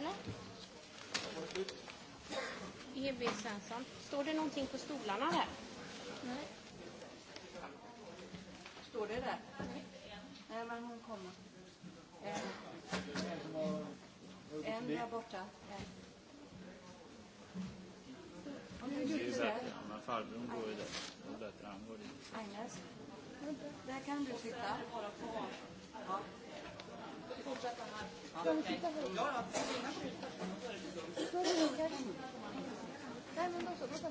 Eller? E.B. Svensson. Står det någonting på stolarna där? Nej. Står det där? Nej. Nej, men hon kommer. En, en där borta. En. Om du sitter där. Men farbrorn går ju där. Hon går dit. Agnes, där kan du sitta. Ska vi titta på Ja, ja. Nej, men då så.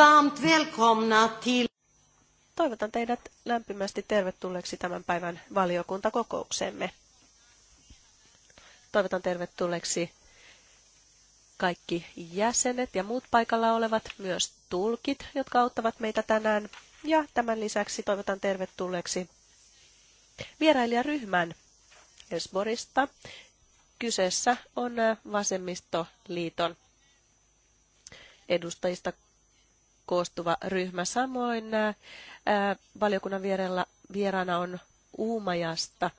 varmt välkomna till... Toivotan teidät lämpimästi tervetulleeksi tämän päivän valiokuntakokoukseemme. Toivotan tervetulleeksi kaikki jäsenet ja muut paikalla olevat, myös tulkit, jotka auttavat meitä tänään. Ja tämän lisäksi toivotan tervetulleeksi vierailijaryhmän Esborista. Kyseessä on äh, Vasemmistoliiton edustajista koostuva ryhmä. Samoin ää, äh, äh, valiokunnan vierellä, vieraana on Uumajasta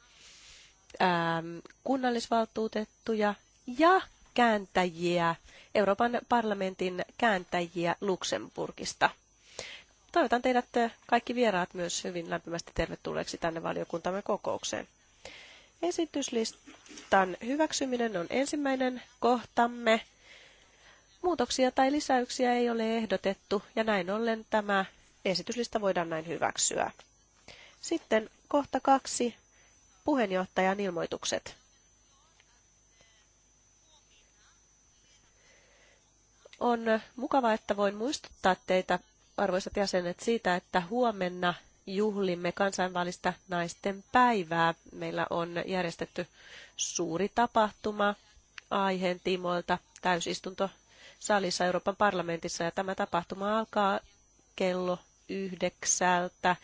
ää, ähm, kunnallisvaltuutettuja ja kääntäjiä, Euroopan parlamentin kääntäjiä Luxemburgista. Toivotan teidät äh, kaikki vieraat myös hyvin lämpimästi tervetulleeksi tänne valiokuntamme kokoukseen. Esityslistan hyväksyminen on ensimmäinen kohtamme. Muutoksia tai lisäyksiä ei ole ehdotettu ja näin ollen tämä esityslista voidaan näin hyväksyä. Sitten kohta kaksi, puheenjohtajan ilmoitukset. On mukava, että voin muistuttaa teitä, arvoisat jäsenet, siitä, että huomenna juhlimme kansainvälistä naisten päivää. Meillä on järjestetty suuri tapahtuma aiheen tiimoilta täysistunto salissa Euroopan parlamentissa ja tämä tapahtuma alkaa kello yhdeksältä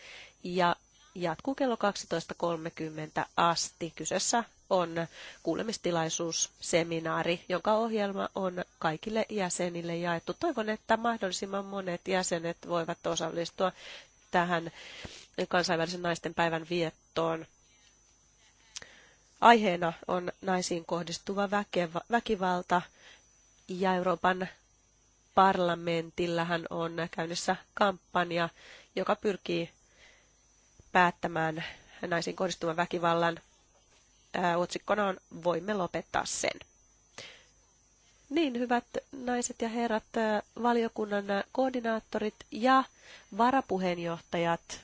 ja jatkuu kello 12.30 asti. Kyseessä on kuulemistilaisuus, seminaari, jonka ohjelma on kaikille jäsenille jaettu. Toivon, että mahdollisimman monet jäsenet voivat osallistua tähän kansainvälisen naisten päivän viettoon. Aiheena on naisiin kohdistuva väkivalta ja Euroopan parlamentillahan on käynnissä kampanja, joka pyrkii päättämään naisiin kohdistuvan väkivallan. Otsikkona on Voimme lopettaa sen. Niin, hyvät naiset ja herrat, valiokunnan koordinaattorit ja varapuheenjohtajat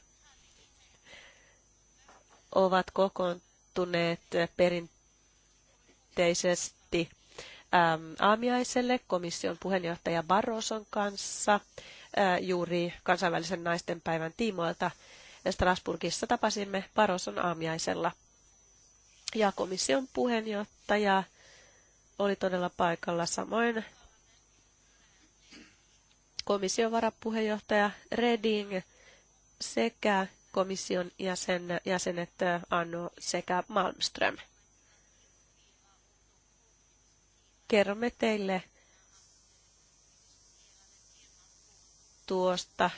ovat kokoontuneet perinteisesti Ähm, aamiaiselle komission puheenjohtaja Barroson kanssa äh, juuri kansainvälisen naisten päivän tiimoilta. Strasburgissa tapasimme Barroson aamiaisella. Ja komission puheenjohtaja oli todella paikalla samoin komission varapuheenjohtaja Reding sekä komission jäsen, jäsenet äh, Anno sekä Malmström. kerromme teille tuosta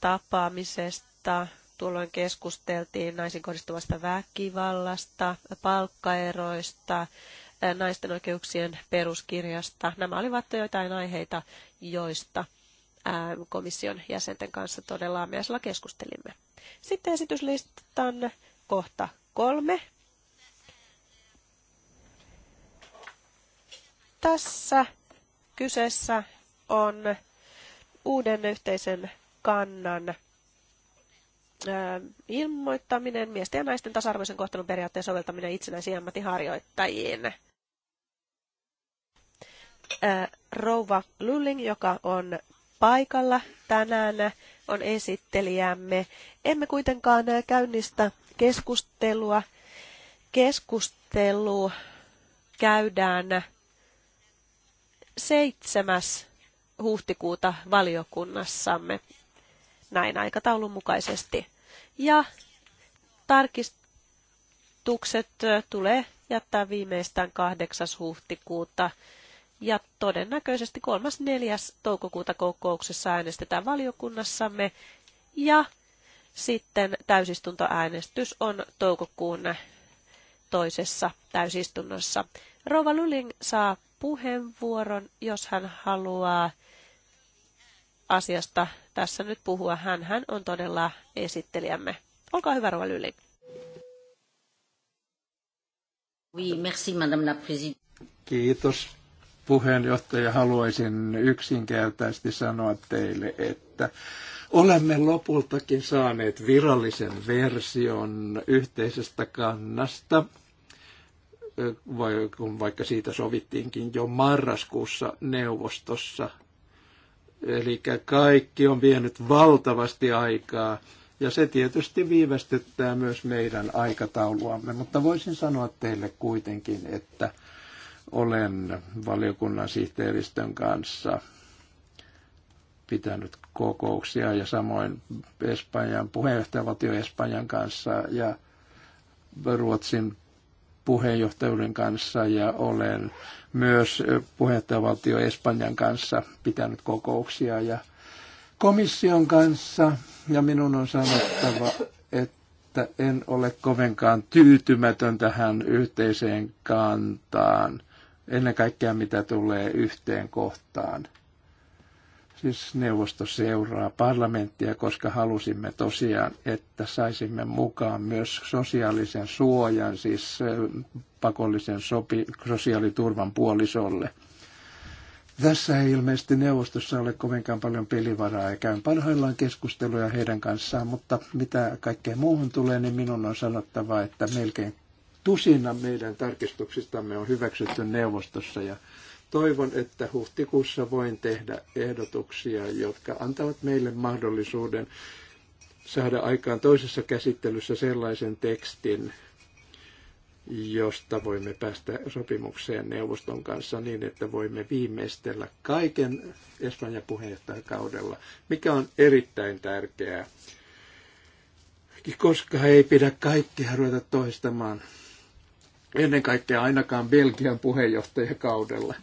tapaamisesta. Tuolloin keskusteltiin naisin kohdistuvasta väkivallasta, palkkaeroista, naisten oikeuksien peruskirjasta. Nämä olivat joitain aiheita, joista komission jäsenten kanssa todella aamiaisella keskustelimme. Sitten esityslistan kohta kolme, Tässä kyseessä on uuden yhteisen kannan ilmoittaminen, miesten ja naisten tasa-arvoisen kohtelun periaatteen soveltaminen itsenäisiin ammattiharjoittajiin. Rouva Lulling, joka on paikalla tänään, on esittelijämme. Emme kuitenkaan käynnistä keskustelua. Keskustelu käydään 7. huhtikuuta valiokunnassamme näin aikataulun mukaisesti. Ja tarkistukset tulee jättää viimeistään 8. huhtikuuta ja todennäköisesti 3.4. toukokuuta kokouksessa äänestetään valiokunnassamme ja sitten täysistuntoäänestys on toukokuun toisessa täysistunnossa. Rova Luling saa puheenvuoron, jos hän haluaa asiasta tässä nyt puhua. Hän, hän on todella esittelijämme. Olkaa hyvä, Rova Lyli. Oui, merci, madame la Kiitos puheenjohtaja. Haluaisin yksinkertaisesti sanoa teille, että olemme lopultakin saaneet virallisen version yhteisestä kannasta – vaikka siitä sovittiinkin jo marraskuussa neuvostossa. Eli kaikki on vienyt valtavasti aikaa ja se tietysti viivästyttää myös meidän aikatauluamme, mutta voisin sanoa teille kuitenkin, että olen valiokunnan sihteeristön kanssa pitänyt kokouksia ja samoin Espanjan puheenjohtajavaltio Espanjan kanssa ja Ruotsin puheenjohtajuuden kanssa ja olen myös puheenjohtajavaltio Espanjan kanssa pitänyt kokouksia ja komission kanssa. Ja minun on sanottava, että en ole kovinkaan tyytymätön tähän yhteiseen kantaan, ennen kaikkea mitä tulee yhteen kohtaan – Siis neuvosto seuraa parlamenttia, koska halusimme tosiaan, että saisimme mukaan myös sosiaalisen suojan, siis pakollisen sopi, sosiaaliturvan puolisolle. Tässä ei ilmeisesti neuvostossa ole kovinkaan paljon pelivaraa ja käyn parhaillaan keskusteluja heidän kanssaan, mutta mitä kaikkeen muuhun tulee, niin minun on sanottava, että melkein tusina meidän tarkistuksistamme on hyväksytty neuvostossa ja Toivon, että huhtikuussa voin tehdä ehdotuksia, jotka antavat meille mahdollisuuden saada aikaan toisessa käsittelyssä sellaisen tekstin, josta voimme päästä sopimukseen neuvoston kanssa niin, että voimme viimeistellä kaiken Espanjan puheenjohtajakaudella, mikä on erittäin tärkeää, koska ei pidä kaikkea ruveta toistamaan. Ennen kaikkea ainakaan Belgian puheenjohtajakaudella.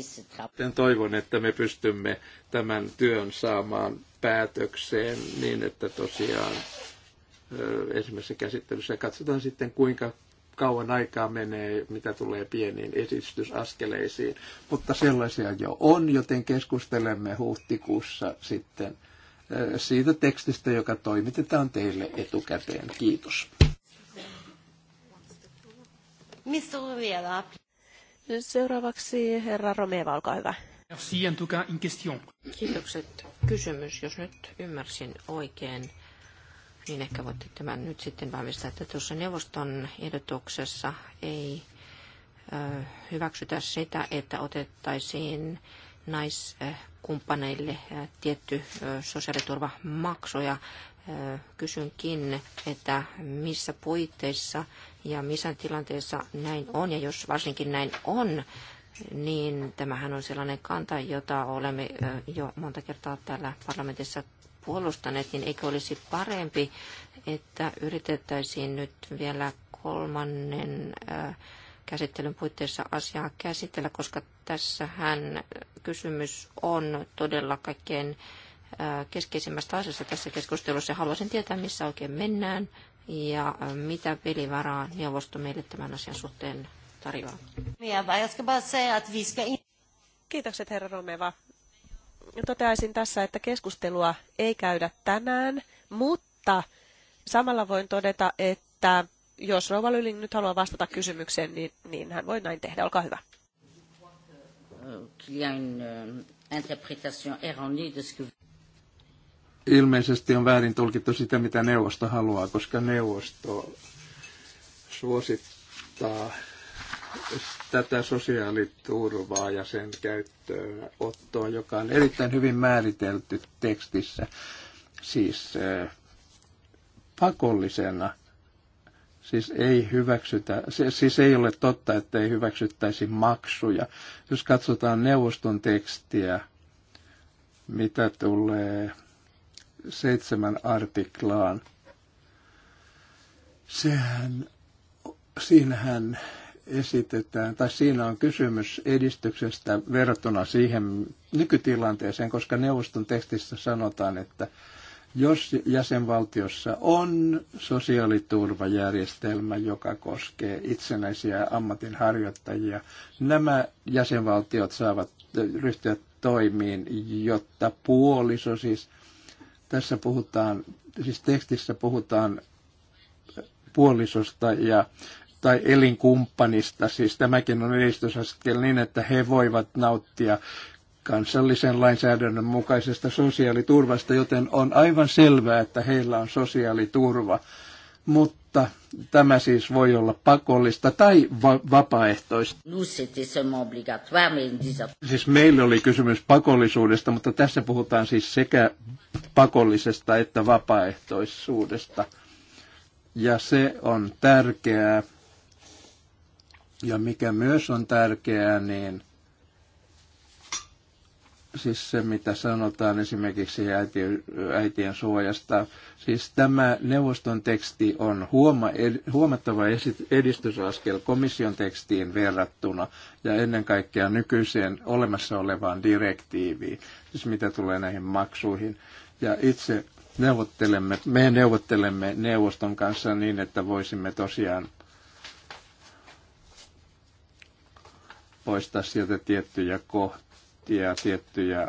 Sitten euh, toivon, että me pystymme tämän työn saamaan päätökseen niin, että tosiaan ensimmäisessä käsittelyssä katsotaan sitten, kuinka kauan aikaa menee, mitä tulee pieniin esitysaskeleisiin. Mutta sellaisia jo on, joten keskustelemme huhtikuussa sitten siitä tekstistä, joka toimitetaan teille etukäteen. Kiitos. Mistä vielä? Seuraavaksi herra Romeva, olkaa hyvä. Merci, en tout cas, une question. Kiitokset. Kysymys, jos nyt ymmärsin oikein, niin ehkä voitte tämän nyt sitten vahvistaa, että tuossa neuvoston ehdotuksessa ei ö, hyväksytä sitä, että otettaisiin naiskumppaneille tietty Ja kysynkin, että missä puitteissa ja missä tilanteessa näin on, ja jos varsinkin näin on, niin tämähän on sellainen kanta, jota olemme jo monta kertaa täällä parlamentissa puolustaneet, niin eikö olisi parempi, että yritettäisiin nyt vielä kolmannen käsittelyn puitteissa asiaa käsitellä, koska tässähän kysymys on todella kaikkein keskeisimmästä asiasta tässä keskustelussa. Haluaisin tietää, missä oikein mennään ja mitä pelivaraa neuvosto meille tämän asian suhteen tarjoaa. Kiitokset herra Romeva. Toteaisin tässä, että keskustelua ei käydä tänään, mutta samalla voin todeta, että jos Rova Lyling nyt haluaa vastata kysymykseen, niin, niin hän voi näin tehdä. Olkaa hyvä. Euh, qu'il y a une euh, interprétation erronée de ce que ilmeisesti on väärin tulkittu sitä, mitä neuvosto haluaa, koska neuvosto suosittaa tätä sosiaaliturvaa ja sen käyttöönottoa, joka on erittäin hyvin määritelty tekstissä, siis pakollisena. Siis ei, hyväksytä, siis ei ole totta, että ei hyväksyttäisi maksuja. Jos katsotaan neuvoston tekstiä, mitä tulee 7 artiklaan. Sehän, siinähän esitetään, tai siinä on kysymys edistyksestä verrattuna siihen nykytilanteeseen, koska neuvoston tekstissä sanotaan, että jos jäsenvaltiossa on sosiaaliturvajärjestelmä, joka koskee itsenäisiä ammatinharjoittajia, nämä jäsenvaltiot saavat ryhtyä toimiin, jotta puoliso, siis tässä puhutaan, siis tekstissä puhutaan puolisosta ja, tai elinkumppanista. Siis tämäkin on edistysaskel niin, että he voivat nauttia kansallisen lainsäädännön mukaisesta sosiaaliturvasta, joten on aivan selvää, että heillä on sosiaaliturva. Mutta mutta tämä siis voi olla pakollista tai va- vapaaehtoista. Siis meillä oli kysymys pakollisuudesta, mutta tässä puhutaan siis sekä pakollisesta että vapaaehtoisuudesta. Ja se on tärkeää. Ja mikä myös on tärkeää, niin siis se, mitä sanotaan esimerkiksi äiti, äitien suojasta. Siis tämä neuvoston teksti on huoma, huomattava edistysaskel komission tekstiin verrattuna ja ennen kaikkea nykyiseen olemassa olevaan direktiiviin, siis mitä tulee näihin maksuihin. Ja itse neuvottelemme, me neuvottelemme neuvoston kanssa niin, että voisimme tosiaan poistaa sieltä tiettyjä kohtia tiettyjä, tiettyjä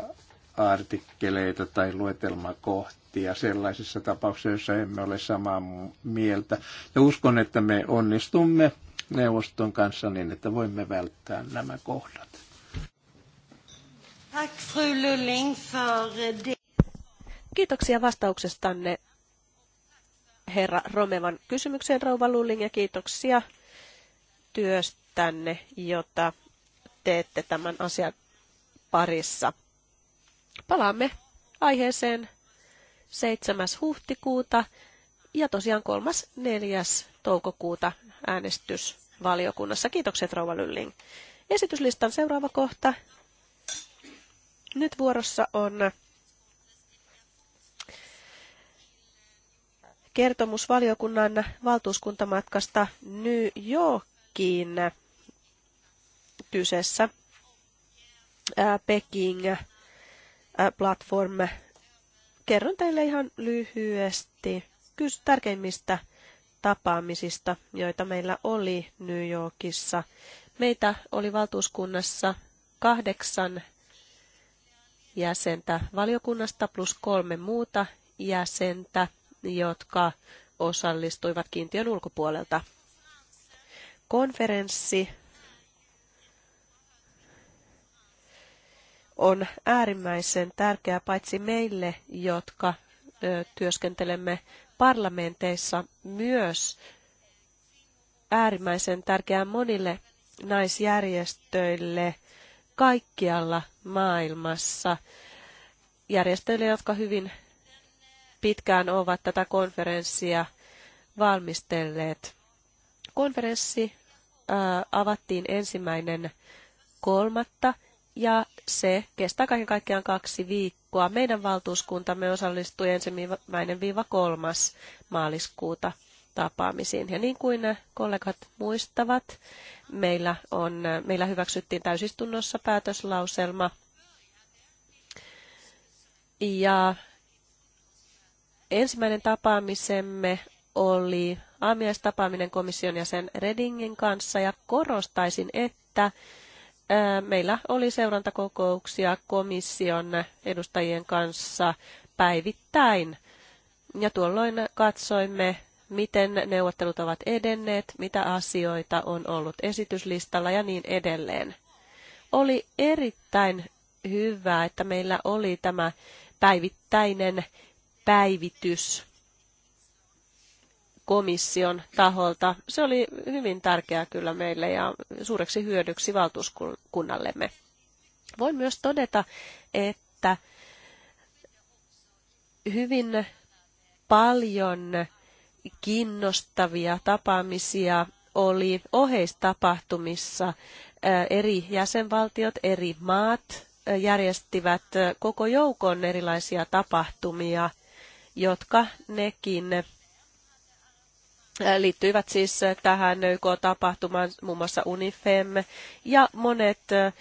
artikkeleita tai luetelmakohtia sellaisissa tapauksissa, joissa emme ole samaa mieltä. Ja uskon, että me onnistumme neuvoston kanssa niin, että voimme välttää nämä kohdat. Kiitoksia vastauksestanne herra Romevan kysymykseen, rouva Lulling, ja kiitoksia työstänne, jota teette tämän asian parissa. Palaamme aiheeseen 7. huhtikuuta ja tosiaan 3.4. toukokuuta äänestys valiokunnassa. Kiitokset Rouva Lylling. Esityslistan seuraava kohta. Nyt vuorossa on kertomus valiokunnan valtuuskuntamatkasta New Yorkiin. Kyseessä Äh, Peking äh, platform. Kerron teille ihan lyhyesti tärkeimmistä tapaamisista, joita meillä oli New Yorkissa. Meitä oli valtuuskunnassa kahdeksan jäsentä valiokunnasta plus kolme muuta jäsentä, jotka osallistuivat kiintiön ulkopuolelta. Konferenssi on äärimmäisen tärkeää paitsi meille, jotka työskentelemme parlamenteissa, myös äärimmäisen tärkeää monille naisjärjestöille kaikkialla maailmassa. Järjestöille, jotka hyvin pitkään ovat tätä konferenssia valmistelleet. Konferenssi avattiin ensimmäinen kolmatta ja se kestää kaiken kaikkiaan kaksi viikkoa. Meidän valtuuskuntamme osallistui ensimmäinen viiva kolmas maaliskuuta tapaamisiin. Ja niin kuin kollegat muistavat, meillä, on, meillä hyväksyttiin täysistunnossa päätöslauselma. Ja ensimmäinen tapaamisemme oli aamiaistapaaminen komission jäsen Redingin kanssa ja korostaisin, että meillä oli seurantakokouksia komission edustajien kanssa päivittäin. Ja tuolloin katsoimme, miten neuvottelut ovat edenneet, mitä asioita on ollut esityslistalla ja niin edelleen. Oli erittäin hyvä, että meillä oli tämä päivittäinen päivitys komission taholta. Se oli hyvin tärkeää kyllä meille ja suureksi hyödyksi valtuuskunnallemme. Voin myös todeta, että hyvin paljon kiinnostavia tapaamisia oli oheistapahtumissa. Eri jäsenvaltiot, eri maat järjestivät koko joukon erilaisia tapahtumia, jotka nekin Äh, liittyivät siis äh, tähän YK-tapahtumaan muun muassa UNIFEM ja monet äh,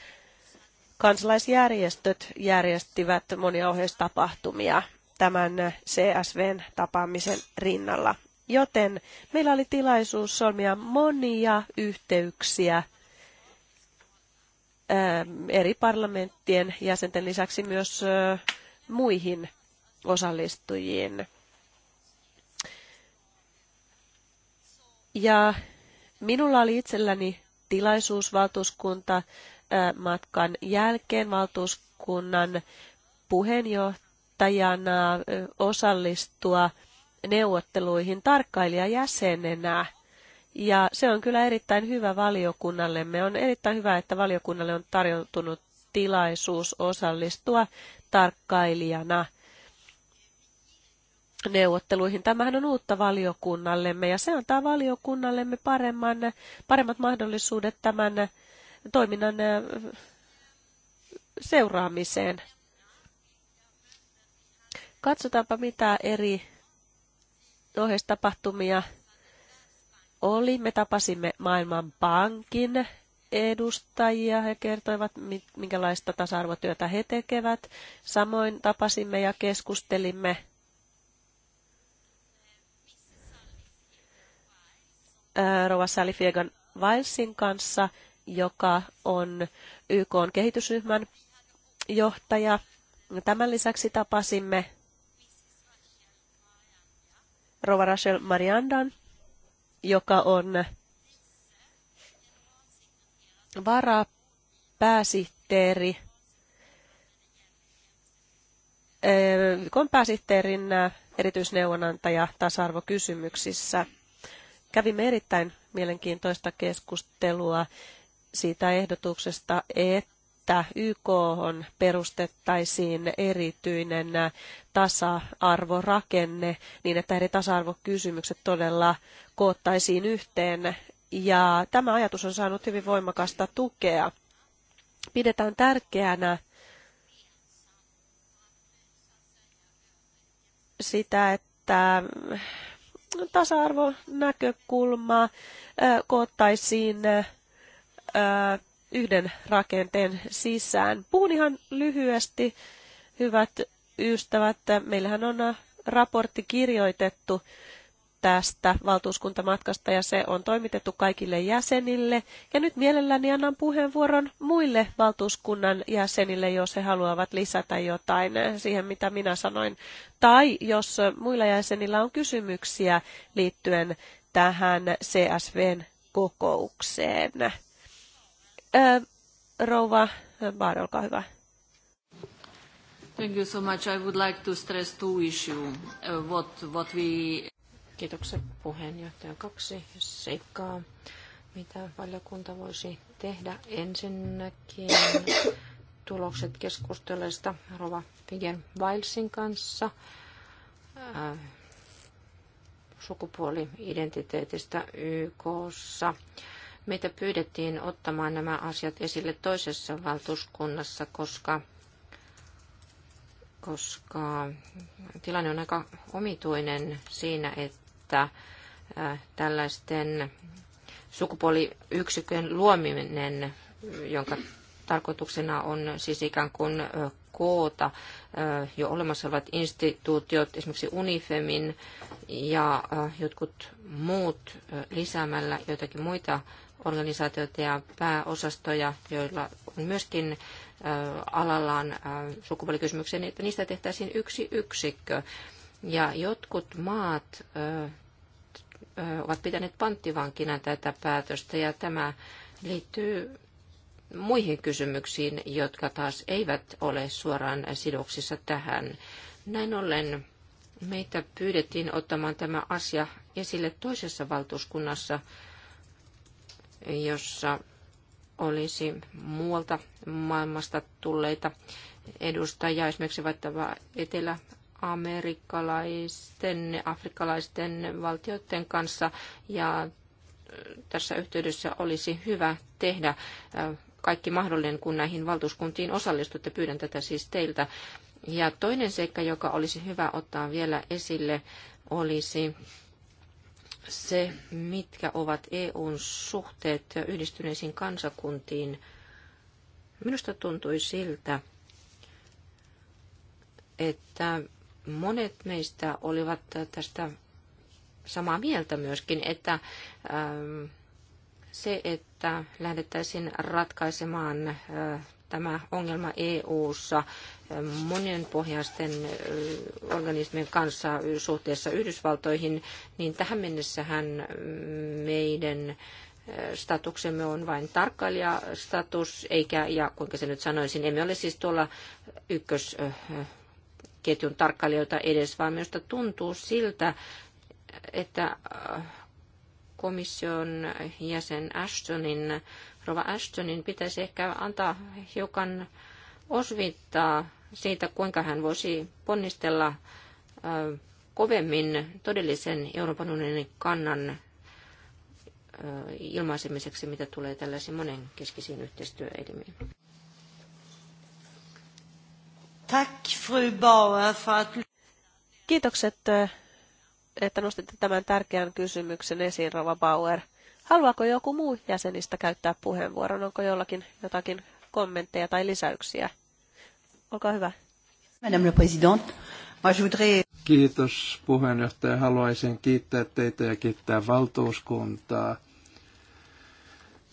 kansalaisjärjestöt järjestivät monia ohjeistapahtumia tämän CSVn tapaamisen rinnalla. Joten meillä oli tilaisuus solmia monia yhteyksiä eri parlamenttien jäsenten lisäksi myös muihin osallistujiin. Ja minulla oli itselläni tilaisuus valtuuskunta matkan jälkeen valtuuskunnan puheenjohtajana osallistua neuvotteluihin tarkkailijajäsenenä. Ja se on kyllä erittäin hyvä valiokunnallemme. On erittäin hyvä, että valiokunnalle on tarjoutunut tilaisuus osallistua tarkkailijana – neuvotteluihin. Tämähän on uutta valiokunnallemme ja se antaa valiokunnallemme paremman, paremmat mahdollisuudet tämän toiminnan seuraamiseen. Katsotaanpa mitä eri ohjeistapahtumia oli. Me tapasimme pankin edustajia. He kertoivat, minkälaista tasa-arvotyötä he tekevät. Samoin tapasimme ja keskustelimme Rova Salifiegan Vailsin kanssa, joka on YK on kehitysryhmän johtaja. Tämän lisäksi tapasimme Rova Rachel Mariandan, joka on varapääsihteeri, YK pääsihteerin erityisneuvonantaja tasa-arvokysymyksissä – Kävimme erittäin mielenkiintoista keskustelua siitä ehdotuksesta, että YK on perustettaisiin erityinen tasa-arvorakenne niin, että eri tasa-arvokysymykset todella koottaisiin yhteen. Ja tämä ajatus on saanut hyvin voimakasta tukea. Pidetään tärkeänä sitä, että tasa-arvon koottaisiin yhden rakenteen sisään. Puhun ihan lyhyesti, hyvät ystävät. Meillähän on raportti kirjoitettu tästä valtuuskuntamatkasta ja se on toimitettu kaikille jäsenille. Ja nyt mielelläni annan puheenvuoron muille valtuuskunnan jäsenille, jos he haluavat lisätä jotain siihen, mitä minä sanoin. Tai jos muilla jäsenillä on kysymyksiä liittyen tähän CSVn kokoukseen. Öö, rouva Baar, olkaa hyvä. Thank you so much. I would like to stress two issues. Uh, what, what we... Kiitokset puheenjohtaja. Kaksi seikkaa, mitä valiokunta voisi tehdä. Ensinnäkin tulokset keskustelusta Rova Figen Wilesin kanssa äh, sukupuoli-identiteetistä YKssa. Meitä pyydettiin ottamaan nämä asiat esille toisessa valtuuskunnassa, koska, koska tilanne on aika omituinen siinä, että että tällaisten sukupuoliyksikön luominen, jonka tarkoituksena on siis ikään kuin koota jo olemassa olevat instituutiot, esimerkiksi Unifemin ja jotkut muut lisäämällä joitakin muita organisaatioita ja pääosastoja, joilla on myöskin alallaan sukupuolikysymyksiä, niin että niistä tehtäisiin yksi yksikkö. Ja jotkut maat ovat pitäneet panttivankina tätä päätöstä ja tämä liittyy muihin kysymyksiin, jotka taas eivät ole suoraan sidoksissa tähän. Näin ollen meitä pyydettiin ottamaan tämä asia esille toisessa valtuuskunnassa, jossa olisi muualta maailmasta tulleita edustajia, esimerkiksi vaikka Etelä- amerikkalaisten, afrikkalaisten valtioiden kanssa ja äh, tässä yhteydessä olisi hyvä tehdä äh, kaikki mahdollinen, kun näihin valtuuskuntiin osallistutte. Pyydän tätä siis teiltä. Ja toinen seikka, joka olisi hyvä ottaa vielä esille, olisi se, mitkä ovat EUn suhteet yhdistyneisiin kansakuntiin. Minusta tuntui siltä, että monet meistä olivat tästä samaa mieltä myöskin, että ähm, se, että lähdettäisiin ratkaisemaan äh, tämä ongelma EU-ssa äh, monien pohjaisten äh, organismien kanssa suhteessa Yhdysvaltoihin, niin tähän mennessähän meidän statuksemme on vain tarkkailijastatus, eikä, ja kuinka se nyt sanoisin, emme ole siis tuolla ykkös ketjun tarkkailijoita edes, vaan minusta tuntuu siltä, että äh, komission jäsen Ashtonin, Rova Ashtonin pitäisi ehkä antaa hiukan osvittaa siitä, kuinka hän voisi ponnistella äh, kovemmin todellisen Euroopan unionin kannan äh, ilmaisemiseksi, mitä tulee tällaisiin monenkeskisiin yhteistyöelimiin. Kiitokset, että nostitte tämän tärkeän kysymyksen esiin, Rova Bauer. Haluaako joku muu jäsenistä käyttää puheenvuoron? Onko jollakin jotakin kommentteja tai lisäyksiä? Olkaa hyvä. Madame la moi je voudrais... Kiitos puheenjohtaja. Haluaisin kiittää teitä ja kiittää valtuuskuntaa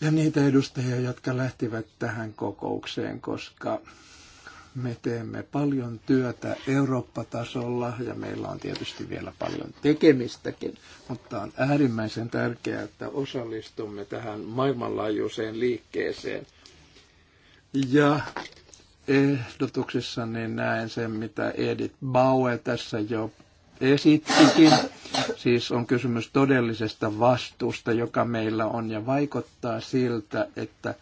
ja niitä edustajia, jotka lähtivät tähän kokoukseen, koska me teemme paljon työtä Eurooppa-tasolla ja meillä on tietysti vielä paljon tekemistäkin, mutta on äärimmäisen tärkeää, että osallistumme tähän maailmanlaajuiseen liikkeeseen. Ja niin näen sen, mitä Edith Bauer tässä jo esittikin. Siis on kysymys todellisesta vastuusta, joka meillä on ja vaikuttaa siltä, että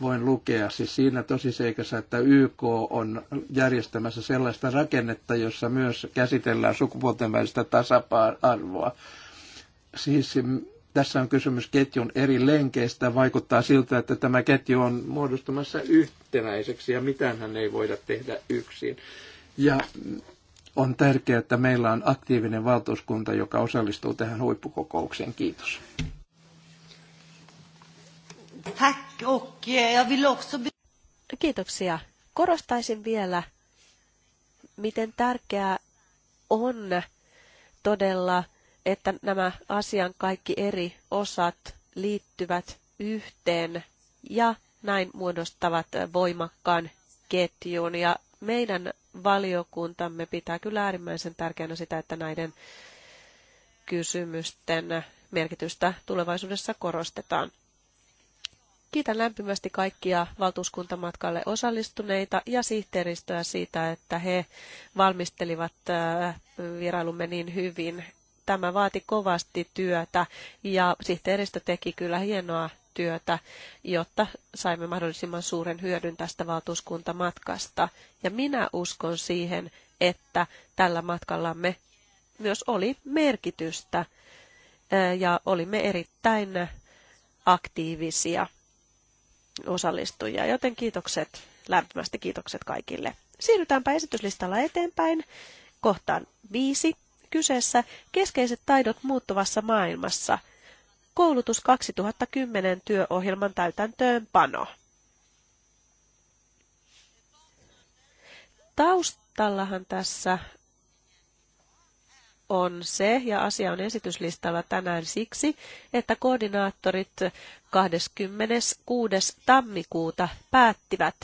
voin lukea. Siis siinä tosiseikassa, että YK on järjestämässä sellaista rakennetta, jossa myös käsitellään sukupuolten välistä tasa-arvoa. Siis tässä on kysymys ketjun eri lenkeistä. Vaikuttaa siltä, että tämä ketju on muodostumassa yhtenäiseksi ja mitään ei voida tehdä yksin. Ja on tärkeää, että meillä on aktiivinen valtuuskunta, joka osallistuu tähän huippukokoukseen. Kiitos. Tack och eh, jag vill också... Kiitoksia. Korostaisin vielä, miten tärkeää on todella, että nämä asian kaikki eri osat liittyvät yhteen ja näin muodostavat voimakkaan ketjun. Ja meidän valiokuntamme pitää kyllä äärimmäisen tärkeänä sitä, että näiden kysymysten merkitystä tulevaisuudessa korostetaan. Kiitän lämpimästi kaikkia valtuuskuntamatkalle osallistuneita ja sihteeristöä siitä, että he valmistelivat virailumme niin hyvin. Tämä vaati kovasti työtä ja sihteeristö teki kyllä hienoa työtä, jotta saimme mahdollisimman suuren hyödyn tästä valtuuskuntamatkasta. Ja minä uskon siihen, että tällä matkallamme myös oli merkitystä ja olimme erittäin aktiivisia osallistujia, joten kiitokset, lämpimästi kiitokset kaikille. Siirrytäänpä esityslistalla eteenpäin kohtaan viisi. Kyseessä keskeiset taidot muuttuvassa maailmassa. Koulutus 2010 työohjelman täytäntöönpano. Taustallahan tässä on se, ja asia on esityslistalla tänään siksi, että koordinaattorit 26. tammikuuta päättivät,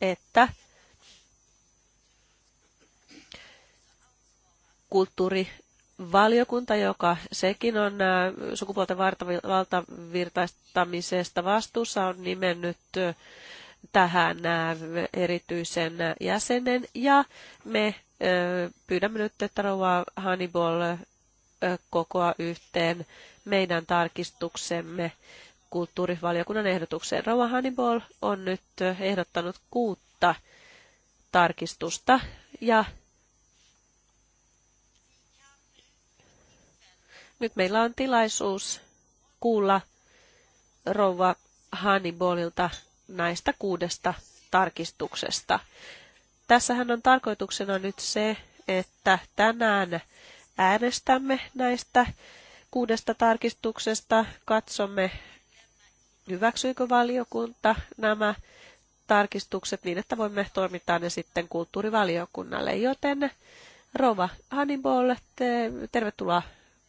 että kulttuuri valiokunta, joka sekin on äh, sukupuolten valtavirtaistamisesta vastuussa, on nimennyt äh, tähän erityisen jäsenen ja me pyydämme nyt, että Rouva Hannibal kokoa yhteen meidän tarkistuksemme kulttuurivaliokunnan ehdotukseen. Rouva Hannibal on nyt ehdottanut kuutta tarkistusta ja nyt meillä on tilaisuus kuulla rouva Hannibalilta näistä kuudesta tarkistuksesta. Tässähän on tarkoituksena nyt se, että tänään äänestämme näistä kuudesta tarkistuksesta, katsomme hyväksyykö valiokunta nämä tarkistukset niin, että voimme toimittaa ne sitten kulttuurivaliokunnalle. Joten Rova Hannibal, tervetuloa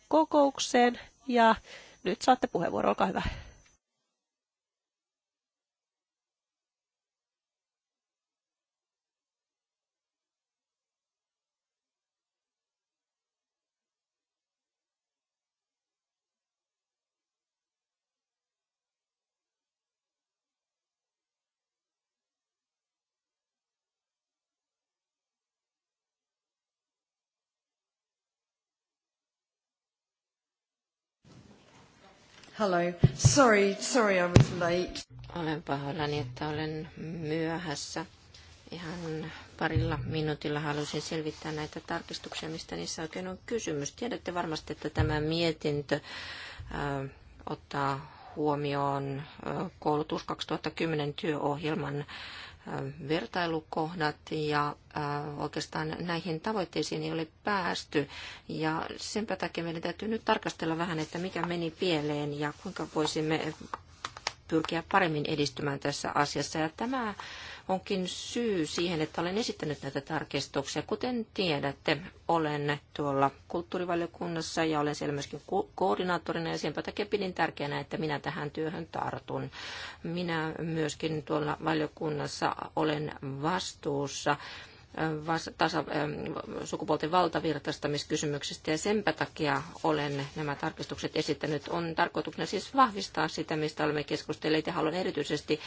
kokoukseen ja nyt saatte puheenvuoron, olkaa hyvä. Hello. Sorry, sorry I was late. Olen pahoillani, että olen myöhässä. Ihan parilla minuutilla halusin selvittää näitä tarkistuksia, mistä niissä oikein on kysymys. Tiedätte varmasti, että tämä mietintö äh, ottaa huomioon äh, koulutus 2010 työohjelman äh, vertailukohdat ja oikeastaan näihin tavoitteisiin ei ole päästy. Ja sen takia meidän täytyy nyt tarkastella vähän, että mikä meni pieleen ja kuinka voisimme pyrkiä paremmin edistymään tässä asiassa. Ja tämä onkin syy siihen, että olen esittänyt näitä tarkistuksia. Kuten tiedätte, olen tuolla kulttuurivaliokunnassa ja olen siellä myöskin ko- koordinaattorina ja senpä takia pidin tärkeänä, että minä tähän työhön tartun. Minä myöskin tuolla valiokunnassa olen vastuussa tasa, sukupuolten valtavirtaistamiskysymyksestä ja senpä takia olen nämä tarkistukset esittänyt. On tarkoituksena siis vahvistaa sitä, mistä olemme keskustelleet ja haluan erityisesti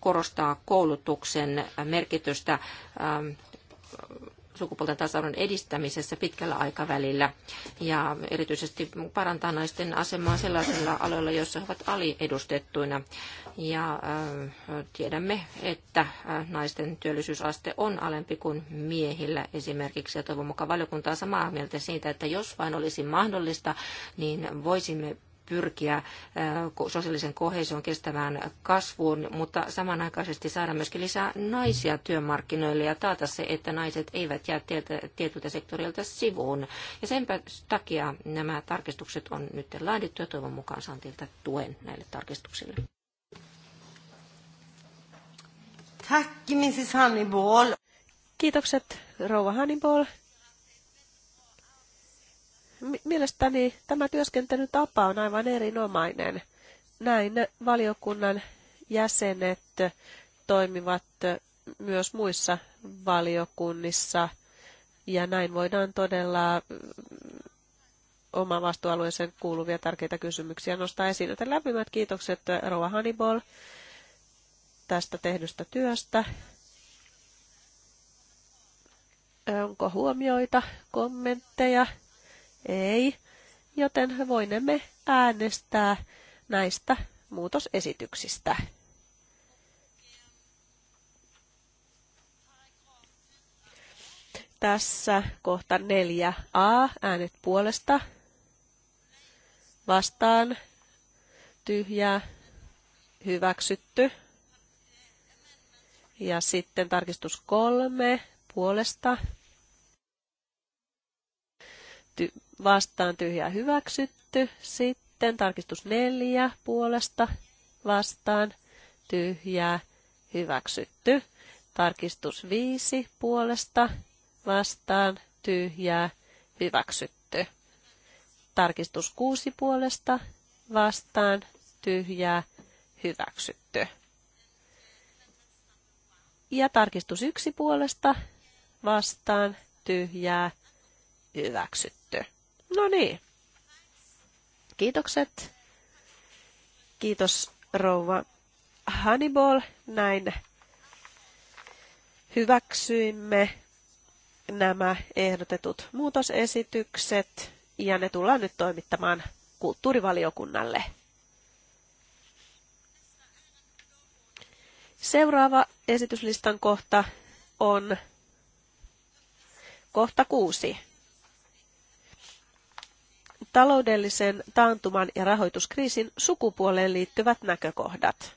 korostaa koulutuksen merkitystä sukupuolten tasa-arvon edistämisessä pitkällä aikavälillä ja erityisesti parantaa naisten asemaa sellaisilla aloilla, joissa he ovat aliedustettuina. Ja äh, tiedämme, että naisten työllisyysaste on alempi kuin miehillä esimerkiksi. Ja toivon mukaan valiokunta on samaa mieltä siitä, että jos vain olisi mahdollista, niin voisimme pyrkiä sosiaalisen kohesion kestävään kasvuun, mutta samanaikaisesti saada myöskin lisää naisia työmarkkinoille ja taata se, että naiset eivät jää tietyltä sektorilta sivuun. Ja sen takia nämä tarkistukset on nyt laadittu ja toivon mukaan saan teiltä tuen näille tarkistuksille. Tack, Mrs. Hannibal. Kiitokset, rouva Hannibal. Mielestäni tämä työskentelytapa on aivan erinomainen. Näin valiokunnan jäsenet toimivat myös muissa valiokunnissa ja näin voidaan todella mm, oma vastuualueeseen kuuluvia tärkeitä kysymyksiä nostaa esiin. Joten lämpimät kiitokset Roa Hannibal tästä tehdystä työstä. Onko huomioita, kommentteja? Ei, joten voinemme äänestää näistä muutosesityksistä. Tässä kohta 4a, äänet puolesta, vastaan, tyhjä, hyväksytty. Ja sitten tarkistus kolme puolesta, ty- vastaan tyhjä hyväksytty. Sitten tarkistus neljä puolesta vastaan tyhjää hyväksytty. Tarkistus viisi puolesta vastaan tyhjää hyväksytty. Tarkistus kuusi puolesta vastaan tyhjää hyväksytty. Ja tarkistus yksi puolesta vastaan tyhjää hyväksytty. No niin. Kiitokset. Kiitos rouva Hannibal. Näin hyväksyimme nämä ehdotetut muutosesitykset ja ne tullaan nyt toimittamaan kulttuurivaliokunnalle. Seuraava esityslistan kohta on kohta kuusi taloudellisen taantuman ja rahoituskriisin sukupuoleen liittyvät näkökohdat.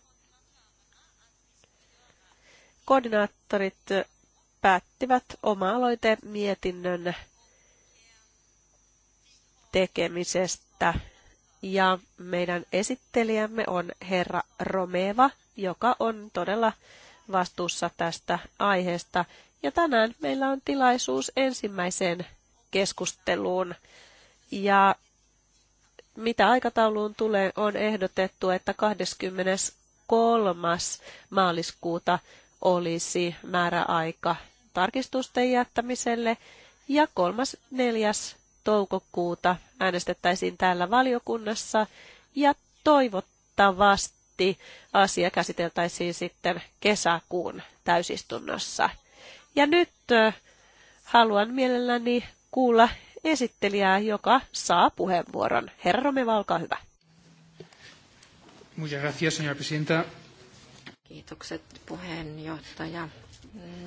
Koordinaattorit päättivät oma-aloite mietinnön tekemisestä ja meidän esittelijämme on herra Romeva, joka on todella vastuussa tästä aiheesta. Ja tänään meillä on tilaisuus ensimmäiseen keskusteluun. Ja mitä aikatauluun tulee, on ehdotettu, että 23. maaliskuuta olisi määräaika tarkistusten jättämiselle ja 3.4. toukokuuta äänestettäisiin täällä valiokunnassa ja toivottavasti asia käsiteltäisiin sitten kesäkuun täysistunnossa. Ja nyt haluan mielelläni kuulla esittelijää, joka saa puheenvuoron. Herra Romeva, olkaa hyvä. Muchas gracias, señora presidenta. Kiitokset puheenjohtaja.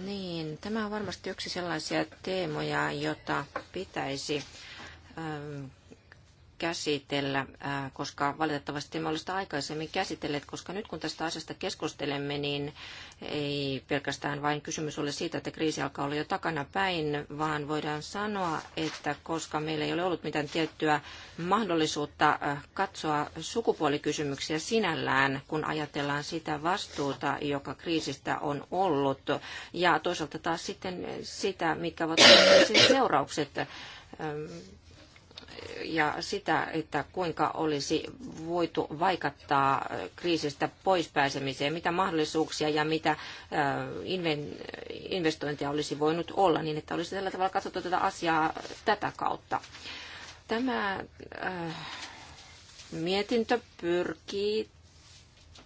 Niin, tämä on varmasti yksi sellaisia teemoja, jota pitäisi ähm, käsitellä, koska valitettavasti emme ole sitä aikaisemmin käsitelleet, koska nyt kun tästä asiasta keskustelemme, niin ei pelkästään vain kysymys ole siitä, että kriisi alkaa olla jo takana päin, vaan voidaan sanoa, että koska meillä ei ole ollut mitään tiettyä mahdollisuutta katsoa sukupuolikysymyksiä sinällään, kun ajatellaan sitä vastuuta, joka kriisistä on ollut, ja toisaalta taas sitten sitä, mitkä ovat seuraukset ja sitä, että kuinka olisi voitu vaikuttaa kriisistä pois pääsemiseen, mitä mahdollisuuksia ja mitä äh, investointia olisi voinut olla, niin että olisi tällä tavalla katsottu tätä asiaa tätä kautta. Tämä äh, mietintö pyrkii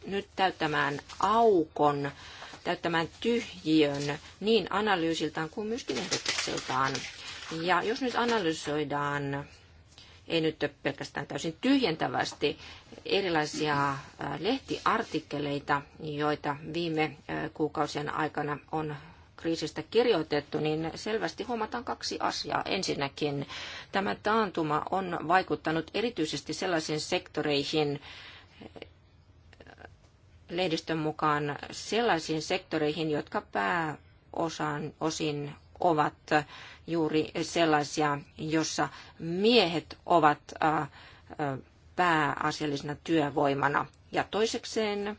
nyt täyttämään aukon, täyttämään tyhjiön niin analyysiltaan kuin myöskin ehdotuksiltaan. Ja jos nyt analysoidaan ei nyt pelkästään täysin tyhjentävästi, erilaisia lehtiartikkeleita, joita viime kuukausien aikana on kriisistä kirjoitettu, niin selvästi huomataan kaksi asiaa. Ensinnäkin tämä taantuma on vaikuttanut erityisesti sellaisiin sektoreihin, lehdistön mukaan sellaisiin sektoreihin, jotka pääosan osin ovat juuri sellaisia, jossa miehet ovat pääasiallisena työvoimana. Ja toisekseen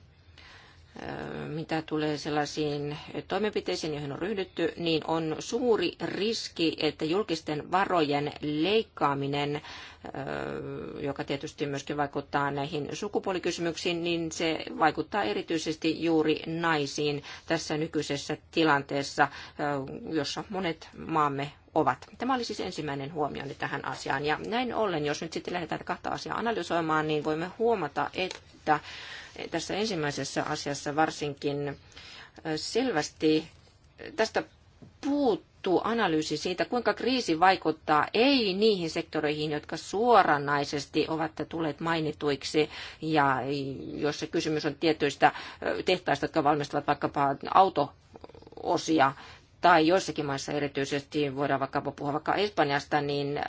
mitä tulee sellaisiin toimenpiteisiin, joihin on ryhdytty, niin on suuri riski, että julkisten varojen leikkaaminen, joka tietysti myöskin vaikuttaa näihin sukupuolikysymyksiin, niin se vaikuttaa erityisesti juuri naisiin tässä nykyisessä tilanteessa, jossa monet maamme ovat. Tämä oli siis ensimmäinen huomioni tähän asiaan. Ja näin ollen, jos nyt sitten lähdetään kahta asiaa analysoimaan, niin voimme huomata, että että tässä ensimmäisessä asiassa varsinkin selvästi tästä puuttuu analyysi siitä, kuinka kriisi vaikuttaa ei niihin sektoreihin, jotka suoranaisesti ovat tulleet mainituiksi, ja jos se kysymys on tietyistä tehtaista, jotka valmistavat vaikkapa auto osia, tai joissakin maissa erityisesti, voidaan vaikka puhua vaikka Espanjasta, niin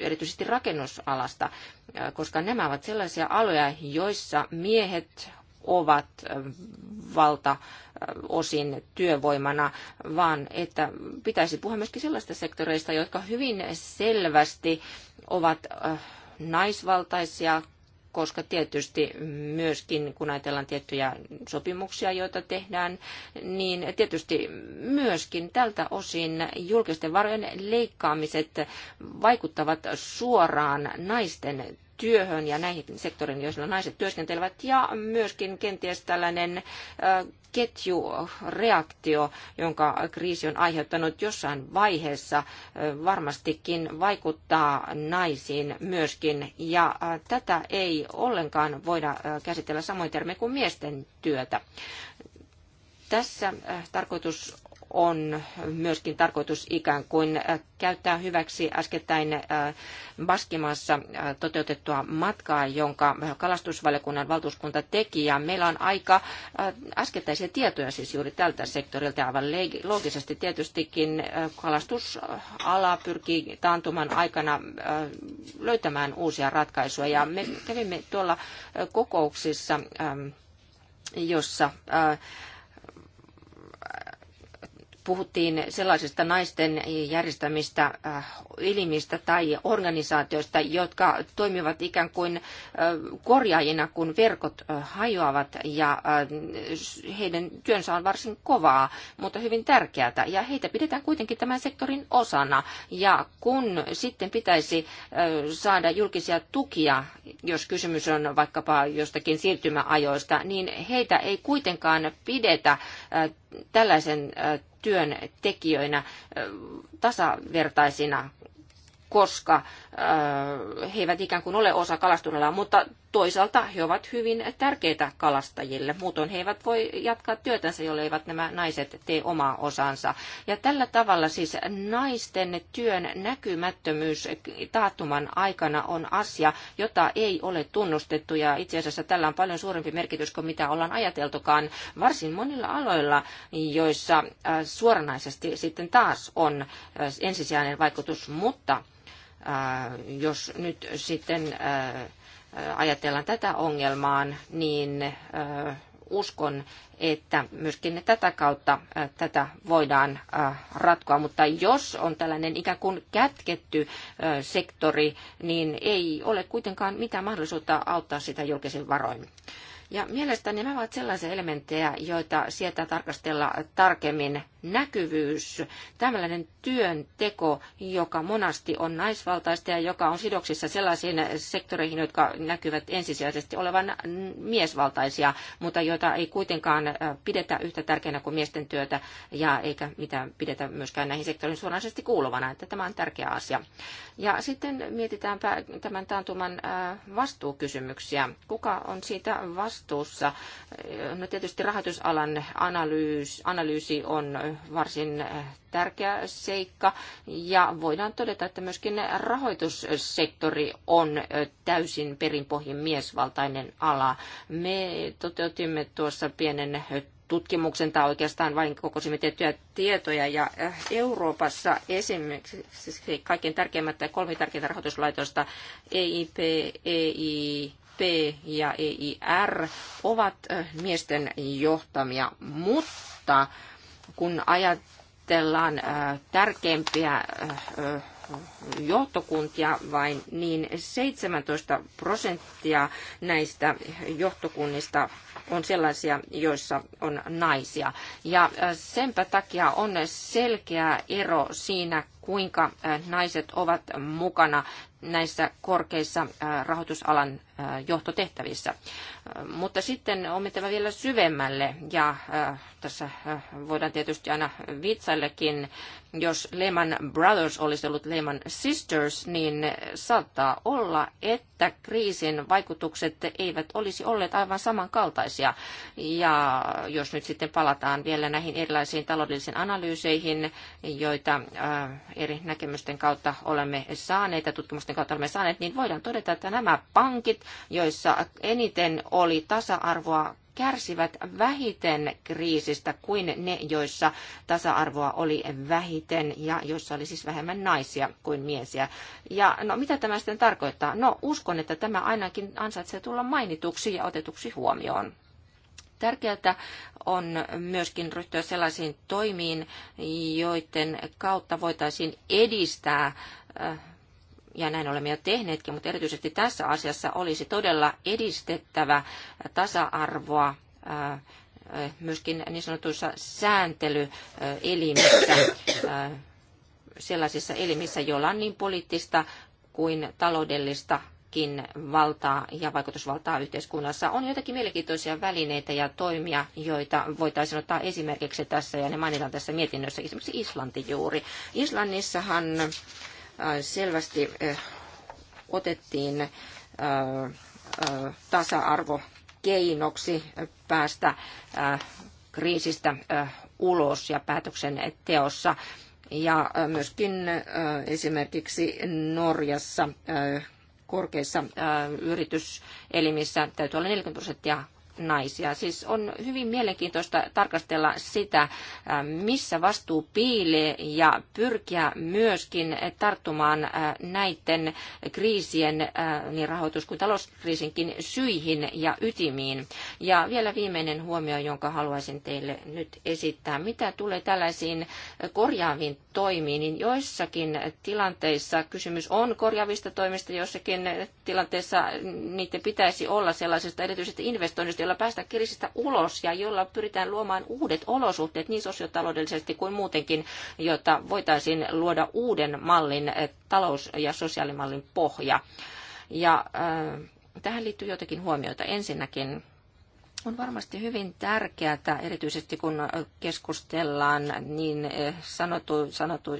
erityisesti rakennusalasta, koska nämä ovat sellaisia aloja, joissa miehet ovat valta osin työvoimana, vaan että pitäisi puhua myöskin sellaista sektoreista, jotka hyvin selvästi ovat naisvaltaisia, koska tietysti myöskin, kun ajatellaan tiettyjä sopimuksia, joita tehdään, niin tietysti myöskin tältä osin julkisten varojen leikkaamiset vaikuttavat suoraan naisten työhön ja näihin sektoriin, joissa naiset työskentelevät, ja myöskin kenties tällainen ketjureaktio, jonka kriisi on aiheuttanut jossain vaiheessa, varmastikin vaikuttaa naisiin myöskin, ja tätä ei ollenkaan voida käsitellä samoin termein kuin miesten työtä. Tässä tarkoitus on myöskin tarkoitus ikään kuin käyttää hyväksi äskettäin äh, Baskimassa äh, toteutettua matkaa, jonka kalastusvaliokunnan valtuuskunta teki. Ja meillä on aika äh, äskettäisiä tietoja siis juuri tältä sektorilta. Aivan loogisesti tietystikin kalastusala pyrkii taantuman aikana löytämään uusia ratkaisuja. Ja me kävimme tuolla kokouksissa, ähm, jossa puhuttiin sellaisista naisten järjestämistä äh, elimistä tai organisaatioista, jotka toimivat ikään kuin äh, korjaajina, kun verkot äh, hajoavat ja heidän työnsä on varsin kovaa, mutta hyvin tärkeää. Ja heitä pidetään kuitenkin tämän sektorin osana. Ja kun sitten pitäisi saada julkisia tukia, jos kysymys on vaikkapa jostakin siirtymäajoista, niin heitä ei kuitenkaan pidetä tällaisen työn tekijöinä tasavertaisina koska äh, he eivät ikään kuin ole osa kalastunnalla, mutta toisaalta he ovat hyvin tärkeitä kalastajille. Muutoin he eivät voi jatkaa työtänsä, eivät nämä naiset tee omaa osansa. Ja tällä tavalla siis naisten työn näkymättömyys taattuman aikana on asia, jota ei ole tunnustettu ja itse asiassa tällä on paljon suurempi merkitys kuin mitä ollaan ajateltukaan varsin monilla aloilla, joissa äh, suoranaisesti sitten taas on äh, ensisijainen vaikutus, mutta Äh, jos nyt sitten äh, ajatellaan tätä ongelmaa, niin äh, uskon, että myöskin tätä kautta tätä voidaan ratkoa. Mutta jos on tällainen ikään kuin kätketty sektori, niin ei ole kuitenkaan mitään mahdollisuutta auttaa sitä julkisin varoin. Ja mielestäni nämä ovat sellaisia elementtejä, joita sieltä tarkastella tarkemmin näkyvyys, tällainen työnteko, joka monasti on naisvaltaista ja joka on sidoksissa sellaisiin sektoreihin, jotka näkyvät ensisijaisesti olevan miesvaltaisia, mutta joita ei kuitenkaan pidetä yhtä tärkeänä kuin miesten työtä ja eikä mitä pidetä myöskään näihin sektorin suoranaisesti kuuluvana, että tämä on tärkeä asia. Ja sitten mietitäänpä tämän taantuman vastuukysymyksiä. Kuka on siitä vastuussa? No tietysti rahoitusalan analyysi on varsin äh, tärkeä seikka. Ja voidaan todeta, että myöskin rahoitussektori on äh, täysin perinpohjin miesvaltainen ala. Me toteutimme tuossa pienen äh, tutkimuksen tai oikeastaan vain kokosimme tiettyjä tietoja. Ja Euroopassa esimerkiksi kaikkein tärkeimmät tai kolme tärkeintä rahoituslaitosta EIP, EI, P ja EIR ovat miesten johtamia, mutta kun ajatellaan tärkeimpiä johtokuntia vain, niin 17 prosenttia näistä johtokunnista on sellaisia, joissa on naisia. Ja senpä takia on selkeä ero siinä, kuinka naiset ovat mukana näissä korkeissa rahoitusalan Äh, johtotehtävissä. Äh, mutta sitten on mentävä vielä syvemmälle ja äh, tässä voidaan tietysti aina vitsaillekin, jos Lehman Brothers olisi ollut Lehman Sisters, niin saattaa olla, että kriisin vaikutukset eivät olisi olleet aivan samankaltaisia. Ja jos nyt sitten palataan vielä näihin erilaisiin taloudellisiin analyyseihin, joita eri näkemysten kautta olemme saaneet ja tutkimusten kautta olemme saaneet, niin voidaan todeta, että nämä pankit joissa eniten oli tasa-arvoa kärsivät vähiten kriisistä kuin ne, joissa tasa-arvoa oli vähiten ja joissa oli siis vähemmän naisia kuin miesiä. Ja no mitä tämä sitten tarkoittaa? No uskon, että tämä ainakin ansaitsee tulla mainituksi ja otetuksi huomioon. Tärkeää on myöskin ryhtyä sellaisiin toimiin, joiden kautta voitaisiin edistää äh, ja näin olemme jo tehneetkin, mutta erityisesti tässä asiassa olisi todella edistettävä tasa-arvoa äh, myöskin niin sanotuissa sääntelyelimissä, äh, sellaisissa elimissä, joilla on niin poliittista kuin taloudellista valtaa ja vaikutusvaltaa yhteiskunnassa. On joitakin mielenkiintoisia välineitä ja toimia, joita voitaisiin ottaa esimerkiksi tässä, ja ne mainitaan tässä mietinnössä, esimerkiksi Islanti juuri. Islannissahan Äh, selvästi äh, otettiin äh, tasa arvokeinoksi päästä kriisistä ulos ja päätöksenteossa. Ja myöskin esimerkiksi Norjassa korkeissa yrityselimissä täytyy olla 40 prosenttia naisia. Siis on hyvin mielenkiintoista tarkastella sitä, äh, missä vastuu piilee ja pyrkiä myöskin tarttumaan äh, näiden kriisien, äh, niin rahoitus- kuin talouskriisinkin syihin ja ytimiin. Ja vielä viimeinen huomio, jonka haluaisin teille nyt esittää. Mitä tulee tällaisiin korjaaviin toimii, niin joissakin tilanteissa kysymys on korjaavista toimista, joissakin tilanteissa niiden pitäisi olla sellaisesta erityisestä investoinnista, jolla päästään kriisistä ulos ja jolla pyritään luomaan uudet olosuhteet niin sosiotaloudellisesti kuin muutenkin, jotta voitaisiin luoda uuden mallin eh, talous- ja sosiaalimallin pohja. Ja äh, tähän liittyy jotakin huomioita. Ensinnäkin on varmasti hyvin tärkeää, erityisesti kun keskustellaan niin eh, sanotu, sanotu,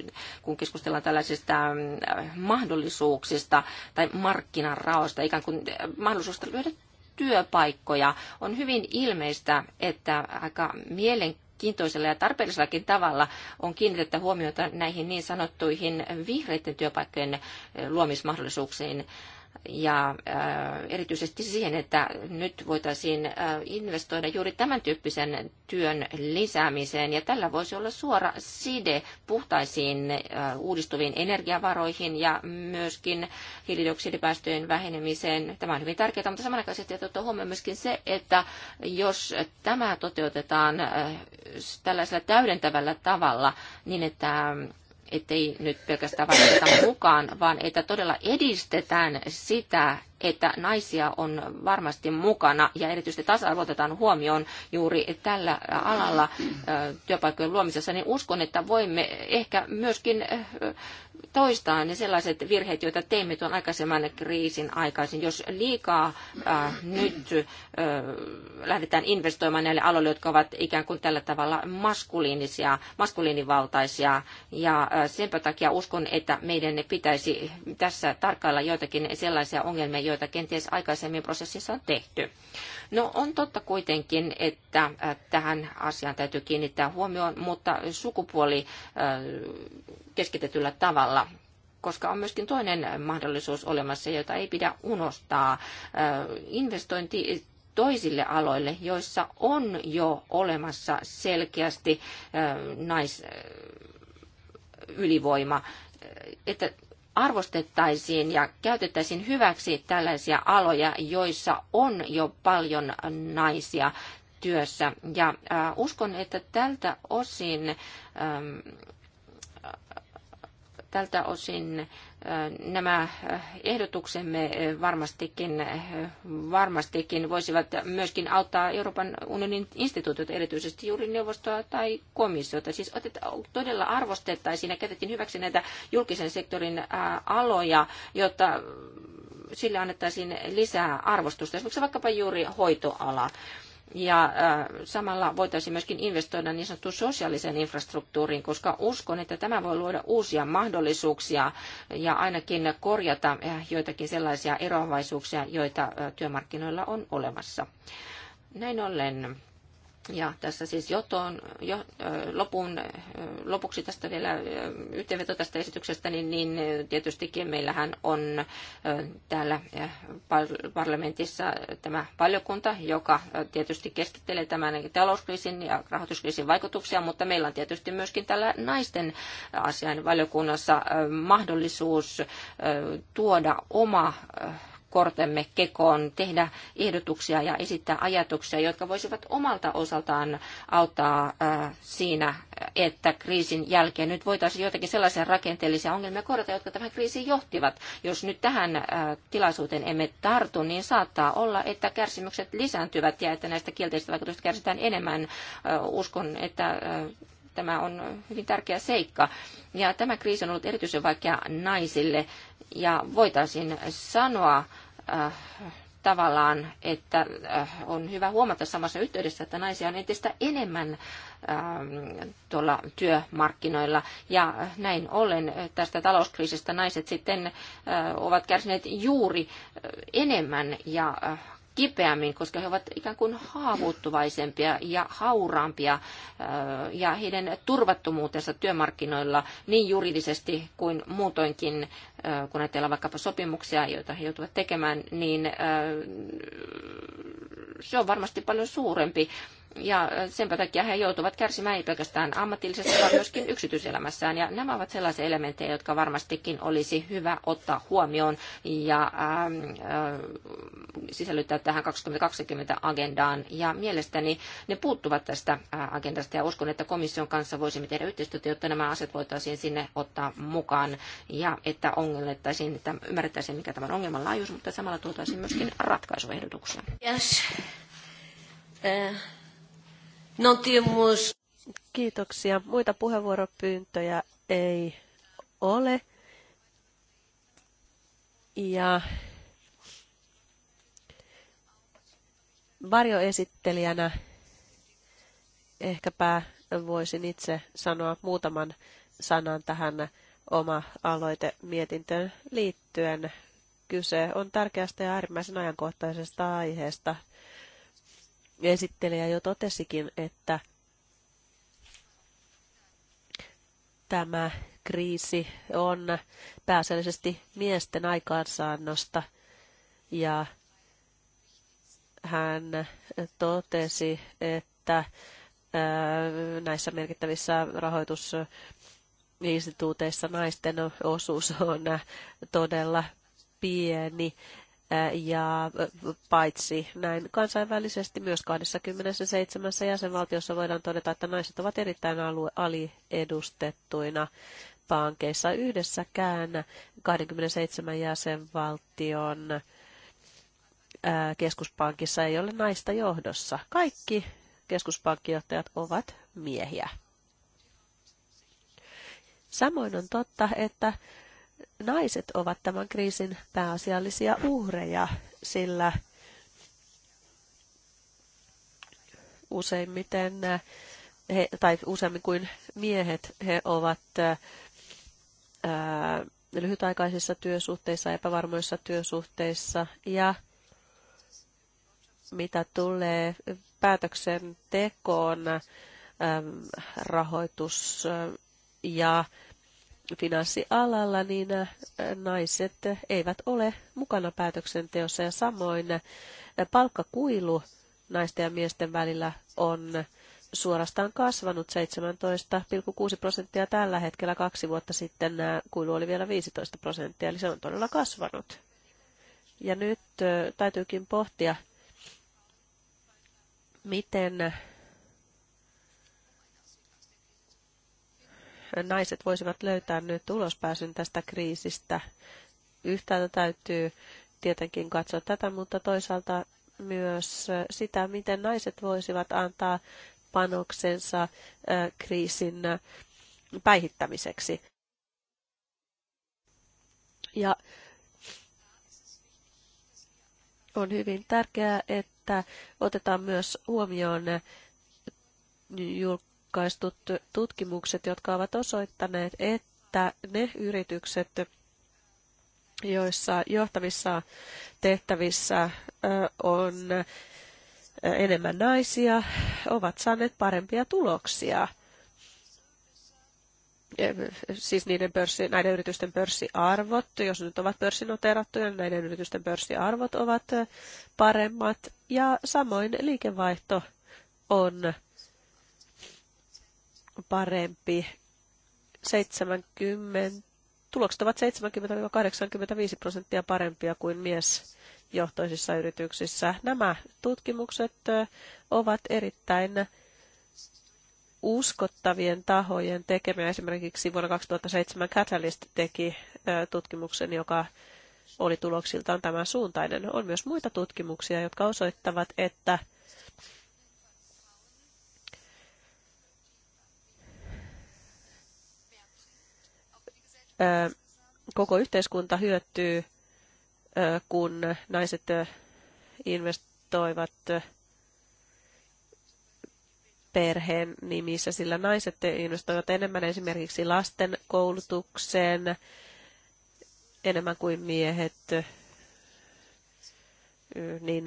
kun keskustellaan tällaisista mm, mahdollisuuksista tai markkinaraosta, ikään kuin eh, mahdollisuudesta löydä työpaikkoja, on hyvin ilmeistä, että aika mielenkiintoista kiintoisella ja tarpeellisellakin tavalla on kiinnitettä huomiota näihin niin sanottuihin vihreiden työpaikkojen eh, luomismahdollisuuksiin ja äh, erityisesti siihen, että nyt voitaisiin äh, investoida juuri tämän tyyppisen työn lisäämiseen. Ja tällä voisi olla suora side puhtaisiin äh, uudistuviin energiavaroihin ja myöskin hiilidioksidipäästöjen vähenemiseen. Tämä on hyvin tärkeää, mutta samanaikaisesti ottaa huomioon myöskin se, että jos tämä toteutetaan tällaisella täydentävällä tavalla, niin että ettei nyt pelkästään vaikuteta mukaan, vaan että todella edistetään sitä, että naisia on varmasti mukana ja erityisesti tasa-arvo otetaan huomioon juuri tällä alalla työpaikkojen luomisessa, niin uskon, että voimme ehkä myöskin toistaa ne sellaiset virheet, joita teimme tuon aikaisemman kriisin aikaisin. Jos liikaa äh, nyt äh, lähdetään investoimaan näille aloille, jotka ovat ikään kuin tällä tavalla maskuliinisia, maskuliinivaltaisia, ja äh, senpä takia uskon, että meidän pitäisi tässä tarkkailla joitakin sellaisia ongelmia, joita kenties aikaisemmin prosessissa on tehty. Äh, No on totta kuitenkin, että äh, tähän asiaan täytyy kiinnittää huomioon, mutta sukupuoli äh, keskitetyllä tavalla koska on myöskin toinen mahdollisuus olemassa, jota ei pidä unohtaa. Äh, investointi toisille aloille, joissa on jo olemassa selkeästi naisylivoima, että arvostettaisiin ja käytettäisiin hyväksi tällaisia aloja, joissa on jo paljon naisia työssä. Ja äh, uskon, että tältä osin, ähm, äh, tältä osin nämä eh, ehdotuksemme eh, varmastikin, eh, varmastikin voisivat myöskin auttaa Euroopan unionin instituutioita, erityisesti juuri neuvostoa tai komissiota. Siis otet, todella arvostettaisiin ja käytettiin hyväksi näitä julkisen sektorin aloja, jotta sille annettaisiin lisää arvostusta, esimerkiksi vaikkapa juuri hoitoala. Ja äh, samalla voitaisiin myöskin investoida niin sanottuun sosiaaliseen infrastruktuuriin, koska uskon, että tämä voi luoda uusia mahdollisuuksia ja ainakin korjata äh, joitakin sellaisia eroavaisuuksia, joita äh, työmarkkinoilla on olemassa. Näin ollen ja tässä siis joton, jo, lopun, lopuksi tästä vielä yhteenveto tästä esityksestä, niin, niin tietystikin meillähän on täällä parlamentissa tämä valiokunta, joka tietysti keskittelee tämän talouskriisin ja rahoituskriisin vaikutuksia, mutta meillä on tietysti myöskin tällä naisten asian valiokunnassa mahdollisuus tuoda oma kortemme kekoon, tehdä ehdotuksia ja esittää ajatuksia, jotka voisivat omalta osaltaan auttaa äh, siinä, että kriisin jälkeen nyt voitaisiin jotakin sellaisia rakenteellisia ongelmia korjata, jotka tähän kriisiin johtivat. Jos nyt tähän äh, tilaisuuteen emme tartu, niin saattaa olla, että kärsimykset lisääntyvät ja että näistä kielteistä vaikutuksista kärsitään enemmän. Äh, uskon, että tämä on hyvin tärkeä seikka. Ja tämä kriisi on ollut erityisen vaikea naisille ja voitaisiin sanoa, äh, tavallaan, että äh, on hyvä huomata samassa yhteydessä, että naisia on entistä enemmän ähm, tuolla työmarkkinoilla. Ja näin ollen äh, tästä talouskriisistä naiset sitten äh, ovat kärsineet juuri enemmän ja kipeämmin, koska he ovat ikään kuin haavoittuvaisempia ja hauraampia ja heidän turvattomuutensa työmarkkinoilla niin juridisesti kuin muutoinkin, kun ajatellaan vaikkapa sopimuksia, joita he joutuvat tekemään, niin se on varmasti paljon suurempi ja sen takia he joutuvat kärsimään ei pelkästään ammatillisessa, vaan myöskin yksityiselämässään. Ja nämä ovat sellaisia elementtejä, jotka varmastikin olisi hyvä ottaa huomioon ja sisällyttää tähän 2020-agendaan. Ja mielestäni ne puuttuvat tästä agendasta ja uskon, että komission kanssa voisimme tehdä yhteistyötä, jotta nämä asiat voitaisiin sinne ottaa mukaan ja että ongelmettaisiin, että ymmärrettäisiin, mikä tämän ongelman laajuus, mutta samalla tuotaisiin myöskin ratkaisuehdotuksia. Yes. Uh. No temos... Kiitoksia. Muita puheenvuoropyyntöjä ei ole. Ja varjoesittelijänä ehkäpä voisin itse sanoa muutaman sanan tähän oma aloite mietintöön liittyen. Kyse on tärkeästä ja äärimmäisen ajankohtaisesta aiheesta esittelijä jo totesikin, että tämä kriisi on pääasiallisesti miesten aikaansaannosta ja hän totesi, että näissä merkittävissä rahoitusinstituuteissa naisten osuus on todella pieni ja paitsi näin kansainvälisesti myös 27 jäsenvaltiossa voidaan todeta, että naiset ovat erittäin aliedustettuina pankeissa yhdessäkään 27 jäsenvaltion keskuspankissa ei ole naista johdossa. Kaikki keskuspankkijohtajat ovat miehiä. Samoin on totta, että naiset ovat tämän kriisin pääasiallisia uhreja, sillä useimmiten äh, he, tai useammin kuin miehet he ovat ää, äh, äh, lyhytaikaisissa työsuhteissa, epävarmoissa työsuhteissa ja mitä tulee päätöksentekoon, ähm, rahoitus ja finanssialalla, niin äh, naiset eivät ole mukana päätöksenteossa ja samoin äh, palkkakuilu naisten ja miesten välillä on suorastaan kasvanut 17,6 prosenttia tällä hetkellä. Kaksi vuotta sitten nämä äh, kuilu oli vielä 15 prosenttia, eli se on todella kasvanut. Ja nyt täytyykin pohtia, miten naiset voisivat löytää nyt ulospääsyn tästä kriisistä. Yhtäältä täytyy tietenkin katsoa tätä, mutta toisaalta myös sitä, miten naiset voisivat antaa panoksensa kriisin päihittämiseksi. Ja on hyvin tärkeää, että otetaan myös huomioon julkaistut tutkimukset, jotka ovat osoittaneet, että ne yritykset, joissa johtavissa tehtävissä on enemmän naisia, ovat saaneet parempia tuloksia. Siis niiden pörssi, näiden yritysten pörssiarvot, jos nyt ovat pörssinoteerattuja, niin näiden yritysten pörssiarvot ovat paremmat ja samoin liikevaihto on parempi. 70, tulokset ovat 70-85 prosenttia parempia kuin miesjohtoisissa yrityksissä. Nämä tutkimukset ovat erittäin uskottavien tahojen tekemiä. Esimerkiksi vuonna 2007 Catalyst teki tutkimuksen, joka oli tuloksiltaan tämän suuntainen. On myös muita tutkimuksia, jotka osoittavat, että koko yhteiskunta hyötyy, kun naiset investoivat perheen nimissä, sillä naiset investoivat enemmän esimerkiksi lasten koulutukseen, enemmän kuin miehet, niin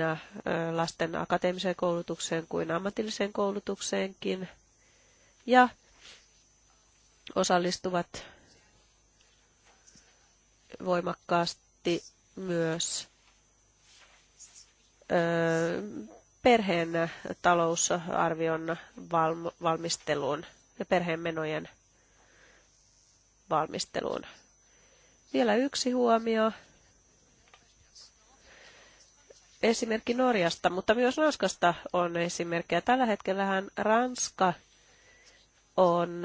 lasten akateemiseen koulutukseen kuin ammatilliseen koulutukseenkin, ja osallistuvat voimakkaasti myös perheen talousarvion valmisteluun ja perheen menojen valmisteluun. Vielä yksi huomio. Esimerkki Norjasta, mutta myös Ranskasta on esimerkkejä. Tällä hetkellähän Ranska on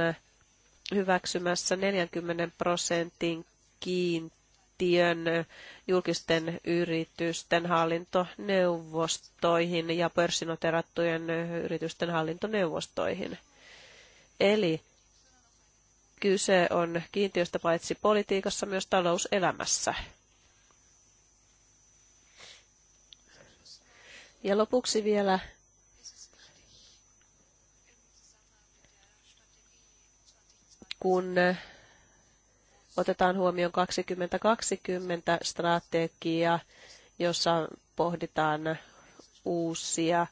hyväksymässä 40 prosentin kiinteä yhtiön, julkisten yritysten hallintoneuvostoihin ja pörssinoterattujen yritysten hallintoneuvostoihin. Eli kyse on kiintiöstä paitsi politiikassa myös talouselämässä. Ja lopuksi vielä kun otetaan huomioon 2020 strategia, jossa pohditaan uusia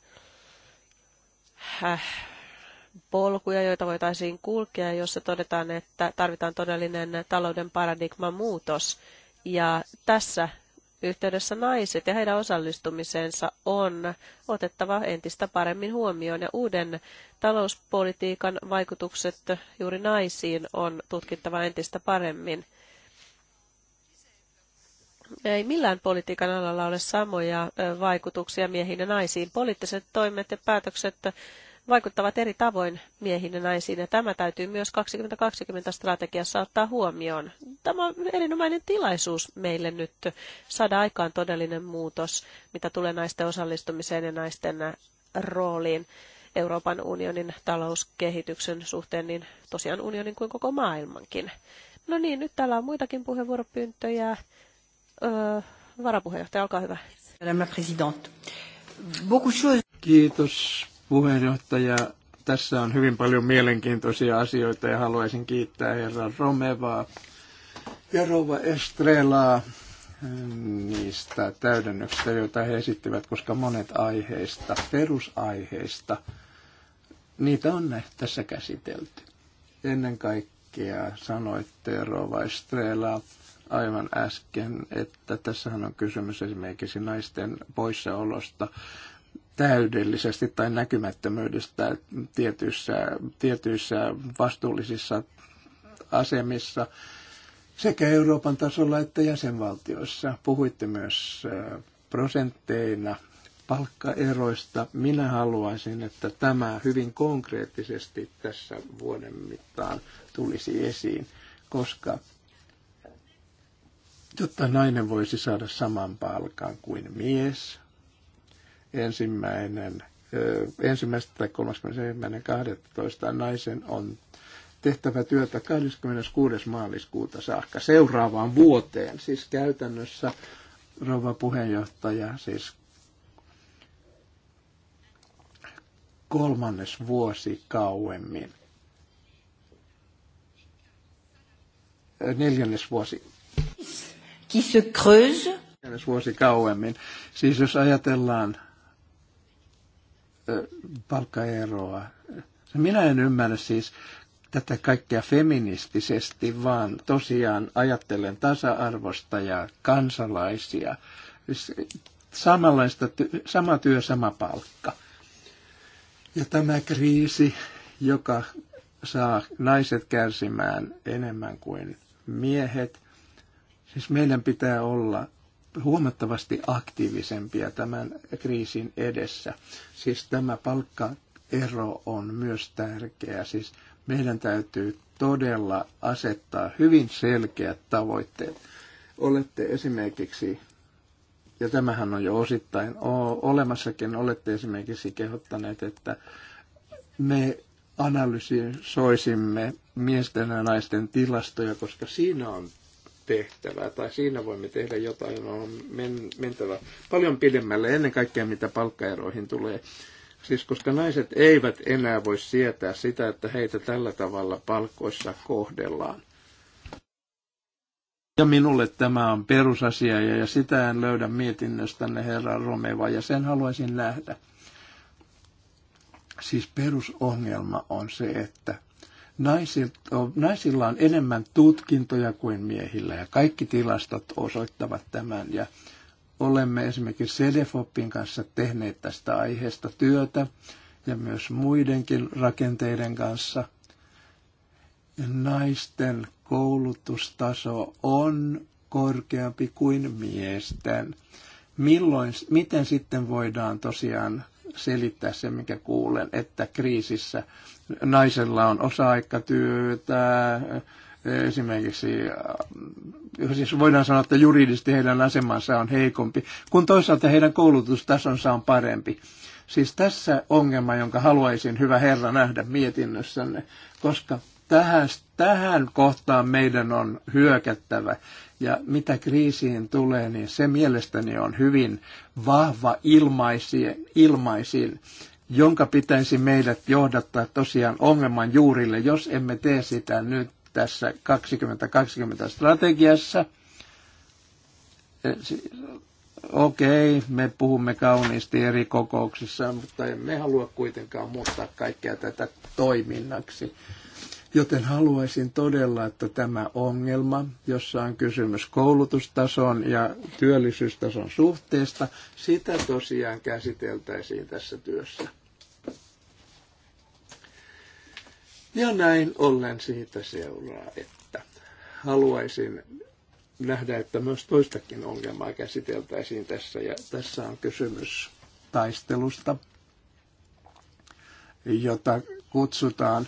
polkuja, joita voitaisiin kulkea, jossa todetaan, että tarvitaan todellinen talouden paradigman muutos. Ja tässä yhteydessä naiset ja heidän osallistumisensa on otettava entistä paremmin huomioon ja uuden talouspolitiikan vaikutukset juuri naisiin on tutkittava entistä paremmin. Ei millään politiikan alalla ole samoja vaikutuksia miehiin ja naisiin. Poliittiset toimet ja päätökset vaikuttavat eri tavoin miehiin ja naisiin, ja tämä täytyy myös 2020-strategiassa ottaa huomioon. Tämä on erinomainen tilaisuus meille nyt saada aikaan todellinen muutos, mitä tulee naisten osallistumiseen ja naisten rooliin Euroopan unionin talouskehityksen suhteen, niin tosiaan unionin kuin koko maailmankin. No niin, nyt täällä on muitakin puheenvuoropyyntöjä. Öö, varapuheenjohtaja, olkaa hyvä. Madame la Présidente. Beaucoup choses. Kiitos puheenjohtaja. Tässä on hyvin paljon mielenkiintoisia asioita ja haluaisin kiittää herra Romevaa ja rouva Estrelaa ähm, niistä täydennyksistä, joita he esittivät, koska monet aiheista, perusaiheista, niitä on tässä käsitelty. Ennen kaikkea sanoitte Rova Estrela aivan äsken, että tässähän on kysymys esimerkiksi naisten poissaolosta täydellisesti tai näkymättömyydestä tietyissä, tietyissä vastuullisissa asemissa sekä Euroopan tasolla että jäsenvaltioissa. Puhuitte myös prosentteina palkkaeroista. Minä haluaisin, että tämä hyvin konkreettisesti tässä vuoden mittaan tulisi esiin, koska jotta nainen voisi saada saman palkan kuin mies, ensimmäinen, ensimmäistä tai 31. naisen on tehtävä työtä 26. maaliskuuta saakka seuraavaan vuoteen. Siis käytännössä, rouva puheenjohtaja, siis kolmannes vuosi kauemmin. Neljännes vuosi. Qui se creuse? Neljännes vuosi kauemmin. Siis jos ajatellaan palkkaeroa. Minä en ymmärrä siis tätä kaikkea feministisesti, vaan tosiaan ajattelen tasa-arvosta ja kansalaisia. Samanlaista, sama työ, sama palkka. Ja tämä kriisi, joka saa naiset kärsimään enemmän kuin miehet, siis meidän pitää olla huomattavasti aktiivisempia tämän kriisin edessä. Siis tämä palkkaero on myös tärkeä. Siis meidän täytyy todella asettaa hyvin selkeät tavoitteet. Olette esimerkiksi, ja tämähän on jo osittain olemassakin, olette esimerkiksi kehottaneet, että me analysoisimme miesten ja naisten tilastoja, koska siinä on tehtävää tai siinä voimme tehdä jotain, on men, mentävä paljon pidemmälle ennen kaikkea mitä palkkaeroihin tulee. Siis koska naiset eivät enää voi sietää sitä, että heitä tällä tavalla palkoissa kohdellaan. Ja minulle tämä on perusasia ja, ja sitä en löydä mietinnöstänne herra Romeva ja sen haluaisin nähdä. Siis perusongelma on se, että naisilla on enemmän tutkintoja kuin miehillä ja kaikki tilastot osoittavat tämän ja olemme esimerkiksi Sedefopin kanssa tehneet tästä aiheesta työtä ja myös muidenkin rakenteiden kanssa. Naisten koulutustaso on korkeampi kuin miesten. Milloin, miten sitten voidaan tosiaan selittää se, mikä kuulen, että kriisissä naisella on osa-aikatyötä, esimerkiksi, siis voidaan sanoa, että juridisesti heidän asemansa on heikompi, kun toisaalta heidän koulutustasonsa on parempi. Siis tässä ongelma, jonka haluaisin, hyvä herra, nähdä mietinnössänne, koska tähän, tähän kohtaan meidän on hyökättävä. Ja mitä kriisiin tulee, niin se mielestäni on hyvin vahva ilmaisiin, ilmaisiin jonka pitäisi meidät johdattaa tosiaan ongelman juurille, jos emme tee sitä nyt tässä 2020 strategiassa. E, okei, okay, me puhumme kauniisti eri kokouksissa, mutta emme halua kuitenkaan muuttaa kaikkea tätä toiminnaksi. Joten haluaisin todella, että tämä ongelma, jossa on kysymys koulutustason ja työllisyystason suhteesta, sitä tosiaan käsiteltäisiin tässä työssä. Ja näin ollen siitä seuraa, että haluaisin nähdä, että myös toistakin ongelmaa käsiteltäisiin tässä. Ja tässä on kysymys taistelusta, jota kutsutaan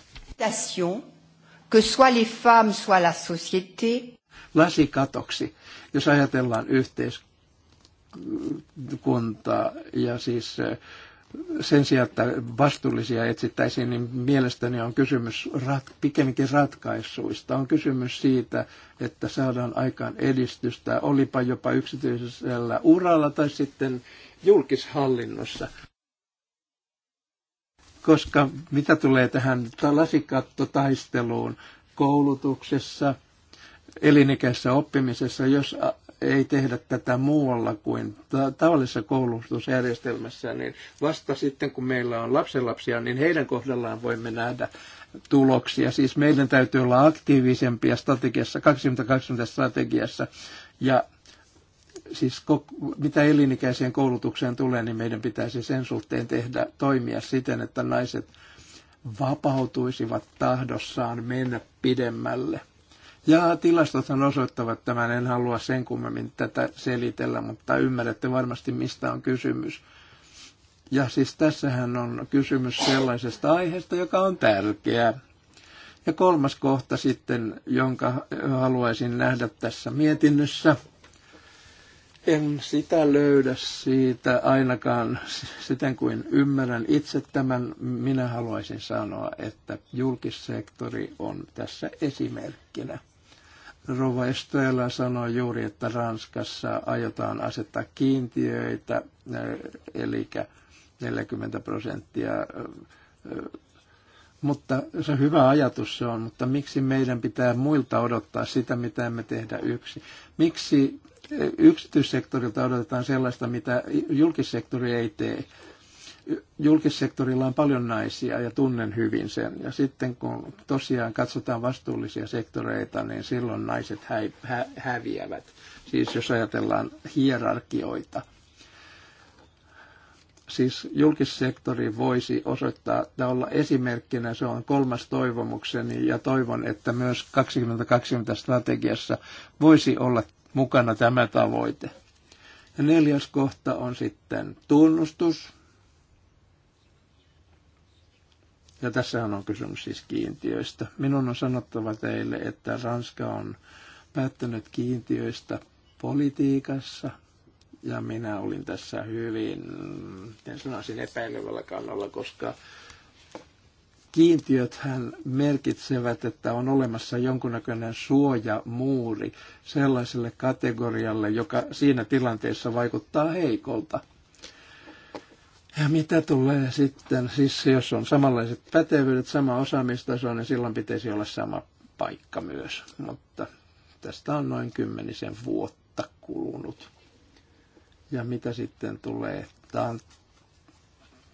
que soit les femmes, soit la société. Lasikatoksi, jos ajatellaan yhteiskuntaa ja siis eh, sen sijaan, että vastuullisia etsittäisiin, niin mielestäni on kysymys rat, pikemminkin ratkaisuista. On kysymys siitä, että saadaan aikaan edistystä, olipa jopa yksityisellä uralla tai sitten julkishallinnossa koska mitä tulee tähän lasikattotaisteluun koulutuksessa, elinikäisessä oppimisessa, jos ei tehdä tätä muualla kuin tavallisessa koulutusjärjestelmässä, niin vasta sitten kun meillä on lapsenlapsia, niin heidän kohdallaan voimme nähdä tuloksia. Siis meidän täytyy olla aktiivisempia strategiassa, 2020 strategiassa ja siis mitä elinikäiseen koulutukseen tulee, niin meidän pitäisi sen suhteen tehdä toimia siten, että naiset vapautuisivat tahdossaan mennä pidemmälle. Ja tilastothan osoittavat tämän, en halua sen kummemmin tätä selitellä, mutta ymmärrätte varmasti mistä on kysymys. Ja siis tässähän on kysymys sellaisesta aiheesta, joka on tärkeä. Ja kolmas kohta sitten, jonka haluaisin nähdä tässä mietinnössä – en sitä löydä siitä ainakaan siten kuin ymmärrän itse tämän. Minä haluaisin sanoa, että julkissektori on tässä esimerkkinä. Rova Estoella sanoi juuri, että Ranskassa aiotaan asettaa kiintiöitä, eh, eli 40 prosenttia. Eh, mutta se on hyvä ajatus se on, mutta miksi meidän pitää muilta odottaa sitä, mitä me tehdä yksi? Miksi yksityissektorilta odotetaan sellaista, mitä julkissektori ei tee. Julkissektorilla on paljon naisia ja tunnen hyvin sen. Ja sitten kun tosiaan katsotaan vastuullisia sektoreita, niin silloin naiset hä- hä- häviävät. Siis jos ajatellaan hierarkioita. Siis julkissektori voisi osoittaa että olla esimerkkinä, se on kolmas toivomukseni ja toivon, että myös 2020 strategiassa voisi olla mukana tämä tavoite. Ja neljäs kohta on sitten tunnustus. Ja tässä on kysymys siis kiintiöistä. Minun on sanottava teille, että Ranska on päättänyt kiintiöistä politiikassa, ja minä olin tässä hyvin, en sanoisin epäilevällä kannalla, koska kiintiöthän merkitsevät, että on olemassa jonkunnäköinen suojamuuri sellaiselle kategorialle, joka siinä tilanteessa vaikuttaa heikolta. Ja mitä tulee sitten, siis jos on samanlaiset pätevyydet, sama osaamistaso, niin silloin pitäisi olla sama paikka myös. Mutta tästä on noin kymmenisen vuotta kulunut. Ja mitä sitten tulee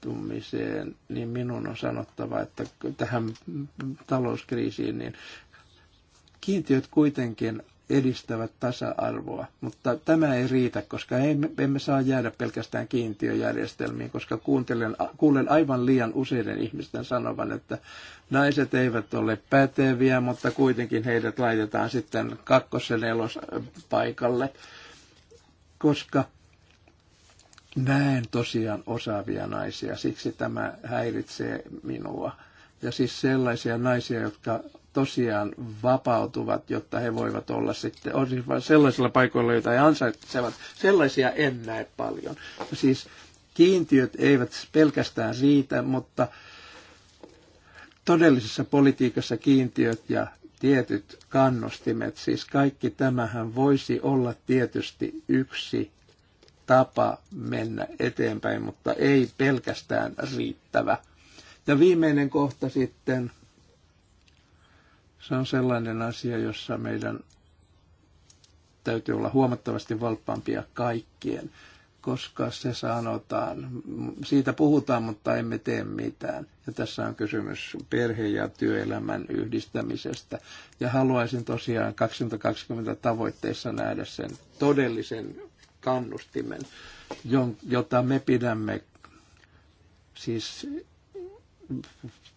varautumiseen, niin minun on sanottava, että tähän talouskriisiin, niin kiintiöt kuitenkin edistävät tasa-arvoa, mutta tämä ei riitä, koska emme saa jäädä pelkästään kiintiöjärjestelmiin, koska kuuntelen, kuulen aivan liian useiden ihmisten sanovan, että naiset eivät ole päteviä, mutta kuitenkin heidät laitetaan sitten kakkosen ja koska näen tosiaan osaavia naisia, siksi tämä häiritsee minua. Ja siis sellaisia naisia, jotka tosiaan vapautuvat, jotta he voivat olla sitten siis sellaisilla paikoilla, joita he ansaitsevat. Sellaisia en näe paljon. Siis kiintiöt eivät pelkästään riitä, mutta todellisessa politiikassa kiintiöt ja tietyt kannustimet, siis kaikki tämähän voisi olla tietysti yksi tapa mennä eteenpäin, mutta ei pelkästään riittävä. Ja viimeinen kohta sitten, se on sellainen asia, jossa meidän täytyy olla huomattavasti valppaampia kaikkien, koska se sanotaan, siitä puhutaan, mutta emme tee mitään. Ja tässä on kysymys perhe- ja työelämän yhdistämisestä. Ja haluaisin tosiaan 2020 tavoitteissa nähdä sen todellisen kannustimen, jota me pidämme siis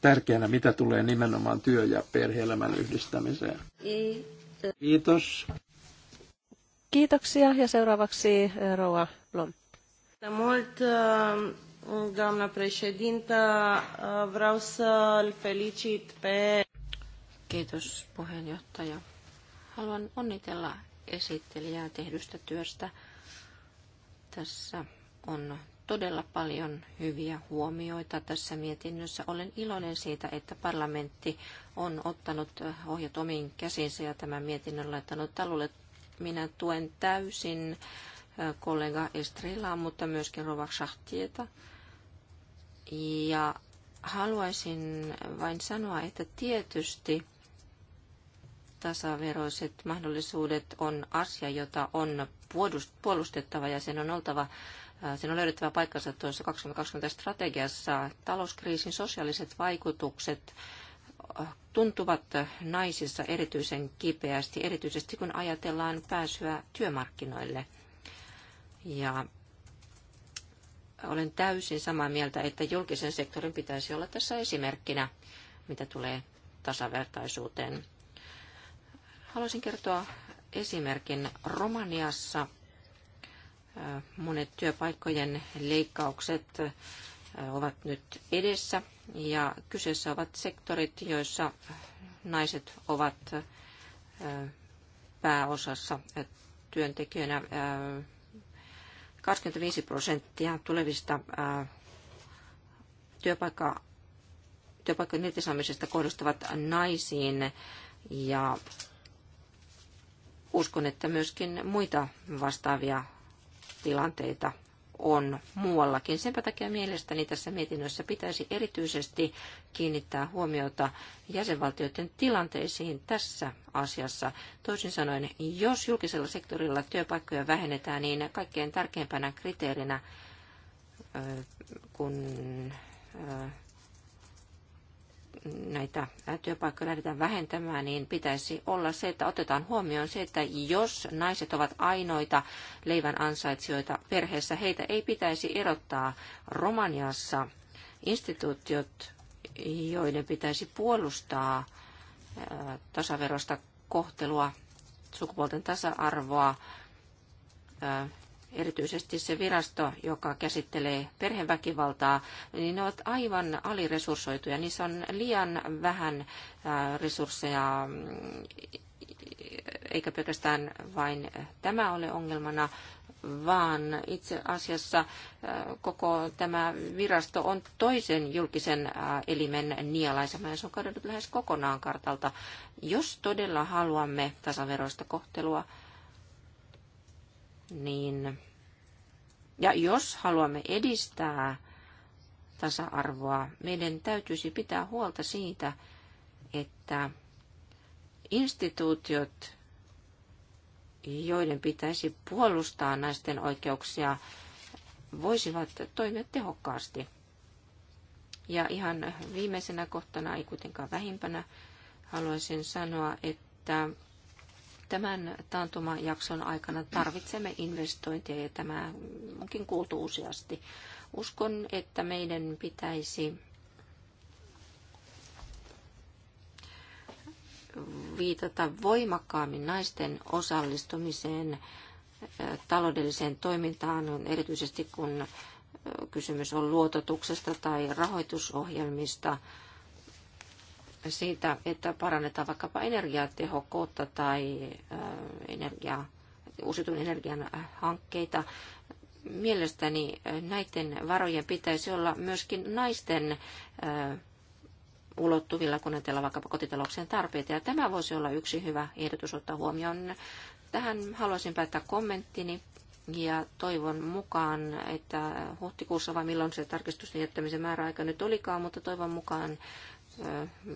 tärkeänä, mitä tulee nimenomaan työ- ja perheelämän yhdistämiseen. Kiitos. Kiitoksia ja seuraavaksi eh, Roa Blom. Mult, eh, doamna președintă, eh, vreau să-l felicit pe... Kiitos puheenjohtaja. Haluan onnitella esittelijää tehdystä työstä. Tässä on todella paljon hyviä huomioita tässä mietinnössä. Olen iloinen siitä, että parlamentti on ottanut ohjat omiin käsinsä ja tämän mietinnön laittanut talulle. Minä tuen täysin kollega Estrelaa, mutta myöskin Rova Schachtieta. Ja haluaisin vain sanoa, että tietysti tasaveroiset mahdollisuudet on asia, jota on puolustettava ja sen on oltava sen on löydettävä paikkansa tuossa 2020 strategiassa. Talouskriisin sosiaaliset vaikutukset tuntuvat naisissa erityisen kipeästi, erityisesti kun ajatellaan pääsyä työmarkkinoille. Ja olen täysin samaa mieltä, että julkisen sektorin pitäisi olla tässä esimerkkinä, mitä tulee tasavertaisuuteen. Haluaisin kertoa esimerkin. Romaniassa monet työpaikkojen leikkaukset ovat nyt edessä ja kyseessä ovat sektorit, joissa naiset ovat pääosassa työntekijöinä. 25 prosenttia tulevista työpaikka, työpaikkojen irtisanomisesta kohdistuvat naisiin ja Uskon, että myöskin muita vastaavia tilanteita on muuallakin. Senpä takia mielestäni tässä mietinnössä pitäisi erityisesti kiinnittää huomiota jäsenvaltioiden tilanteisiin tässä asiassa. Toisin sanoen, jos julkisella sektorilla työpaikkoja vähennetään, niin kaikkein tärkeimpänä kriteerinä, kun näitä työpaikkoja lähdetään vähentämään, niin pitäisi olla se, että otetaan huomioon se, että jos naiset ovat ainoita leivän ansaitsijoita perheessä, heitä ei pitäisi erottaa Romaniassa instituutiot, joiden pitäisi puolustaa tasaverosta kohtelua, sukupuolten tasa-arvoa, erityisesti se virasto, joka käsittelee perheväkivaltaa, niin ne ovat aivan aliresurssoituja. Niissä on liian vähän resursseja, eikä pelkästään vain tämä ole ongelmana, vaan itse asiassa koko tämä virasto on toisen julkisen elimen nialaisema ja se on kadonnut lähes kokonaan kartalta. Jos todella haluamme tasaveroista kohtelua, niin ja jos haluamme edistää tasa-arvoa, meidän täytyisi pitää huolta siitä, että instituutiot, joiden pitäisi puolustaa naisten oikeuksia, voisivat toimia tehokkaasti. Ja ihan viimeisenä kohtana, ei kuitenkaan vähimpänä, haluaisin sanoa, että Tämän taantumajakson aikana tarvitsemme investointeja ja tämä onkin kuultu useasti. Uskon, että meidän pitäisi viitata voimakkaammin naisten osallistumiseen taloudelliseen toimintaan, erityisesti kun kysymys on luototuksesta tai rahoitusohjelmista – siitä, että parannetaan vaikkapa energiatehokkuutta tai energia, uusiutuvan energian hankkeita. Mielestäni näiden varojen pitäisi olla myöskin naisten ulottuvilla, kun ajatellaan vaikkapa kotitalouksien tarpeita. Ja tämä voisi olla yksi hyvä ehdotus ottaa huomioon. Tähän haluaisin päättää kommenttini. Ja toivon mukaan, että huhtikuussa vai milloin se tarkistusten jättämisen määräaika nyt olikaan, mutta toivon mukaan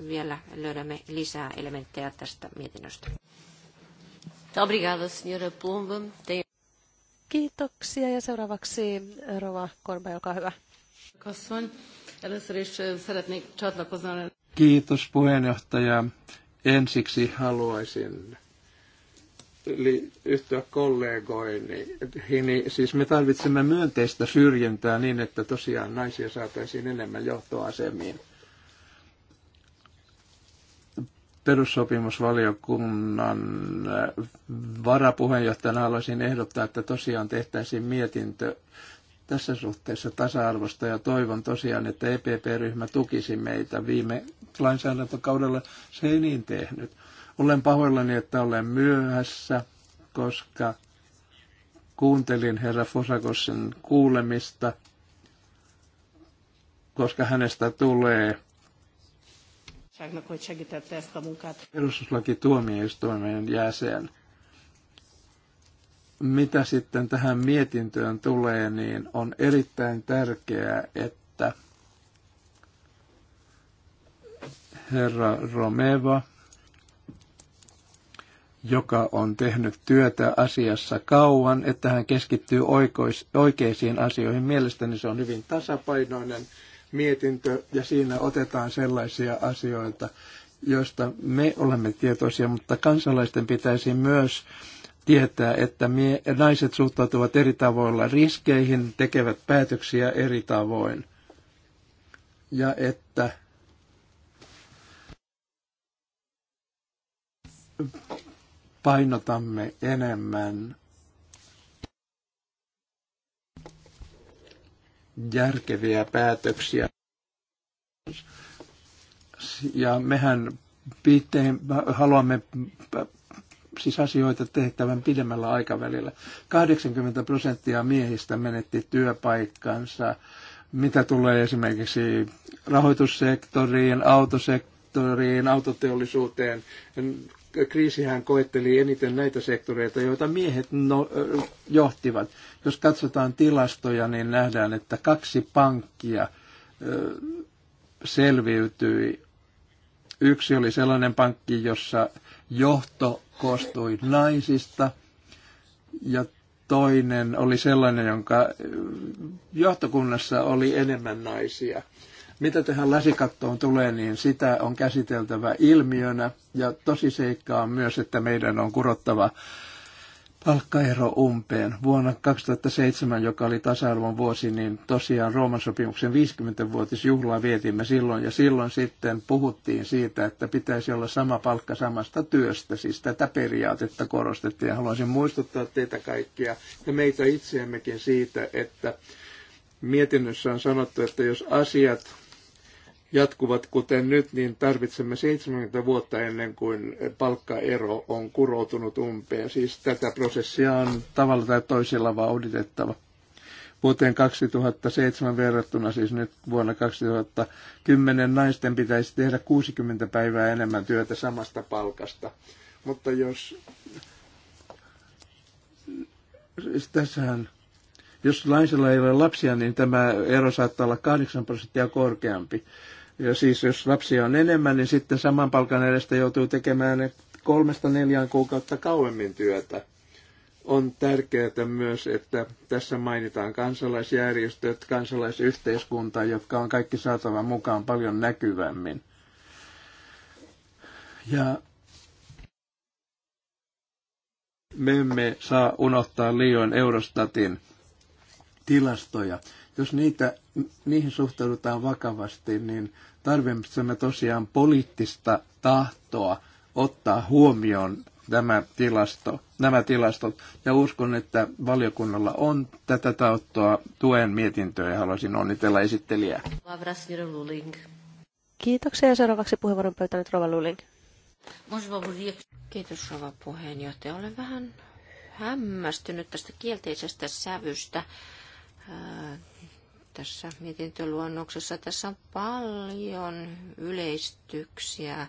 vielä löydämme lisää elementtejä tästä mietinnöstä. Kiitoksia ja seuraavaksi Rova Korba, olkaa hyvä. Kiitos puheenjohtaja. Ensiksi haluaisin eli yhtyä kollegoihin, siis me tarvitsemme myönteistä syrjintää niin, että tosiaan naisia saataisiin enemmän johtoasemiin. perussopimusvaliokunnan eh, varapuheenjohtajana haluaisin ehdottaa, että tosiaan tehtäisiin mietintö tässä suhteessa tasa-arvosta ja toivon tosiaan, että EPP-ryhmä tukisi meitä viime lainsäädäntökaudella. Se ei niin tehnyt. Olen pahoillani, että olen myöhässä, koska kuuntelin herra Fosakossin kuulemista, koska hänestä tulee bizottságnak, hogy segítette ezt a munkát. Perustuslaki tuomioistuimen jäsen. Mitä sitten tähän mietintöön tulee, niin on erittäin tärkeää, että herra Romeva, joka on tehnyt työtä asiassa kauan, että hän keskittyy oikeisiin asioihin. Mielestäni se on hyvin tasapainoinen mietintö ja siinä otetaan sellaisia asioita, joista me olemme tietoisia, mutta kansalaisten pitäisi myös tietää, että mie- naiset suhtautuvat eri tavoilla riskeihin, tekevät päätöksiä eri tavoin. Ja että painotamme enemmän järkeviä päätöksiä. Ja mehän piitteen, haluamme siis asioita tehtävän pidemmällä aikavälillä. 80 prosenttia miehistä menetti työpaikkansa. Mitä tulee esimerkiksi rahoitussektoriin, autosektoriin, autoteollisuuteen, kriisihän koetteli eniten näitä sektoreita, joita miehet no, johtivat. Jos katsotaan tilastoja, niin nähdään, että kaksi pankkia selviytyi. Yksi oli sellainen pankki, jossa johto koostui naisista, ja toinen oli sellainen, jonka johtokunnassa oli enemmän naisia. Mitä tähän lasikattoon tulee, niin sitä on käsiteltävä ilmiönä ja seikkaa on myös, että meidän on kurottava palkkaero umpeen. Vuonna 2007, joka oli tasa-arvon vuosi, niin tosiaan Rooman sopimuksen 50-vuotisjuhlaa vietimme silloin, ja silloin sitten puhuttiin siitä, että pitäisi olla sama palkka samasta työstä, siis tätä periaatetta korostettiin, ja haluaisin muistuttaa teitä kaikkia ja meitä itseämmekin siitä, että mietinnössä on sanottu, että jos asiat jatkuvat kuten nyt, niin tarvitsemme 70 vuotta ennen kuin palkkaero on kuroutunut umpeen. Siis tätä prosessia on tavalla tai toisella vauhditettava. Vuoteen 2007 verrattuna, siis nyt vuonna 2010, naisten pitäisi tehdä 60 päivää enemmän työtä samasta palkasta. Mutta jos... Siis tässähän jos naisella ei ole lapsia, niin tämä ero saattaa olla 8 prosenttia korkeampi. Ja siis jos lapsia on enemmän, niin sitten saman palkan edestä joutuu tekemään kolmesta neljään kuukautta kauemmin työtä. On tärkeää myös, että tässä mainitaan kansalaisjärjestöt, kansalaisyhteiskunta, jotka on kaikki saatava mukaan paljon näkyvämmin. Ja me emme saa unohtaa liioin Eurostatin tilastoja. Jos niitä niihin suhtaudutaan vakavasti, niin tarvitsemme tosiaan poliittista tahtoa ottaa huomioon tämä tilasto, nämä tilastot. Ja uskon, että valiokunnalla on tätä tahtoa tuen mietintöä ja haluaisin onnitella esittelijää. Kiitoksia ja seuraavaksi puheenvuoron pöytänyt Rova Luling. Kiitos Rova puheenjohtaja. Olen vähän hämmästynyt tästä kielteisestä sävystä äh, tässä mietintöluonnoksessa. Tässä on paljon yleistyksiä,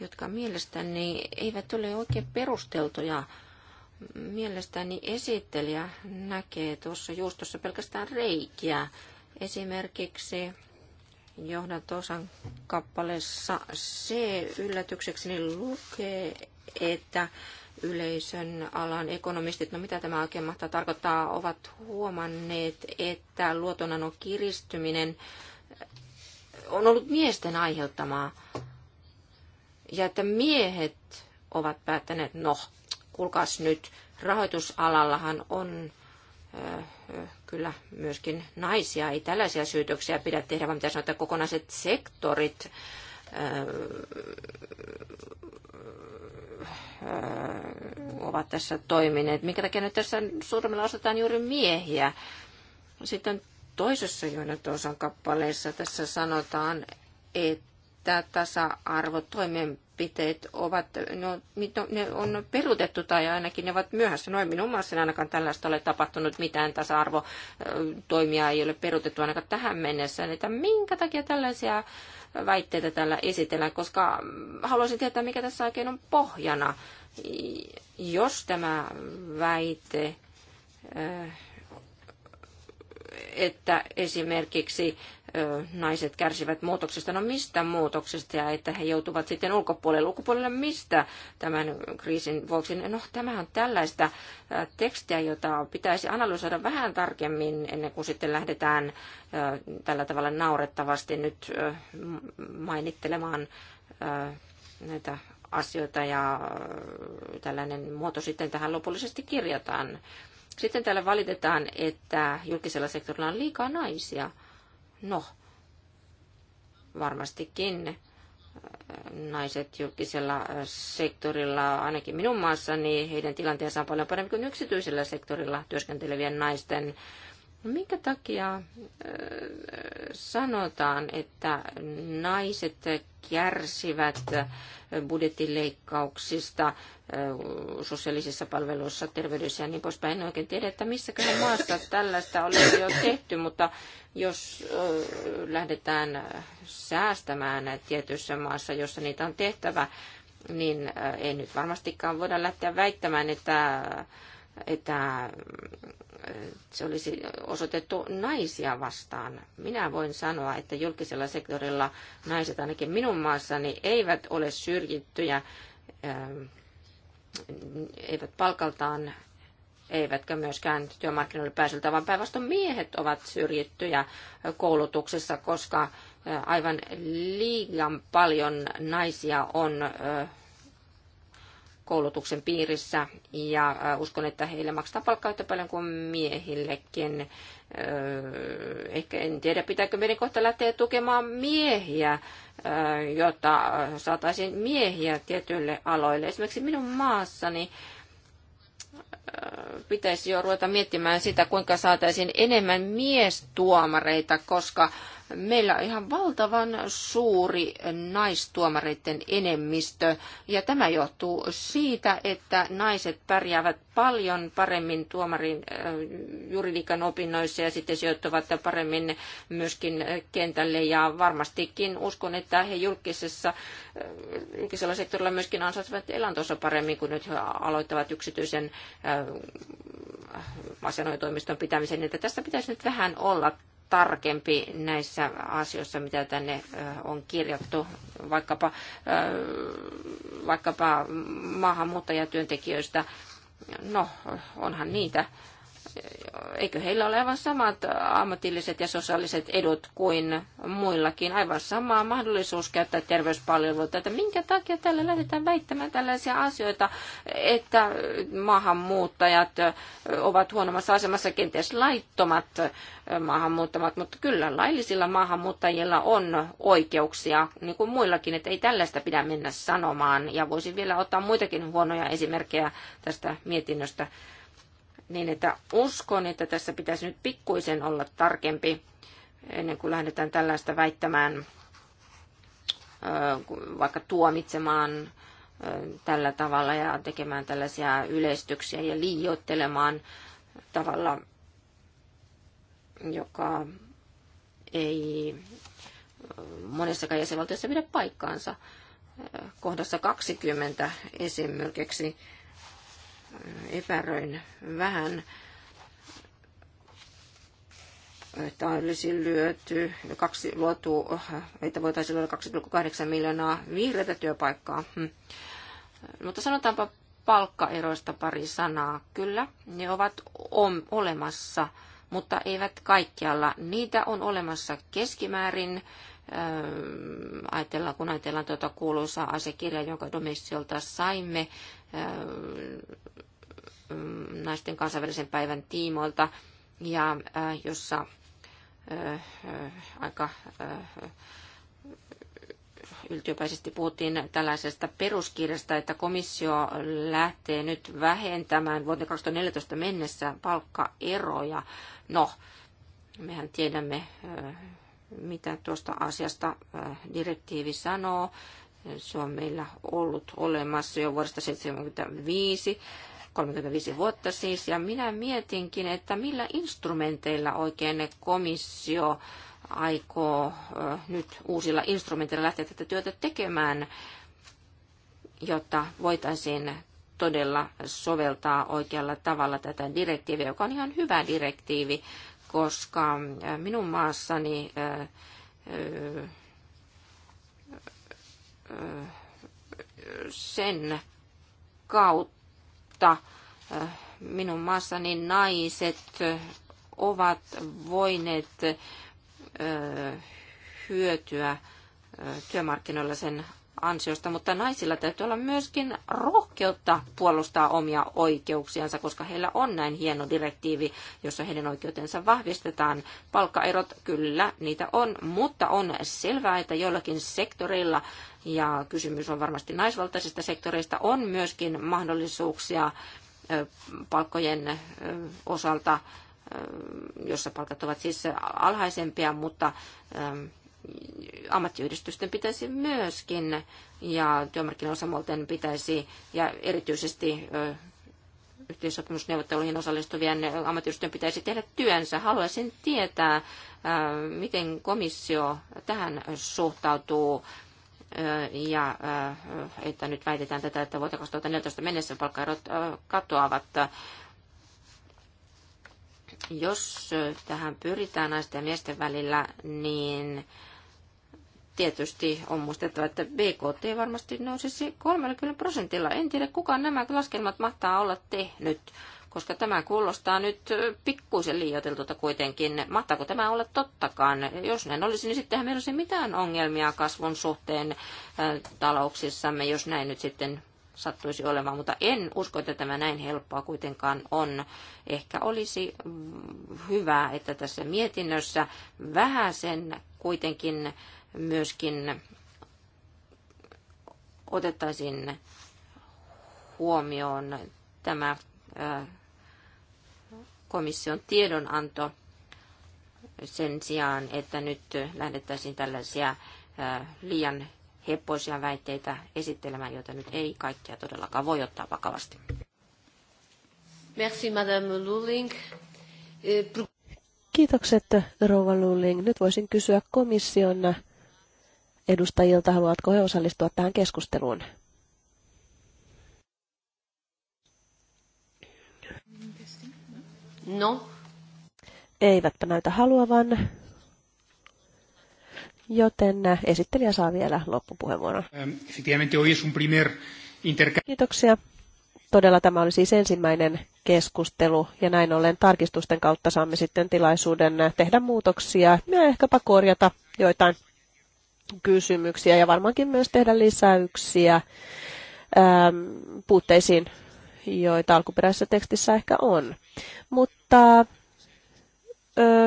jotka mielestäni eivät ole oikein perusteltuja. Mielestäni esittelijä näkee tuossa juustossa pelkästään reikiä. Esimerkiksi johdantosan kappaleessa C yllätykseksi lukee, että yleisön alan ekonomistit, no mitä tämä oikein mahtaa tarkoittaa, ovat huomanneet, että luotonannon kiristyminen on ollut miesten aiheuttamaa. Ja että miehet ovat päättäneet, no, kulkas nyt, rahoitusalallahan on kyllä myöskin naisia. Ei tällaisia syytöksiä pidä tehdä, vaan mitä sanotaan, kokonaiset sektorit Äh, äh, ovat tässä toimineet. mikä takia nyt tässä surmilla osataan juuri miehiä? Sitten toisessa Joonatosan kappaleessa tässä sanotaan, että tasa-arvo ovat, no, no, ne on peruutettu tai ainakin ne ovat myöhässä. Noin minun maassani ainakaan tällaista ole tapahtunut mitään tasa-arvotoimia ei ole peruutettu ainakaan tähän mennessä. Että minkä takia tällaisia väitteitä tällä esitellä, koska haluaisin tietää, mikä tässä oikein on pohjana. Jos tämä väite, eh, että esimerkiksi naiset kärsivät muutoksista. No mistä muutoksista ja että he joutuvat sitten ulkopuolelle? Ulkopuolelle mistä tämän kriisin vuoksi? No tämä on tällaista tekstiä, jota pitäisi analysoida vähän tarkemmin ennen kuin sitten lähdetään tällä tavalla naurettavasti nyt mainittelemaan näitä asioita ja tällainen muoto sitten tähän lopullisesti kirjataan. Sitten täällä valitetaan, että julkisella sektorilla on liikaa naisia. No, varmastikin äh, naiset julkisella äh, sektorilla, ainakin minun maassani, heidän tilanteensa on paljon parempi kuin yksityisellä sektorilla työskentelevien naisten. Minkä takia sanotaan, että naiset kärsivät budjettileikkauksista sosiaalisissa palveluissa, terveydessä ja niin poispäin? En oikein tiedä, että missä maassa tällaista olisi jo tehty, mutta jos lähdetään säästämään tietyissä maassa, jossa niitä on tehtävä, niin ei nyt varmastikaan voida lähteä väittämään, että että äh, se olisi osoitettu naisia vastaan. Minä voin sanoa, että julkisella sektorilla naiset ainakin minun maassani eivät ole syrjittyjä, äh, eivät palkaltaan eivätkä myöskään työmarkkinoille pääsyltä, vaan päinvastoin miehet ovat syrjittyjä koulutuksessa, koska äh, aivan liian paljon naisia on koulutuksen piirissä ja uskon, että heille maksetaan palkkaa yhtä paljon kuin miehillekin. Ehkä en tiedä, pitääkö meidän kohta lähteä tukemaan miehiä, jotta saataisiin miehiä tietyille aloille. Esimerkiksi minun maassani pitäisi jo ruveta miettimään sitä, kuinka saataisiin enemmän miestuomareita, koska meillä on ihan valtavan suuri naistuomareiden enemmistö. Ja tämä johtuu siitä, että naiset pärjäävät paljon paremmin tuomarin äh, juridikan opinnoissa ja sitten sijoittuvat paremmin myöskin kentälle. Ja varmastikin uskon, että he julkisessa, äh, julkisella sektorilla myöskin ansaitsevat elantonsa paremmin, kuin nyt he aloittavat yksityisen äh, asianajotoimiston pitämisen. Että tässä pitäisi nyt vähän olla tarkempi näissä asioissa, mitä tänne on kirjattu, vaikkapa, vaikkapa maahanmuuttajatyöntekijöistä. No, onhan niitä eikö heillä ole aivan samat ammatilliset ja sosiaaliset edut kuin muillakin, aivan sama mahdollisuus käyttää terveyspalveluita, että minkä takia tällä lähdetään väittämään tällaisia asioita, että maahanmuuttajat ovat huonommassa asemassa kenties laittomat maahanmuuttamat, mutta kyllä laillisilla maahanmuuttajilla on oikeuksia, niin kuin muillakin, että ei tällaista pidä mennä sanomaan, ja voisin vielä ottaa muitakin huonoja esimerkkejä tästä mietinnöstä niin että uskon, että tässä pitäisi nyt pikkuisen olla tarkempi ennen kuin lähdetään tällaista väittämään, vaikka tuomitsemaan tällä tavalla ja tekemään tällaisia yleistyksiä ja liioittelemaan tavalla, joka ei monessakaan jäsenvaltiossa pidä paikkaansa. Kohdassa 20 esimerkiksi epäröin vähän, että olisi lyöty kaksi luotu, että voitaisiin luoda 2,8 miljoonaa vihreitä työpaikkaa. Hm. Mutta sanotaanpa palkkaeroista pari sanaa. Kyllä, ne ovat olemassa, mutta eivät kaikkialla. Niitä on olemassa keskimäärin ajatellaan, kun ajatellaan tuota kuuluisaa asiakirjaa, jonka Domestiolta saimme naisten kansainvälisen päivän tiimoilta, ja jossa aika yltiöpäisesti puhuttiin tällaisesta peruskirjasta, että komissio lähtee nyt vähentämään vuoteen 2014 mennessä palkkaeroja. No, mehän tiedämme mitä tuosta asiasta äh, direktiivi sanoo. Se on meillä ollut olemassa jo vuodesta 1975, 35 vuotta siis, ja minä mietinkin, että millä instrumenteilla oikein komissio aikoo äh, nyt uusilla instrumenteilla lähteä tätä työtä tekemään, jotta voitaisiin todella soveltaa oikealla tavalla tätä direktiiviä, joka on ihan hyvä direktiivi, koska äh, minun maassani äh, äh, sen kautta minun maassani naiset ovat voineet hyötyä työmarkkinoilla sen ansiosta, mutta naisilla täytyy olla myöskin rohkeutta puolustaa omia oikeuksiansa, koska heillä on näin hieno direktiivi, jossa heidän oikeutensa vahvistetaan. Palkkaerot, kyllä, niitä on, mutta on selvää, että joillakin sektoreilla, ja kysymys on varmasti naisvaltaisista sektoreista, on myöskin mahdollisuuksia palkkojen osalta, jossa palkat ovat siis alhaisempia, mutta ammattiyhdistysten pitäisi myöskin ja työmarkkinaosamuolten pitäisi ja erityisesti yhteisopimusneuvotteluihin osallistuvien ammattiyhdistysten pitäisi tehdä työnsä. Haluaisin tietää, miten komissio tähän suhtautuu ja että nyt väitetään tätä, että vuoteen 2014 mennessä palkkaerot katoavat. Jos tähän pyritään naisten ja miesten välillä, niin tietysti on muistettava, että BKT varmasti nousisi 30 prosentilla. En tiedä, kuka nämä laskelmat mahtaa olla tehnyt, koska tämä kuulostaa nyt pikkuisen liioiteltulta kuitenkin. Mahtaako tämä olla tottakaan? Jos näin olisi, niin sittenhän meillä olisi mitään ongelmia kasvun suhteen äh, talouksissamme, jos näin nyt sitten sattuisi olemaan, mutta en usko, että tämä näin helppoa kuitenkaan on. Ehkä olisi mm, hyvä, että tässä mietinnössä vähän sen kuitenkin myöskin otettaisiin huomioon tämä komission tiedonanto sen sijaan, että nyt lähdettäisiin tällaisia liian heppoisia väitteitä esittelemään, joita nyt ei kaikkia todellakaan voi ottaa vakavasti. Merci, Madame Luling. Kiitokset, Rouva Luling. Nyt voisin kysyä komission edustajilta, haluatko he osallistua tähän keskusteluun? No. Eivätpä näytä haluavan. Joten esittelijä saa vielä loppupuheenvuoron. Kiitoksia. Todella tämä oli siis ensimmäinen keskustelu ja näin ollen tarkistusten kautta saamme sitten tilaisuuden tehdä muutoksia ja ehkäpä korjata joitain kysymyksiä ja varmaankin myös tehdä lisäyksiä ähm, puutteisiin, joita alkuperäisessä tekstissä ehkä on. Mutta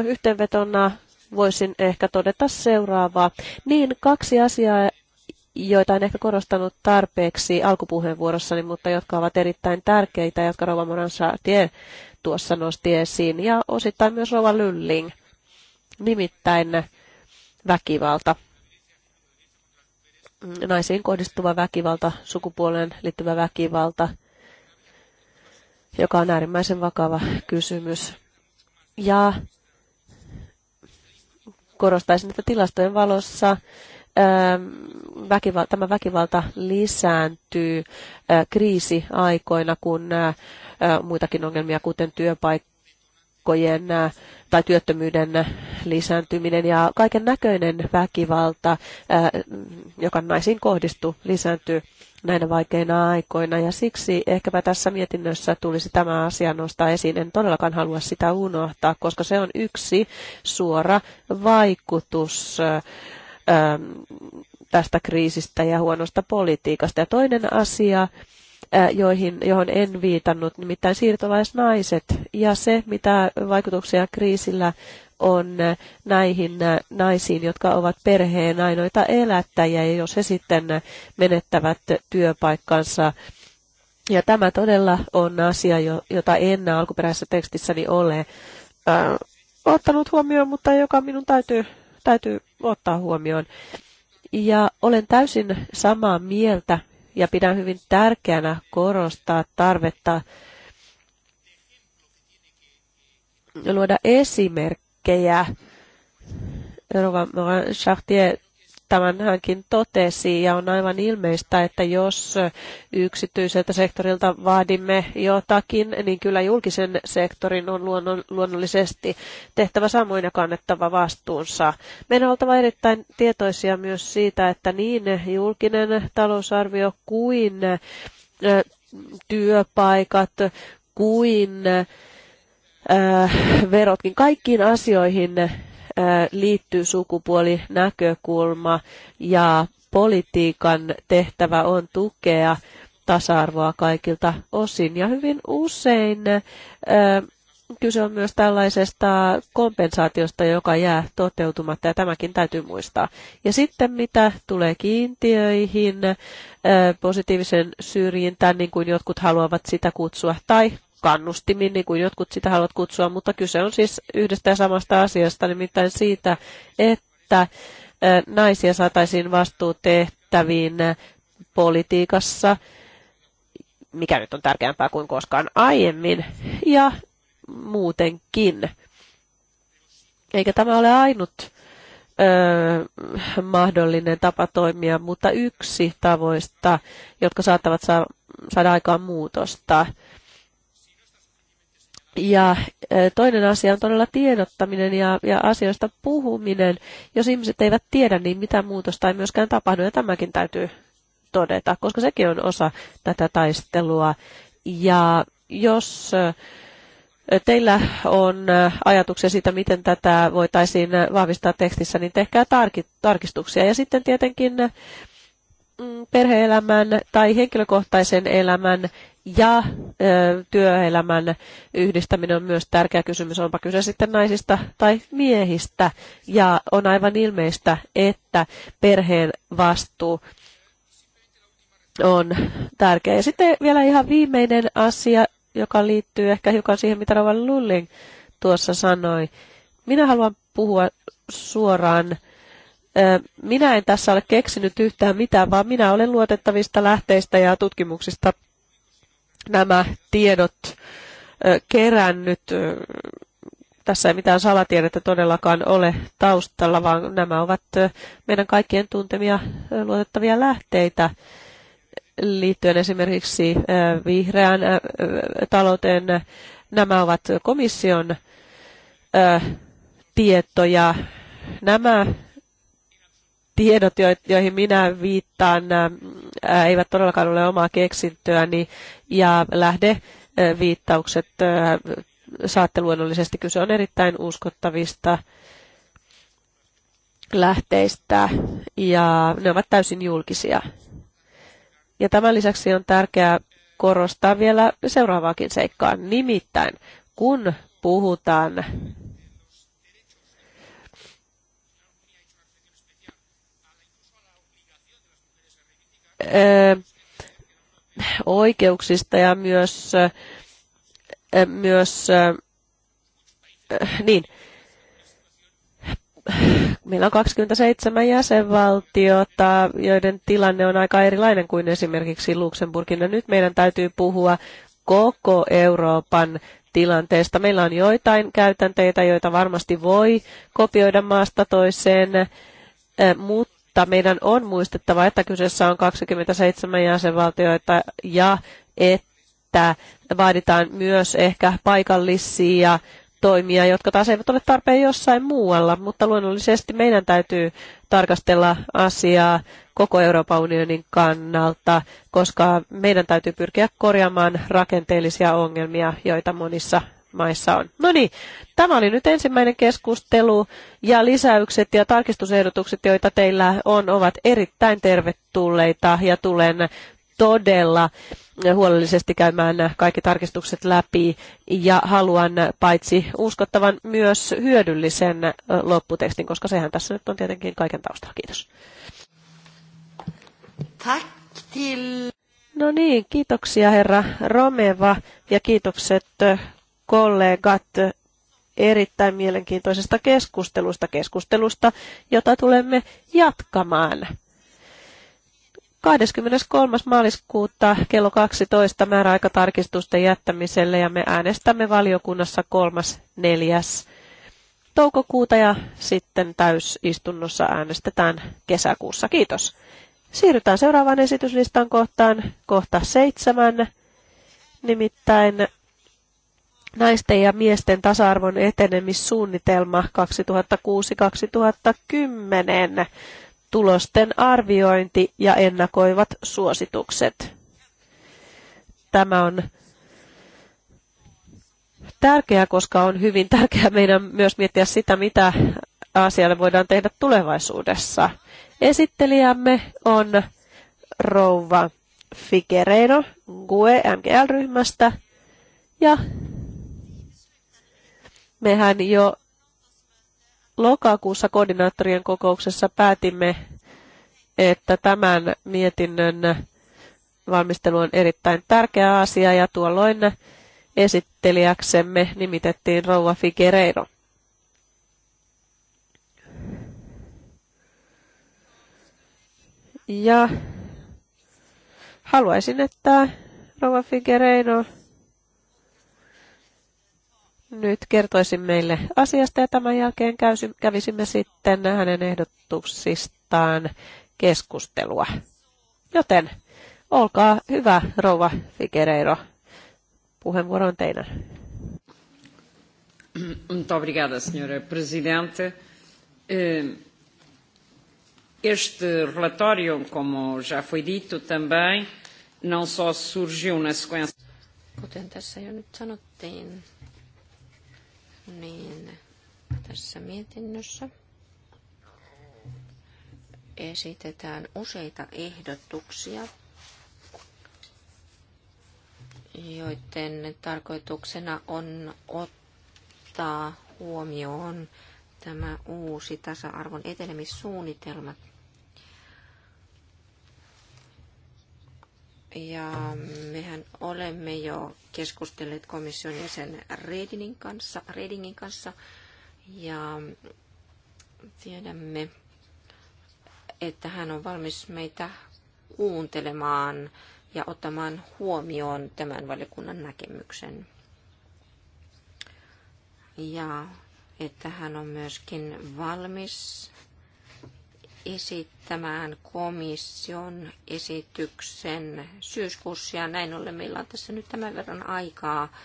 yhteenvetona voisin ehkä todeta seuraavaa. Niin, kaksi asiaa, joita en ehkä korostanut tarpeeksi alkupuheenvuorossani, mutta jotka ovat erittäin tärkeitä, jotka Rova Moran tie tuossa nosti esiin, ja osittain myös Rova Lylling, nimittäin väkivalta naisiin kohdistuva väkivalta, sukupuoleen liittyvä väkivalta, joka on äärimmäisen vakava kysymys. Ja korostaisin, että tilastojen valossa ähm, väkivalta, tämä väkivalta lisääntyy äh, kriisiaikoina, kun äh, äh, muitakin ongelmia, kuten työpaikka lakkojen tai työttömyyden lisääntyminen ja kaiken näköinen väkivalta, joka naisiin kohdistuu, lisääntyy näinä vaikeina aikoina. Ja siksi ehkäpä tässä mietinnössä tulisi tämä asia nostaa esiin. En todellakaan halua sitä unohtaa, koska se on yksi suora vaikutus tästä kriisistä ja huonosta politiikasta. Ja toinen asia, joihin, johon en viitannut, nimittäin siirtolaisnaiset ja se, mitä vaikutuksia kriisillä on näihin naisiin, jotka ovat perheen ainoita elättäjiä, ja jos he sitten menettävät työpaikkansa, ja tämä todella on asia, jota en alkuperäisessä tekstissäni ole äh, ottanut huomioon, mutta joka minun täytyy, täytyy ottaa huomioon. Ja olen täysin samaa mieltä ja pidän hyvin tärkeänä korostaa tarvetta luoda esimerkkejä. Rova Chartier Tämän hänkin totesi ja on aivan ilmeistä, että jos yksityiseltä sektorilta vaadimme jotakin, niin kyllä julkisen sektorin on luonnollisesti tehtävä samoin ja kannettava vastuunsa. Meidän on oltava erittäin tietoisia myös siitä, että niin julkinen talousarvio kuin työpaikat kuin verotkin. Kaikkiin asioihin liittyy sukupuolinäkökulma ja politiikan tehtävä on tukea tasa-arvoa kaikilta osin. Ja hyvin usein kyse on myös tällaisesta kompensaatiosta, joka jää toteutumatta, ja tämäkin täytyy muistaa. Ja sitten mitä tulee kiintiöihin, positiivisen syrjintään, niin kuin jotkut haluavat sitä kutsua, tai kannustimin, niin kuin jotkut sitä haluavat kutsua, mutta kyse on siis yhdestä ja samasta asiasta, nimittäin siitä, että naisia saataisiin vastuutehtäviin politiikassa, mikä nyt on tärkeämpää kuin koskaan aiemmin, ja muutenkin. Eikä tämä ole ainut ö, mahdollinen tapa toimia, mutta yksi tavoista, jotka saattavat saa, saada aikaan muutosta. Ja toinen asia on todella tiedottaminen ja, ja asioista puhuminen. Jos ihmiset eivät tiedä, niin mitä muutosta ei myöskään tapahdu, ja tämäkin täytyy todeta, koska sekin on osa tätä taistelua. Ja jos teillä on ajatuksia siitä, miten tätä voitaisiin vahvistaa tekstissä, niin tehkää tarkistuksia. Ja sitten tietenkin Mm, perheelämän tai henkilökohtaisen elämän ja työelämän yhdistäminen on myös tärkeä kysymys, onpa kyse sitten naisista tai miehistä. Ja on aivan ilmeistä, että perheen vastuu on tärkeä. Ja sitten vielä ihan viimeinen asia, joka liittyy ehkä hiukan siihen, mitä Rovan Lullin tuossa sanoi. Minä haluan puhua suoraan minä en tässä ole keksinyt yhtään mitään, vaan minä olen luotettavista lähteistä ja tutkimuksista nämä tiedot kerännyt. Tässä ei mitään salatiedettä todellakaan ole taustalla, vaan nämä ovat meidän kaikkien tuntemia luotettavia lähteitä liittyen esimerkiksi vihreään talouteen. Nämä ovat komission tietoja. Nämä tiedot, joihin minä viittaan, eivät todellakaan ole omaa keksintöäni ja lähdeviittaukset saatte luonnollisesti. Kyse on erittäin uskottavista lähteistä ja ne ovat täysin julkisia. Ja tämän lisäksi on tärkeää korostaa vielä seuraavaakin seikkaa. Nimittäin, kun puhutaan oikeuksista ja myös, myös niin, meillä on 27 jäsenvaltiota, joiden tilanne on aika erilainen kuin esimerkiksi Luxemburgin. Ja no nyt meidän täytyy puhua koko Euroopan tilanteesta. Meillä on joitain käytänteitä, joita varmasti voi kopioida maasta toiseen, mutta mutta meidän on muistettava, että kyseessä on 27 jäsenvaltioita ja että vaaditaan myös ehkä paikallisia toimia, jotka taas eivät ole tarpeen jossain muualla, mutta luonnollisesti meidän täytyy tarkastella asiaa koko Euroopan unionin kannalta, koska meidän täytyy pyrkiä korjaamaan rakenteellisia ongelmia, joita monissa maissa on. No niin, tämä oli nyt ensimmäinen keskustelu ja lisäykset ja tarkistusehdotukset, joita teillä on, ovat erittäin tervetulleita ja tulen todella huolellisesti käymään kaikki tarkistukset läpi ja haluan paitsi uskottavan myös hyödyllisen lopputekstin, koska sehän tässä nyt on tietenkin kaiken taustalla. Kiitos. Tack till... No niin, kiitoksia herra Romeva ja kiitokset kollegat erittäin mielenkiintoisesta keskustelusta, keskustelusta, jota tulemme jatkamaan. 23. maaliskuuta kello 12 määräaikatarkistusten jättämiselle ja me äänestämme valiokunnassa 3.4. toukokuuta ja sitten täysistunnossa äänestetään kesäkuussa. Kiitos. Siirrytään seuraavaan esityslistan kohtaan, kohta 7. nimittäin naisten ja miesten tasa-arvon etenemissuunnitelma 2006-2010, tulosten arviointi ja ennakoivat suositukset. Tämä on tärkeää, koska on hyvin tärkeää meidän myös miettiä sitä, mitä asialle voidaan tehdä tulevaisuudessa. Esittelijämme on rouva Figueiredo GUE-MGL-ryhmästä ja Mehän jo lokakuussa koordinaattorien kokouksessa päätimme, että tämän mietinnön valmistelu on erittäin tärkeä asia ja tuolloin esittelijäksemme nimitettiin Rouva Figueiredo. Ja haluaisin, että Rouva Figueiredo nyt kertoisi meille asiasta ja tämän jälkeen kävisimme sitten hänen ehdotuksistaan keskustelua. Joten olkaa hyvä, rouva Figueiredo. Puheenvuoro on teidän. Muito obrigada, senhora presidente. Eh, este relatório, como já foi dito também, não só surgiu na sequência. Kuten tässä jo nyt sanottiin, niin tässä mietinnössä esitetään useita ehdotuksia, joiden tarkoituksena on ottaa huomioon tämä uusi tasa-arvon etenemissuunnitelma Ja mehän olemme jo keskustelleet komission jäsen Redingin kanssa, Redingin kanssa ja tiedämme, että hän on valmis meitä kuuntelemaan ja ottamaan huomioon tämän valiokunnan näkemyksen. Ja että hän on myöskin valmis esittämään komission esityksen syyskuussa ja näin ollen meillä on tässä nyt tämän verran aikaa,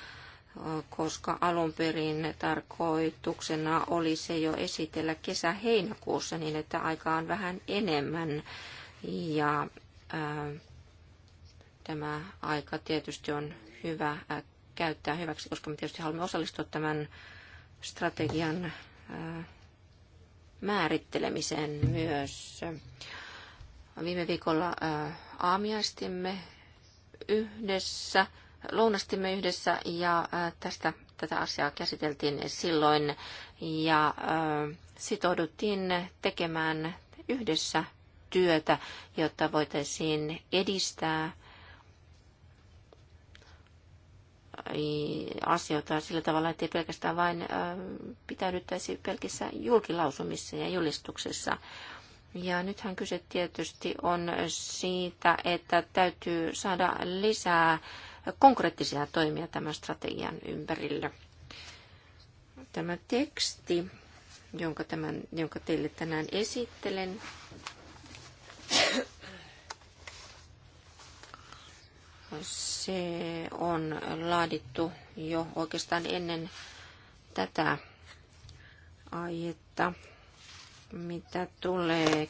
koska alun perin tarkoituksena oli se jo esitellä kesä-heinäkuussa niin, että aikaa on vähän enemmän ja ää, äh, tämä aika tietysti on hyvä ää, äh, käyttää hyväksi, koska me tietysti haluamme osallistua tämän strategian ää, äh, määrittelemisen myös. Viime viikolla äh, aamiaistimme yhdessä, lounastimme yhdessä ja äh, tästä tätä asiaa käsiteltiin silloin ja äh, sitouduttiin tekemään yhdessä työtä, jotta voitaisiin edistää asioita sillä tavalla, ettei pelkästään vain pitäydyttäisi pelkissä julkilausumissa ja julistuksissa. Ja nythän kyse tietysti on siitä, että täytyy saada lisää konkreettisia toimia tämän strategian ympärillä. Tämä teksti, jonka, tämän, jonka teille tänään esittelen, Se on laadittu jo oikeastaan ennen tätä aihetta, mitä tulee 2006-2010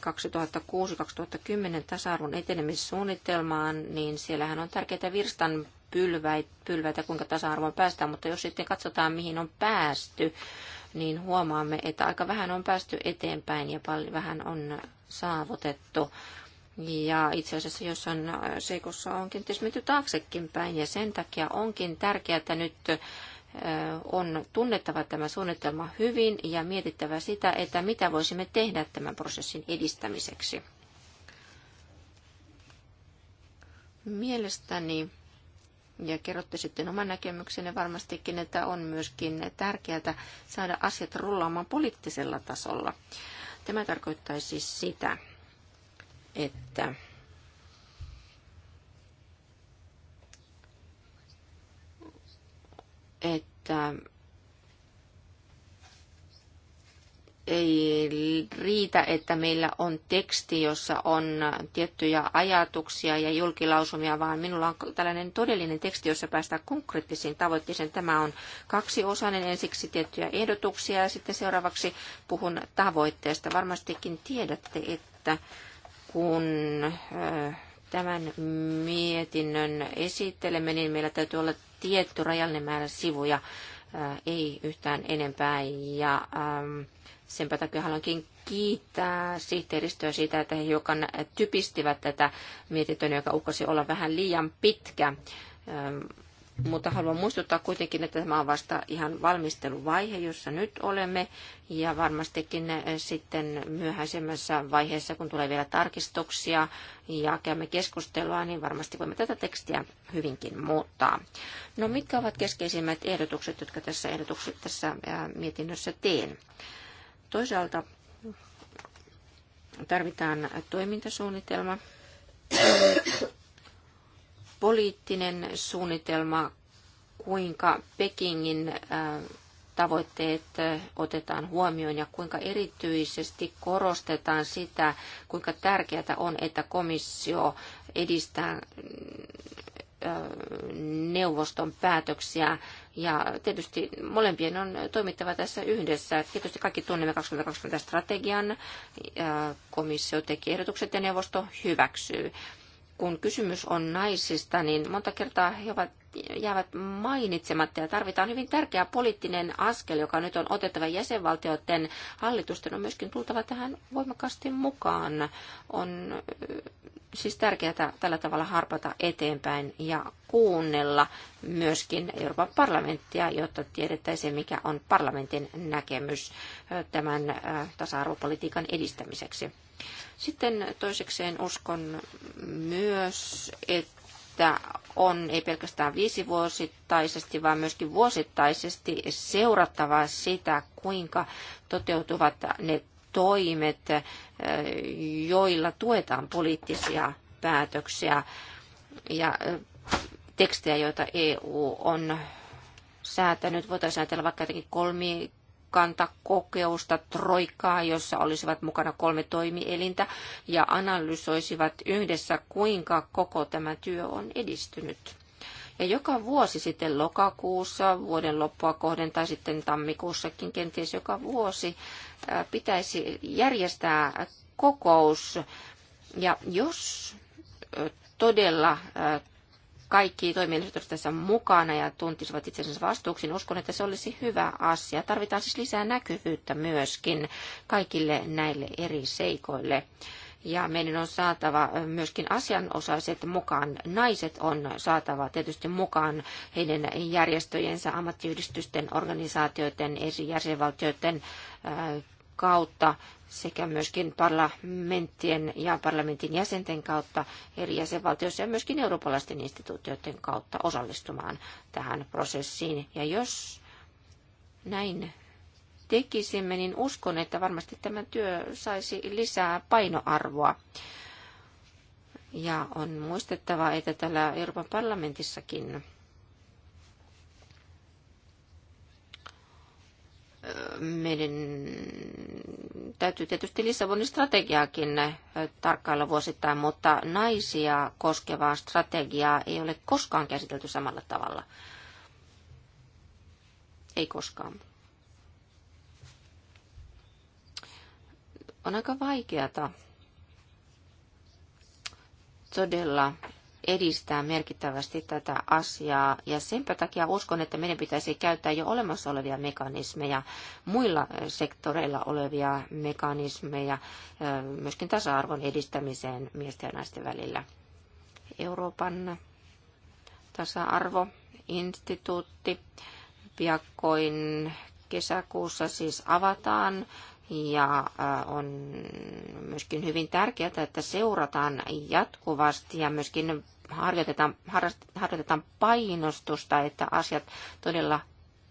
tasa-arvon etenemissuunnitelmaan, niin siellähän on tärkeitä virstan pylväitä, kuinka tasa-arvoon päästään, mutta jos sitten katsotaan, mihin on päästy, niin huomaamme, että aika vähän on päästy eteenpäin ja paljon vähän on saavutettu. Ja itse asiassa jossain äh, seikossa on kenties menty taaksekin päin ja sen takia onkin tärkeää, että nyt äh, on tunnettava tämä suunnitelma hyvin ja mietittävä sitä, että mitä voisimme tehdä tämän prosessin edistämiseksi. Mielestäni, ja kerrotte sitten oman näkemyksenne varmastikin, että on myöskin tärkeää saada asiat rullaamaan poliittisella tasolla. Tämä tarkoittaisi siis sitä, että että ei riitä, että meillä on teksti, jossa on tiettyjä ajatuksia ja julkilausumia, vaan minulla on tällainen todellinen teksti, jossa päästään konkreettisiin tavoitteisiin. Tämä on kaksiosainen. Ensiksi tiettyjä ehdotuksia ja sitten seuraavaksi puhun tavoitteesta. Varmastikin tiedätte, että kun äh, tämän mietinnön esittelemme, niin meillä täytyy olla tietty rajallinen määrä sivuja, äh, ei yhtään enempää. Ja ähm, senpä takia haluankin kiittää sihteeristöä siitä, että he hiukan typistivät tätä mietintöä, joka uhkasi olla vähän liian pitkä. Ähm, mutta haluan muistuttaa kuitenkin, että tämä on vasta ihan valmisteluvaihe, jossa nyt olemme. Ja varmastikin eh, sitten myöhäisemmässä vaiheessa, kun tulee vielä tarkistuksia ja käymme keskustelua, niin varmasti voimme tätä tekstiä hyvinkin muuttaa. No mitkä ovat keskeisimmät ehdotukset, jotka tässä, ehdotukset, tässä eh, mietinnössä teen? Toisaalta tarvitaan toimintasuunnitelma poliittinen suunnitelma, kuinka Pekingin äh, tavoitteet äh, otetaan huomioon ja kuinka erityisesti korostetaan sitä, kuinka tärkeää on, että komissio edistää äh, neuvoston päätöksiä. Ja tietysti molempien on toimittava tässä yhdessä. Tietysti kaikki tunnemme 2020 strategian. Komissio teki ehdotukset ja neuvosto hyväksyy kun kysymys on naisista, niin monta kertaa he ovat, jäävät mainitsematta ja tarvitaan hyvin tärkeä poliittinen askel, joka nyt on otettava jäsenvaltioiden hallitusten on myöskin tultava tähän voimakkaasti mukaan. On siis tärkeää tällä tavalla harpata eteenpäin ja kuunnella myöskin Euroopan parlamenttia, jotta tiedettäisiin, mikä on parlamentin näkemys tämän tasa-arvopolitiikan edistämiseksi. Sitten toisekseen uskon myös, että on ei pelkästään viisivuosittaisesti, vaan myöskin vuosittaisesti seurattava sitä, kuinka toteutuvat ne toimet, eh, joilla tuetaan poliittisia päätöksiä ja eh, tekstejä, joita EU on säätänyt. Voitaisiin ajatella vaikka jotenkin kolmi kolmikantakokeusta, troikaa, jossa olisivat mukana kolme toimielintä ja analysoisivat yhdessä, kuinka koko tämä työ on edistynyt. Ja joka vuosi sitten lokakuussa, vuoden loppua kohden tai sitten tammikuussakin kenties joka vuosi pitäisi järjestää kokous. Ja jos todella kaikki toimijat tässä mukana ja tuntisivat itsensä niin Uskon, että se olisi hyvä asia. Tarvitaan siis lisää näkyvyyttä myöskin kaikille näille eri seikoille. Ja meidän on saatava myöskin asianosaiset mukaan. Naiset on saatava tietysti mukaan heidän järjestöjensä, ammattiyhdistysten, organisaatioiden, eri jäsenvaltioiden kautta sekä myöskin parlamenttien ja parlamentin jäsenten kautta eri jäsenvaltioissa ja myöskin eurooppalaisten instituutioiden kautta osallistumaan tähän prosessiin. Ja jos näin tekisimme, niin uskon, että varmasti tämä työ saisi lisää painoarvoa. Ja on muistettava, että täällä Euroopan parlamentissakin meidän täytyy tietysti Lissabonin strategiaakin tarkkailla vuosittain, mutta naisia koskevaa strategiaa ei ole koskaan käsitelty samalla tavalla. Ei koskaan. On aika vaikeata todella edistää merkittävästi tätä asiaa ja senpä takia uskon, että meidän pitäisi käyttää jo olemassa olevia mekanismeja, muilla sektoreilla olevia mekanismeja myöskin tasa-arvon edistämiseen miesten ja naisten välillä. Euroopan tasa-arvoinstituutti piakkoin kesäkuussa siis avataan ja äh, on myöskin hyvin tärkeää, että seurataan jatkuvasti ja myöskin harjoitetaan, harjoitetaan painostusta, että asiat todella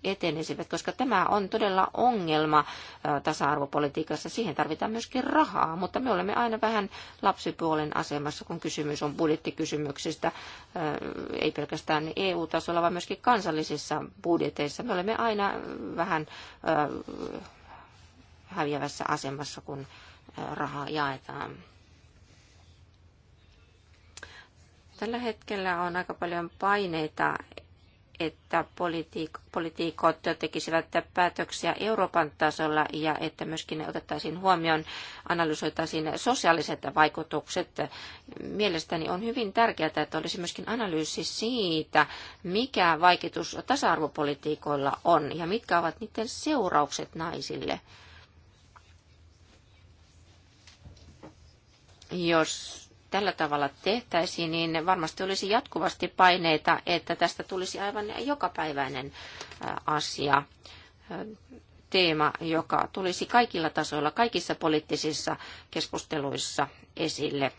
etenisivät, koska tämä on todella ongelma äh, tasa-arvopolitiikassa. Siihen tarvitaan myöskin rahaa, mutta me olemme aina vähän lapsipuolen asemassa, kun kysymys on budjettikysymyksistä, äh, ei pelkästään EU-tasolla, vaan myöskin kansallisissa budjeteissa. Me olemme aina vähän häviävässä asemassa, kun rahaa jaetaan. Tällä hetkellä on aika paljon paineita, että politiikot tekisivät päätöksiä Euroopan tasolla ja että myöskin otettaisiin huomioon, analysoitaisiin sosiaaliset vaikutukset. Mielestäni on hyvin tärkeää, että olisi myöskin analyysi siitä, mikä vaikutus tasa-arvopolitiikoilla on ja mitkä ovat niiden seuraukset naisille – Jos tällä tavalla tehtäisiin, niin varmasti olisi jatkuvasti paineita, että tästä tulisi aivan jokapäiväinen äh, asia, äh, teema, joka tulisi kaikilla tasoilla, kaikissa poliittisissa keskusteluissa esille.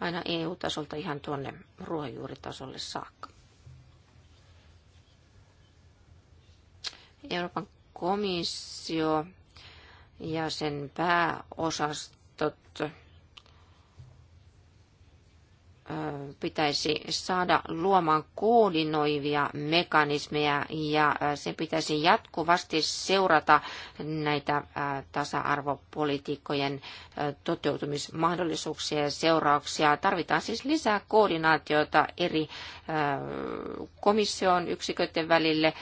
Aina EU-tasolta ihan tuonne ruohonjuuritasolle saakka. Euroopan komissio ja sen pääosasto voitot pitäisi saada luomaan koordinoivia mekanismeja ja sen pitäisi jatkuvasti seurata näitä tasa-arvopolitiikkojen toteutumismahdollisuuksia ja seurauksia. Tarvitaan siis lisää koordinaatiota eri komission yksiköiden välille,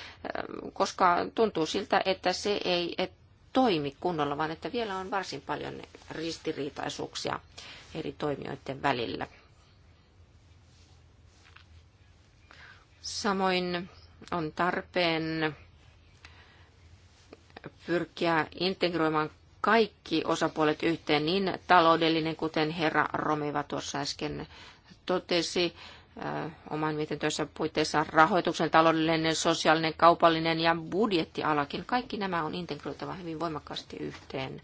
koska tuntuu siltä, että se ei, että toimi kunnolla, vaan että vielä on varsin paljon ristiriitaisuuksia eri toimijoiden välillä. Samoin on tarpeen pyrkiä integroimaan kaikki osapuolet yhteen, niin taloudellinen, kuten herra Romiva tuossa äsken totesi, oman mietintönsä puitteissa rahoituksen, taloudellinen, sosiaalinen, kaupallinen ja budjettialakin. Kaikki nämä on integroitava hyvin voimakkaasti yhteen.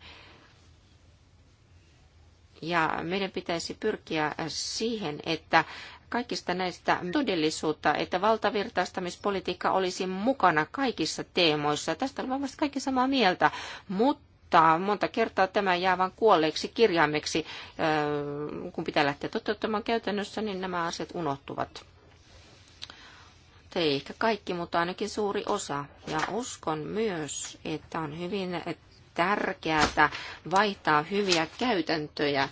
Ja meidän pitäisi pyrkiä siihen, että kaikista näistä todellisuutta, että valtavirtaistamispolitiikka olisi mukana kaikissa teemoissa. Tästä on varmasti kaikki samaa mieltä, mutta mutta monta kertaa tämä jää vain kuolleeksi kirjaimeksi. Kun pitää lähteä toteuttamaan käytännössä, niin nämä asiat unohtuvat. Ei ehkä kaikki, mutta ainakin suuri osa. Ja uskon myös, että on hyvin tärkeää vaihtaa hyviä käytäntöjä,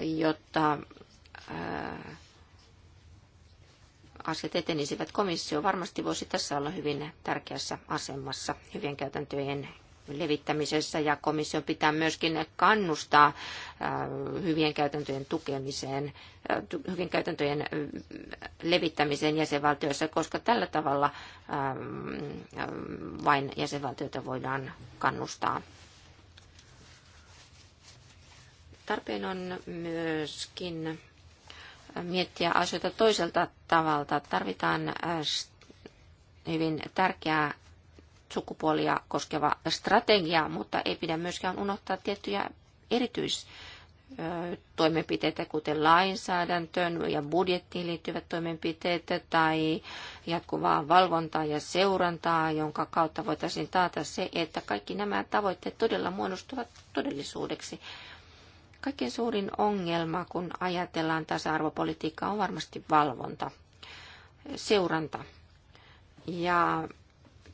jotta asiat etenisivät. Komissio varmasti voisi tässä olla hyvin tärkeässä asemassa hyvien käytäntöjen levittämisessä ja komission pitää myöskin kannustaa hyvien käytäntöjen tukemiseen, hyvien käytäntöjen levittämiseen jäsenvaltioissa, koska tällä tavalla vain jäsenvaltioita voidaan kannustaa. Tarpeen on myöskin miettiä asioita toiselta tavalla. Tarvitaan hyvin tärkeää sukupuolia koskeva strategia, mutta ei pidä myöskään unohtaa tiettyjä erityistoimenpiteitä kuten lainsäädäntöön ja budjettiin liittyvät toimenpiteet tai jatkuvaa valvontaa ja seurantaa, jonka kautta voitaisiin taata se, että kaikki nämä tavoitteet todella muodostuvat todellisuudeksi. Kaikkein suurin ongelma, kun ajatellaan tasa-arvopolitiikkaa, on varmasti valvonta, seuranta. Ja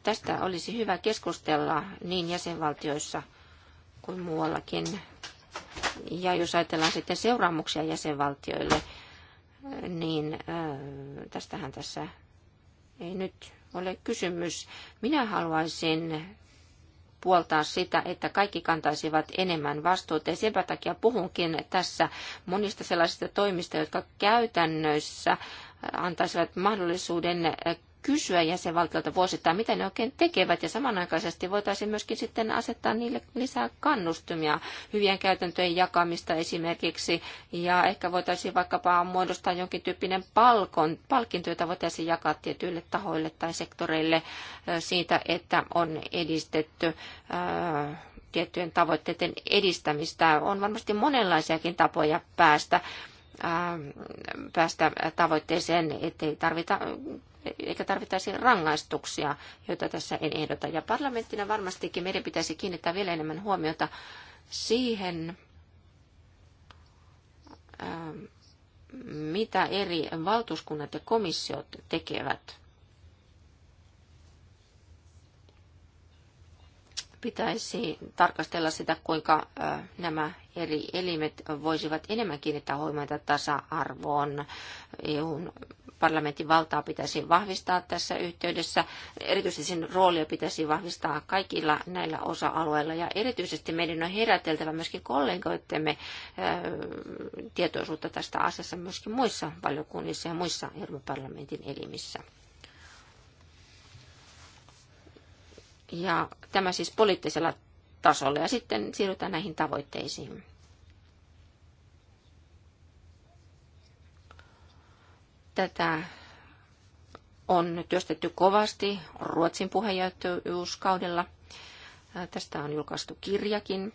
Tästä olisi hyvä keskustella niin jäsenvaltioissa kuin muuallakin. Ja jos ajatellaan sitten seuraamuksia jäsenvaltioille, niin tästähän tässä ei nyt ole kysymys. Minä haluaisin puoltaa sitä, että kaikki kantaisivat enemmän vastuuta. Ja sen takia puhunkin tässä monista sellaisista toimista, jotka käytännössä antaisivat mahdollisuuden kysyä jäsenvaltiolta vuosittain, mitä ne oikein tekevät, ja samanaikaisesti voitaisiin myöskin sitten asettaa niille lisää kannustumia, hyvien käytäntöjen jakamista esimerkiksi, ja ehkä voitaisiin vaikkapa muodostaa jonkin tyyppinen palkon, palkinto, jota voitaisiin jakaa tietyille tahoille tai sektoreille siitä, että on edistetty tiettyjen tavoitteiden edistämistä. On varmasti monenlaisiakin tapoja päästä Ähm, päästä tavoitteeseen, ettei tarvita eikä tarvittaisi rangaistuksia, joita tässä en ehdota. Ja parlamenttina varmastikin meidän pitäisi kiinnittää vielä enemmän huomiota siihen, ähm, mitä eri valtuuskunnat ja komissiot tekevät pitäisi tarkastella sitä, kuinka nämä eri elimet voisivat enemmän kiinnittää huomiota tasa-arvoon. EUn parlamentin valtaa pitäisi vahvistaa tässä yhteydessä. Erityisesti sen roolia pitäisi vahvistaa kaikilla näillä osa-alueilla. Ja erityisesti meidän on heräteltävä myöskin kollegoittemme tietoisuutta tästä asiassa myöskin muissa valiokunnissa ja muissa Euroopan parlamentin elimissä. Ja tämä siis poliittisella tasolla. Ja sitten siirrytään näihin tavoitteisiin. Tätä on työstetty kovasti Ruotsin puheenjohtajuuskaudella. Tästä on julkaistu kirjakin.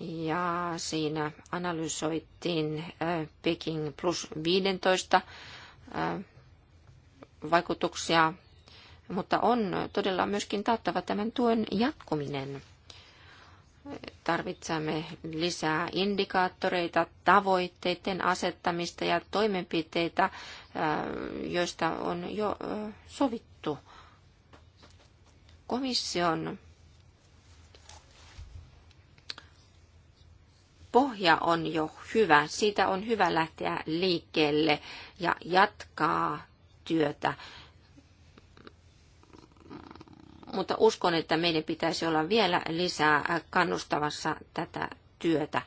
Ja siinä analysoitiin Peking plus 15 vaikutuksia mutta on todella myöskin taattava tämän tuen jatkuminen. Tarvitsemme lisää indikaattoreita, tavoitteiden asettamista ja toimenpiteitä, äh, joista on jo äh, sovittu. Komission pohja on jo hyvä. Siitä on hyvä lähteä liikkeelle ja jatkaa työtä mutta uskon, että meidän pitäisi olla vielä lisää kannustavassa tätä työtä,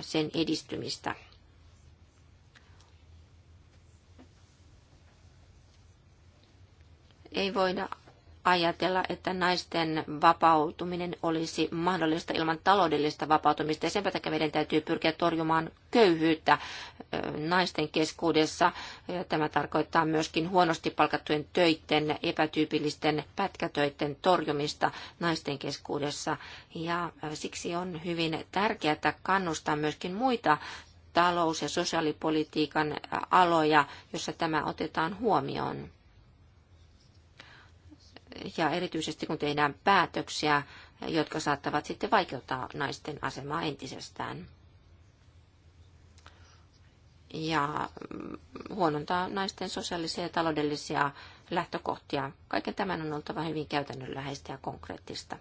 sen edistymistä. Ei voida ajatella, että naisten vapautuminen olisi mahdollista ilman taloudellista vapautumista. Ja sen takia meidän täytyy pyrkiä torjumaan köyhyyttä naisten keskuudessa. Tämä tarkoittaa myöskin huonosti palkattujen töiden, epätyypillisten pätkätöiden torjumista naisten keskuudessa. Ja siksi on hyvin tärkeää kannustaa myöskin muita talous- ja sosiaalipolitiikan aloja, jossa tämä otetaan huomioon ja erityisesti kun tehdään päätöksiä, jotka saattavat sitten vaikeuttaa naisten asemaa entisestään ja mm, huonontaa naisten sosiaalisia ja taloudellisia lähtökohtia. Kaiken tämän on oltava hyvin käytännönläheistä ja konkreettista.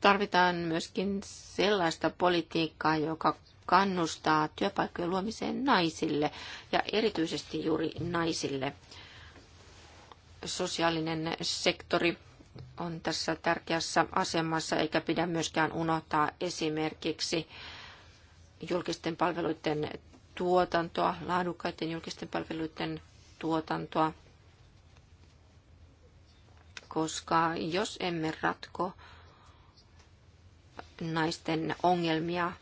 tarvitaan myöskin sellaista politiikkaa, joka kannustaa työpaikkojen luomiseen naisille ja erityisesti juuri naisille. Sosiaalinen sektori on tässä tärkeässä asemassa, eikä pidä myöskään unohtaa esimerkiksi julkisten palveluiden tuotantoa, laadukkaiden julkisten palveluiden tuotantoa, koska jos emme ratko naisten ongelmia.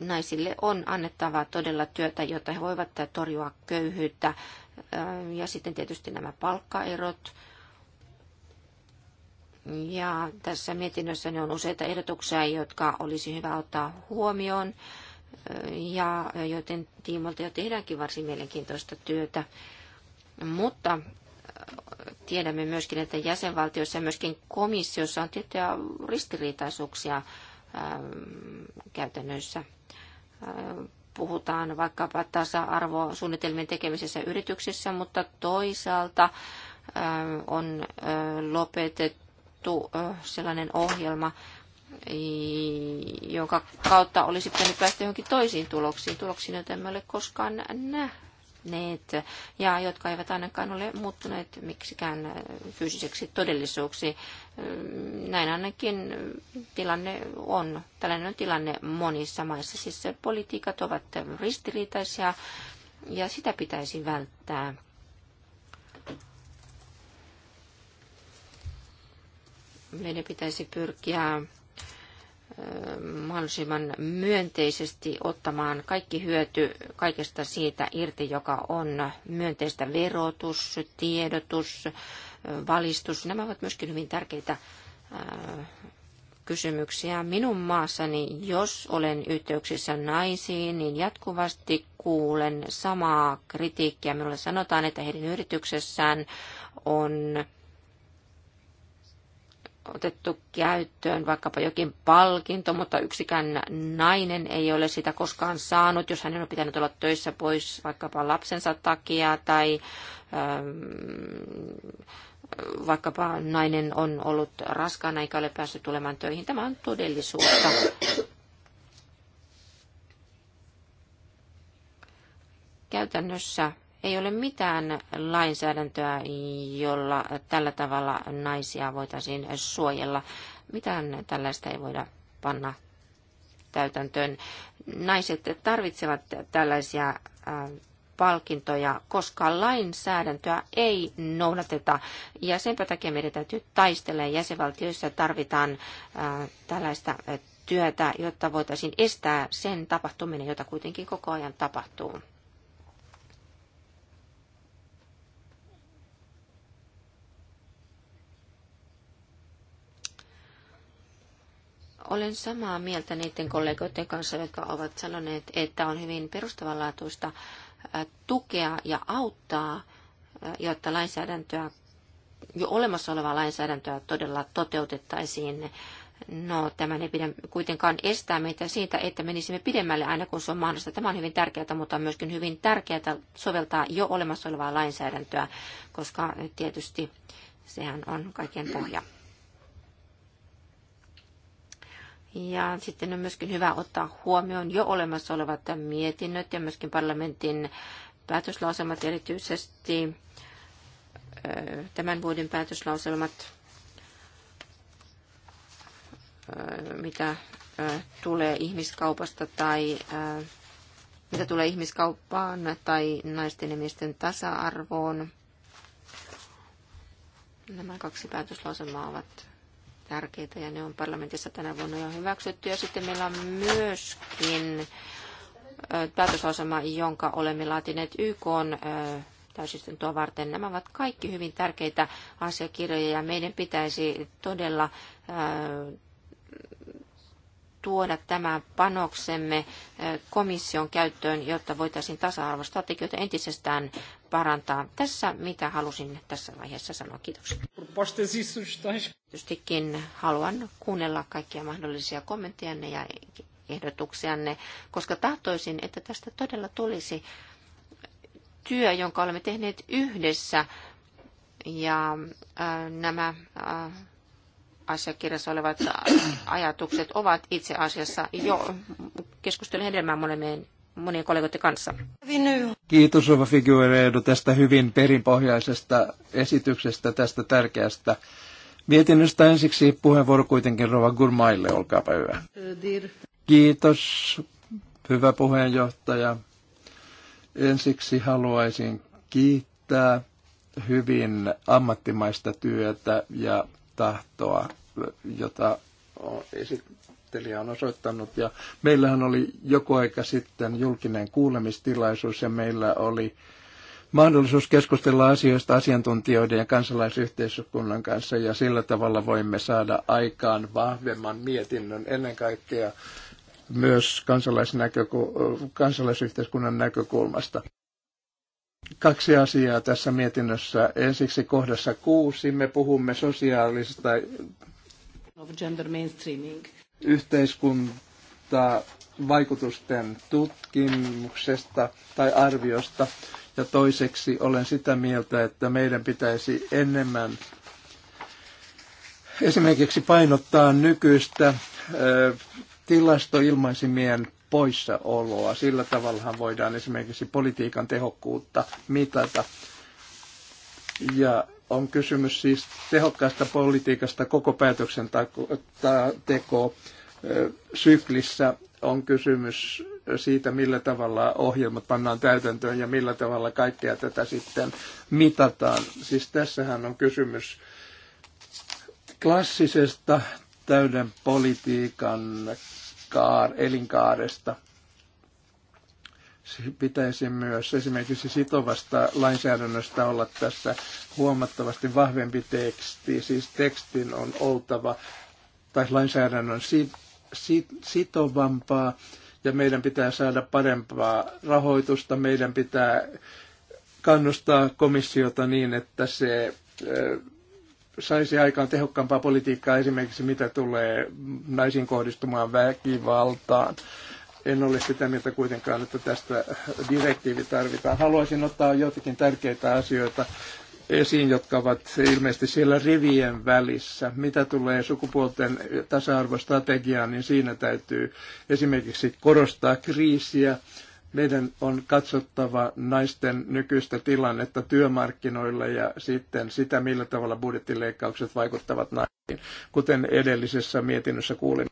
Naisille on annettava todella työtä, jotta he voivat torjua köyhyyttä. Ja sitten tietysti nämä palkkaerot. Ja tässä mietinnössä on useita ehdotuksia, jotka olisi hyvä ottaa huomioon. Ja joten tiimolta jo tehdäänkin varsin mielenkiintoista työtä. Mutta tiedämme myöskin, että jäsenvaltioissa ja myöskin komissiossa on tiettyjä ristiriitaisuuksia ähm, käytännössä. Äh, puhutaan vaikkapa tasa-arvosuunnitelmien tekemisessä yrityksissä, mutta toisaalta äh, on äh, lopetettu sellainen ohjelma, jonka kautta olisi pitänyt päästä johonkin toisiin tuloksiin, tuloksiin, joita emme ole koskaan nähneet muuttuneet ja jotka eivät ainakaan ole muuttuneet miksikään äh, fyysiseksi todellisuuksi. Äh, näin ainakin tilanne on. Tällainen on tilanne monissa maissa. Siis politiikat ovat ristiriitaisia ja sitä pitäisi välttää. Meidän pitäisi pyrkiä mahdollisimman myönteisesti ottamaan kaikki hyöty kaikesta siitä irti, joka on myönteistä verotus, tiedotus, valistus. Nämä ovat myöskin hyvin tärkeitä äh, kysymyksiä. Minun maassani, jos olen yhteyksissä naisiin, niin jatkuvasti kuulen samaa kritiikkiä. Minulle sanotaan, että heidän yrityksessään on otettu käyttöön vaikkapa jokin palkinto, mutta yksikään nainen ei ole sitä koskaan saanut, jos hänen on pitänyt olla töissä pois vaikkapa lapsensa takia tai ähm, vaikkapa nainen on ollut raskaana eikä ole päässyt tulemaan töihin. Tämä on todellisuutta. Käytännössä ei ole mitään lainsäädäntöä, jolla tällä tavalla naisia voitaisiin suojella. Mitään tällaista ei voida panna täytäntöön. Naiset tarvitsevat tällaisia palkintoja, koska lainsäädäntöä ei noudateta. Ja senpä takia meidän täytyy taistella. Jäsenvaltioissa tarvitaan tällaista työtä, jotta voitaisiin estää sen tapahtuminen, jota kuitenkin koko ajan tapahtuu. Olen samaa mieltä niiden kollegoiden kanssa, jotka ovat sanoneet, että on hyvin perustavanlaatuista äh, tukea ja auttaa, äh, jotta lainsäädäntöä, jo olemassa olevaa lainsäädäntöä todella toteutettaisiin. No, tämä ei pidä kuitenkaan estää meitä siitä, että menisimme pidemmälle aina kun se on mahdollista. Tämä on hyvin tärkeää, mutta on myöskin hyvin tärkeää soveltaa jo olemassa olevaa lainsäädäntöä, koska tietysti sehän on kaiken pohja. Ja sitten on myöskin hyvä ottaa huomioon jo olemassa olevat mietinnöt ja myöskin parlamentin päätöslauselmat, erityisesti tämän vuoden päätöslauselmat, mitä tulee ihmiskaupasta tai mitä tulee ihmiskauppaan tai naisten ja miesten tasa-arvoon. Nämä kaksi päätöslauselmaa ovat tärkeitä ja ne on parlamentissa tänä vuonna jo hyväksytty. Ja sitten meillä on myöskin päätösasema, jonka olemme laatineet YK täysistuntoa varten. Nämä ovat kaikki hyvin tärkeitä asiakirjoja ja meidän pitäisi todella tuoda tämä panoksemme eh, komission käyttöön, jotta voitaisiin tasa-arvostrategioita entisestään parantaa. Tässä mitä halusin tässä vaiheessa sanoa. Kiitoksia. Tietystikin haluan kuunnella kaikkia mahdollisia kommentteja ja ehdotuksianne, koska tahtoisin, että tästä todella tulisi työ, jonka olemme tehneet yhdessä. Ja äh, nämä äh, asiakirjassa olevat ajatukset ovat itse asiassa jo keskustelun hedelmää monien, monien kollegoiden kanssa. Kiitos ova Figueiredo tästä hyvin perinpohjaisesta esityksestä tästä tärkeästä mietinnöstä. Ensiksi puheenvuoro kuitenkin Rova Gurmaille, olkaapa hyvä. Kiitos, hyvä puheenjohtaja. Ensiksi haluaisin kiittää hyvin ammattimaista työtä ja tahtoa, jota esittelijä on osoittanut. Ja meillähän oli joku aika sitten julkinen kuulemistilaisuus ja meillä oli mahdollisuus keskustella asioista asiantuntijoiden ja kansalaisyhteiskunnan kanssa ja sillä tavalla voimme saada aikaan vahvemman mietinnön ennen kaikkea myös kansalaisnäköku- kansalaisyhteiskunnan näkökulmasta. Kaksi asiaa tässä mietinnössä. Ensiksi kohdassa kuusi me puhumme sosiaalista of gender mainstreaming. yhteiskunta vaikutusten tutkimuksesta tai arviosta. Ja toiseksi olen sitä mieltä, että meidän pitäisi enemmän esimerkiksi painottaa nykyistä tilastoilmaisimien poissaoloa. Sillä tavallahan voidaan esimerkiksi politiikan tehokkuutta mitata. Ja on kysymys siis tehokkaasta politiikasta koko päätöksenteko syklissä. On kysymys siitä, millä tavalla ohjelmat pannaan täytäntöön ja millä tavalla kaikkea tätä sitten mitataan. Siis tässähän on kysymys klassisesta täyden politiikan elinkaar, elinkaaresta. Pitäisi myös esimerkiksi sitovasta lainsäädännöstä olla tässä huomattavasti vahvempi teksti, siis tekstin on oltava, tai lainsäädännön sit, sit, sitovampaa, ja meidän pitää saada parempaa rahoitusta, meidän pitää kannustaa komissiota niin, että se saisi aikaan tehokkaampaa politiikkaa esimerkiksi mitä tulee naisiin kohdistumaan väkivaltaan. En ole sitä mieltä kuitenkaan, että tästä direktiivi tarvitaan. Haluaisin ottaa jotakin tärkeitä asioita esiin, jotka ovat ilmeisesti siellä rivien välissä. Mitä tulee sukupuolten tasa-arvostrategiaan, niin siinä täytyy esimerkiksi korostaa kriisiä, meidän on katsottava naisten nykyistä tilannetta työmarkkinoilla ja sitten sitä, millä tavalla budjettileikkaukset vaikuttavat naisiin, kuten edellisessä mietinnössä kuulimme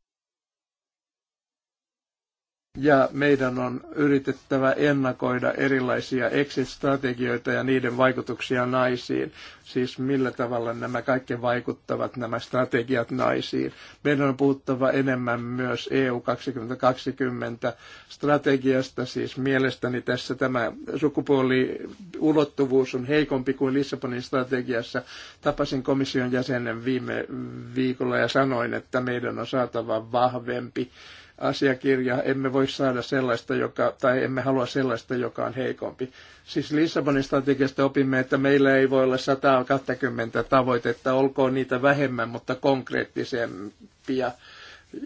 ja meidän on yritettävä ennakoida erilaisia exit-strategioita ja niiden vaikutuksia naisiin. Siis millä tavalla nämä kaikki vaikuttavat nämä strategiat naisiin. Meidän on puhuttava enemmän myös EU 2020 strategiasta. Siis mielestäni tässä tämä sukupuoliulottuvuus on heikompi kuin Lissabonin strategiassa. Tapasin komission jäsenen viime viikolla ja sanoin, että meidän on saatava vahvempi asiakirja, emme voi saada sellaista, joka, tai emme halua sellaista, joka on heikompi. Siis Lissabonin strategiasta opimme, että meillä ei voi olla 120 tavoitetta, olkoon niitä vähemmän, mutta konkreettisempia.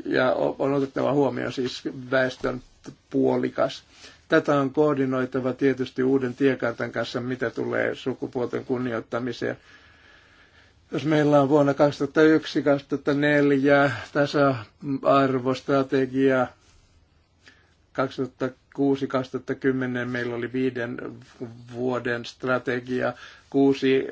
Ja on otettava huomioon siis väestön puolikas. Tätä on koordinoitava tietysti uuden tiekartan kanssa, mitä tulee sukupuolten kunnioittamiseen jos meillä on vuonna 2001-2004 tasa-arvostrategia, 2006-2010 meillä oli viiden vuoden strategia, kuusi eh,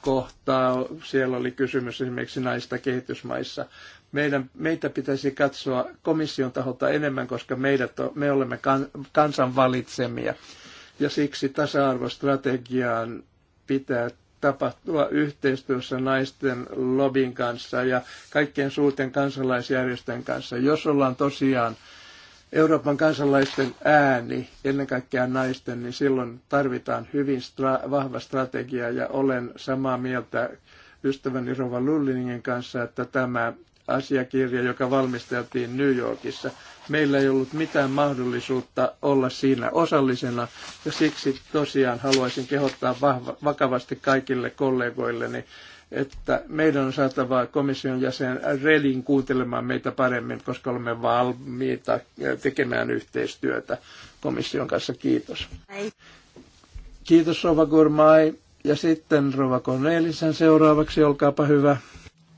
kohtaa, siellä oli kysymys esimerkiksi naista kehitysmaissa. Meidän, meitä pitäisi katsoa komission taholta enemmän, koska meidät on, me olemme kan, kansan valitsemia. Ja siksi tasa-arvostrategiaan pitää tapahtua yhteistyössä naisten lobin kanssa ja kaikkien suurten kansalaisjärjestöjen kanssa, jos ollaan tosiaan Euroopan kansalaisten ääni, ennen kaikkea naisten, niin silloin tarvitaan hyvin stra- vahva strategia ja olen samaa mieltä ystäväni Rova Lullinin kanssa, että tämä asiakirja, joka valmisteltiin New Yorkissa. Meillä ei ollut mitään mahdollisuutta olla siinä osallisena ja siksi tosiaan haluaisin kehottaa vahva, vakavasti kaikille kollegoilleni, että meidän on saatava komission jäsen Relin kuuntelemaan meitä paremmin, koska olemme valmiita tekemään yhteistyötä komission kanssa. Kiitos. Kiitos Rova Gurmai. Ja sitten Rova Cornelisen seuraavaksi, olkaapa hyvä.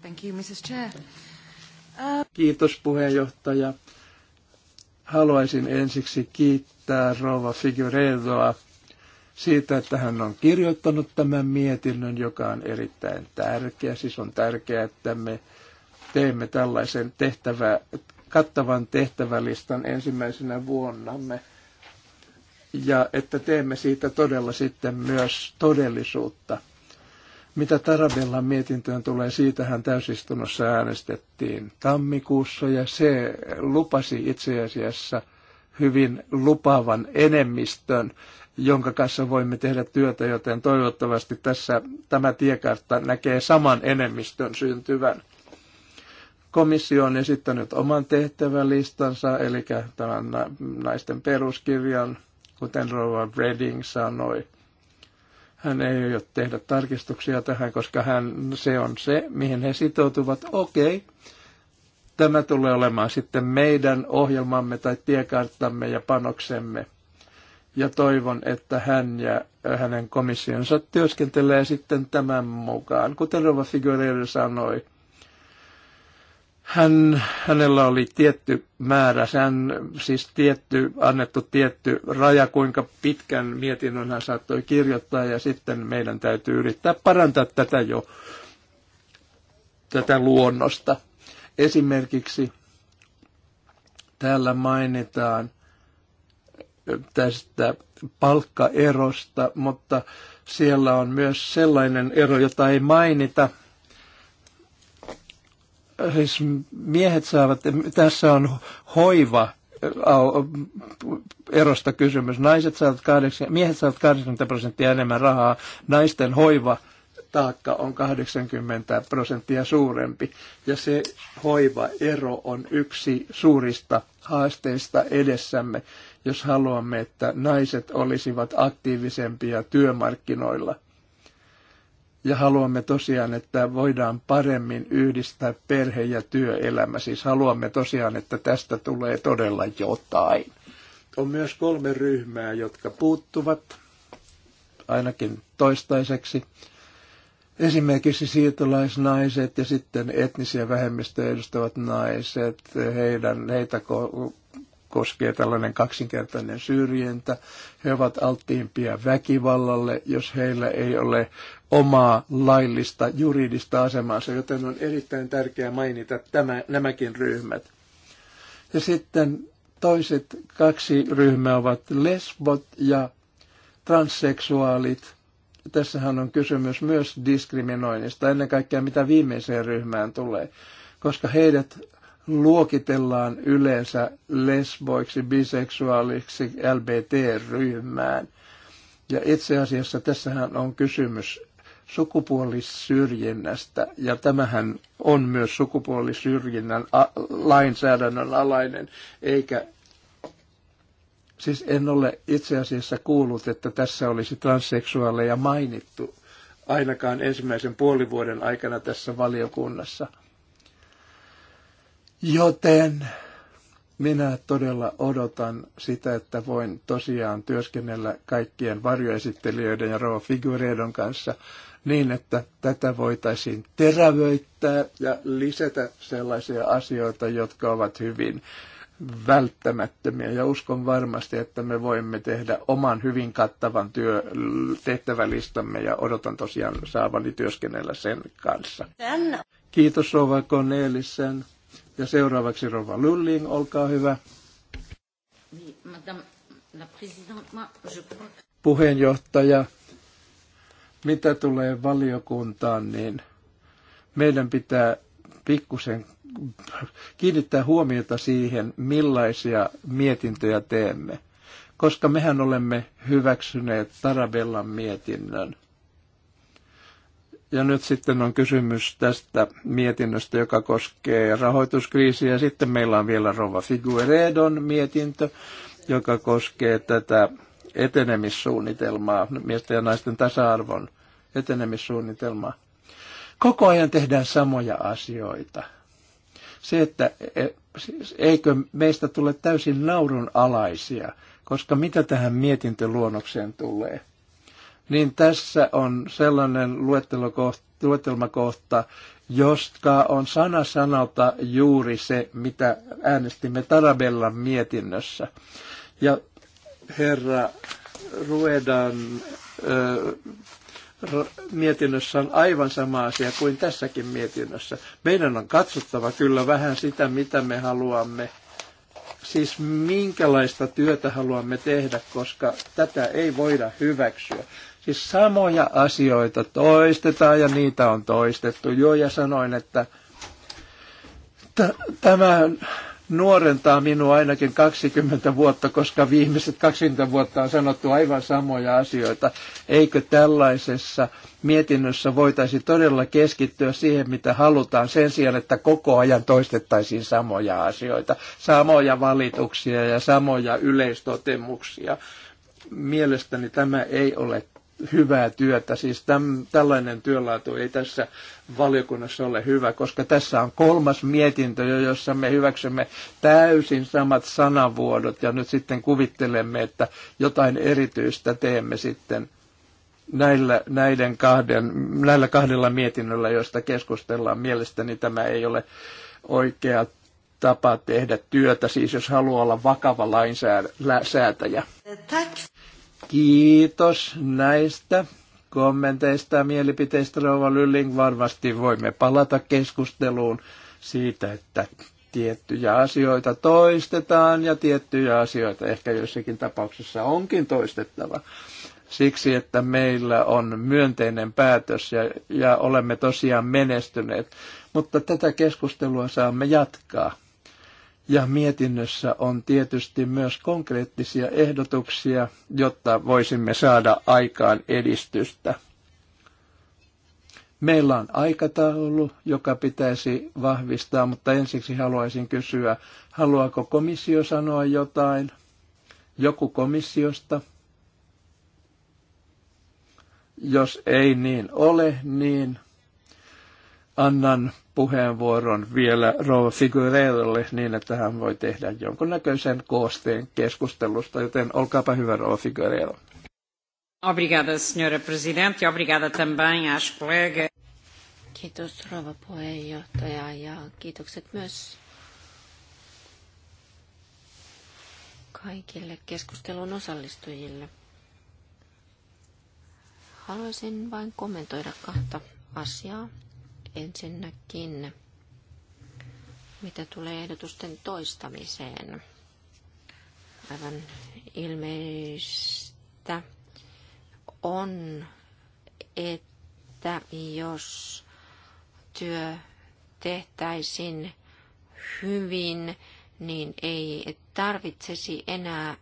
Thank you, Mrs. Chair. Kiitos puheenjohtaja. Haluaisin ensiksi kiittää Rova Figueredoa siitä, että hän on kirjoittanut tämän mietinnön, joka on erittäin tärkeä. Siis on tärkeää, että me teemme tällaisen tehtävä, kattavan tehtävälistan ensimmäisenä vuonnamme. Ja että teemme siitä todella sitten myös todellisuutta. Mitä Tarabellan mietintöön tulee, hän täysistunnossa äänestettiin tammikuussa ja se lupasi itse asiassa hyvin lupavan enemmistön, jonka kanssa voimme tehdä työtä, joten toivottavasti tässä tämä tiekartta näkee saman enemmistön syntyvän. Komissio on esittänyt oman tehtävälistansa, eli tämän naisten peruskirjan, kuten Rova Redding sanoi hän ei aio tehdä tarkistuksia tähän, koska hän, se on se, mihin he sitoutuvat. Okei, okay. tämä tulee olemaan sitten meidän ohjelmamme tai tiekarttamme ja panoksemme. Ja toivon, että hän ja hänen komissionsa työskentelee sitten tämän mukaan, kuten Rova Figueiredo sanoi – hän, hänellä oli tietty määrä, hän siis tietty, annettu tietty raja, kuinka pitkän mietinnön hän saattoi kirjoittaa ja sitten meidän täytyy yrittää parantaa tätä jo, tätä luonnosta. Esimerkiksi täällä mainitaan tästä palkkaerosta, mutta siellä on myös sellainen ero, jota ei mainita – siis miehet saavat, tässä on hoiva äh, erosta kysymys. Naiset saavat 80, miehet saavat 80 prosenttia enemmän rahaa, naisten hoiva taakka on 80 prosenttia suurempi. Ja se hoivaero on yksi suurista haasteista edessämme, jos haluamme, että naiset olisivat aktiivisempia työmarkkinoilla – ja haluamme tosiaan, että voidaan paremmin yhdistää perhe- ja työelämä. Siis haluamme tosiaan, että tästä tulee todella jotain. On myös kolme ryhmää, jotka puuttuvat, ainakin toistaiseksi. Esimerkiksi siirtolaisnaiset ja sitten etnisiä vähemmistöjä edustavat naiset, heidän, heitä ko- koskee tällainen kaksinkertainen syrjintä. He ovat alttiimpia väkivallalle, jos heillä ei ole omaa laillista juridista asemansa, joten on erittäin tärkeää mainita tämä, nämäkin ryhmät. Ja sitten toiset kaksi ryhmää ovat lesbot ja transseksuaalit. Tässähän on kysymys myös diskriminoinnista, ennen kaikkea mitä viimeiseen ryhmään tulee, koska heidät luokitellaan yleensä lesboiksi, biseksuaaliksi, LBT-ryhmään. Ja itse asiassa tässähän on kysymys sukupuolisyrjinnästä, ja tämähän on myös sukupuolisyrjinnän a- lainsäädännön alainen, eikä Siis en ole itse asiassa kuullut, että tässä olisi transseksuaaleja mainittu ainakaan ensimmäisen puolivuoden aikana tässä valiokunnassa. Joten minä todella odotan sitä, että voin tosiaan työskennellä kaikkien varjoesittelijöiden ja Rova kanssa – niin, että tätä voitaisiin terävöittää ja lisätä sellaisia asioita, jotka ovat hyvin välttämättömiä ja uskon varmasti, että me voimme tehdä oman hyvin kattavan työ, tehtävälistamme ja odotan tosiaan saavani työskennellä sen kanssa. Kiitos Rova Cornelissen ja seuraavaksi Rova Lulling, olkaa hyvä. Puheenjohtaja, mitä tulee valiokuntaan, niin meidän pitää pikkusen kiinnittää huomiota siihen, millaisia mietintöjä teemme, koska mehän olemme hyväksyneet Tarabellan mietinnön. Ja nyt sitten on kysymys tästä mietinnöstä, joka koskee rahoituskriisiä. Sitten meillä on vielä Rova Figueredon mietintö, joka koskee tätä etenemissuunnitelmaa, miesten ja naisten tasa-arvon etenemissuunnitelmaa. Koko ajan tehdään samoja asioita. Se, että e, eikö meistä tule täysin naurun alaisia, koska mitä tähän mietintöluonnokseen tulee, niin tässä on sellainen luettelmakohta, josta on sana sanalta juuri se, mitä äänestimme Tarabellan mietinnössä. Ja herra Ruedan mietinnössä on aivan sama asia kuin tässäkin mietinnössä. Meidän on katsottava kyllä vähän sitä, mitä me haluamme, siis minkälaista työtä haluamme tehdä, koska tätä ei voida hyväksyä. Siis samoja asioita toistetaan ja niitä on toistettu Joo, ja sanoin, että tämä nuorentaa minua ainakin 20 vuotta, koska viimeiset 20 vuotta on sanottu aivan samoja asioita. Eikö tällaisessa mietinnössä voitaisi todella keskittyä siihen, mitä halutaan, sen sijaan, että koko ajan toistettaisiin samoja asioita, samoja valituksia ja samoja yleistotemuksia. Mielestäni tämä ei ole hyvää työtä. Siis täm, tällainen työlaatu ei tässä valiokunnassa ole hyvä, koska tässä on kolmas mietintö, jossa me hyväksymme täysin samat sanavuodot ja nyt sitten kuvittelemme, että jotain erityistä teemme sitten näillä, näiden kahden, näillä kahdella mietinnöllä, joista keskustellaan. Mielestäni tämä ei ole oikea tapa tehdä työtä, siis jos haluaa olla vakava lainsäätäjä. Lainsää- Kiitos näistä kommenteista ja mielipiteistä, Rova Lylling. Varmasti voimme palata keskusteluun siitä, että tiettyjä asioita toistetaan ja tiettyjä asioita ehkä jossakin tapauksessa onkin toistettava. Siksi, että meillä on myönteinen päätös ja, ja olemme tosiaan menestyneet. Mutta tätä keskustelua saamme jatkaa. Ja mietinnössä on tietysti myös konkreettisia ehdotuksia, jotta voisimme saada aikaan edistystä. Meillä on aikataulu, joka pitäisi vahvistaa, mutta ensiksi haluaisin kysyä, haluaako komissio sanoa jotain? Joku komissiosta? Jos ei niin ole, niin annan puheenvuoron vielä Rova Figueiredolle niin, että hän voi tehdä jonkunnäköisen koosteen keskustelusta, joten olkaapa hyvä Rova Figueiredo. Obrigada, senhora presidente, e obrigada também às colegas. Kiitos puheenjohtaja ja kiitokset myös kaikille keskustelun osallistujille. Haluaisin vain kommentoida kahta asiaa. Ensinnäkin, mitä tulee ehdotusten toistamiseen. Aivan ilmeistä on, että jos työ tehtäisiin hyvin, niin ei tarvitsisi enää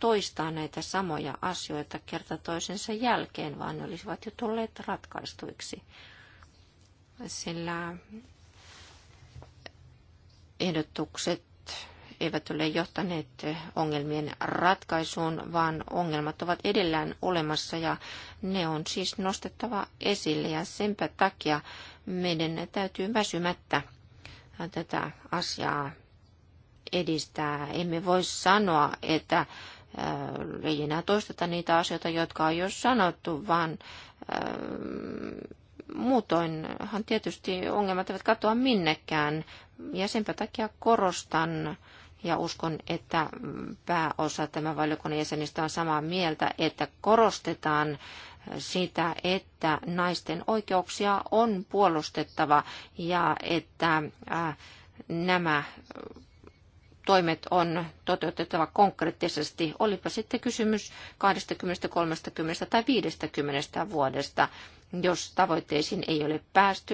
toistaa näitä samoja asioita kerta toisensa jälkeen, vaan ne olisivat jo tulleet ratkaistuiksi sillä ehdotukset eivät ole johtaneet ongelmien ratkaisuun, vaan ongelmat ovat edellään olemassa ja ne on siis nostettava esille ja senpä takia meidän täytyy väsymättä tätä asiaa edistää. Emme voi sanoa, että äh, ei enää toisteta niitä asioita, jotka on jo sanottu, vaan äh, Muutoinhan tietysti ongelmat eivät katoa minnekään, ja senpä takia korostan ja uskon, että pääosa tämän valiokunnan jäsenistä on samaa mieltä, että korostetaan sitä, että naisten oikeuksia on puolustettava ja että nämä toimet on toteutettava konkreettisesti, olipa sitten kysymys 20, 30 tai 50 vuodesta. Jos tavoitteisiin ei ole päästy,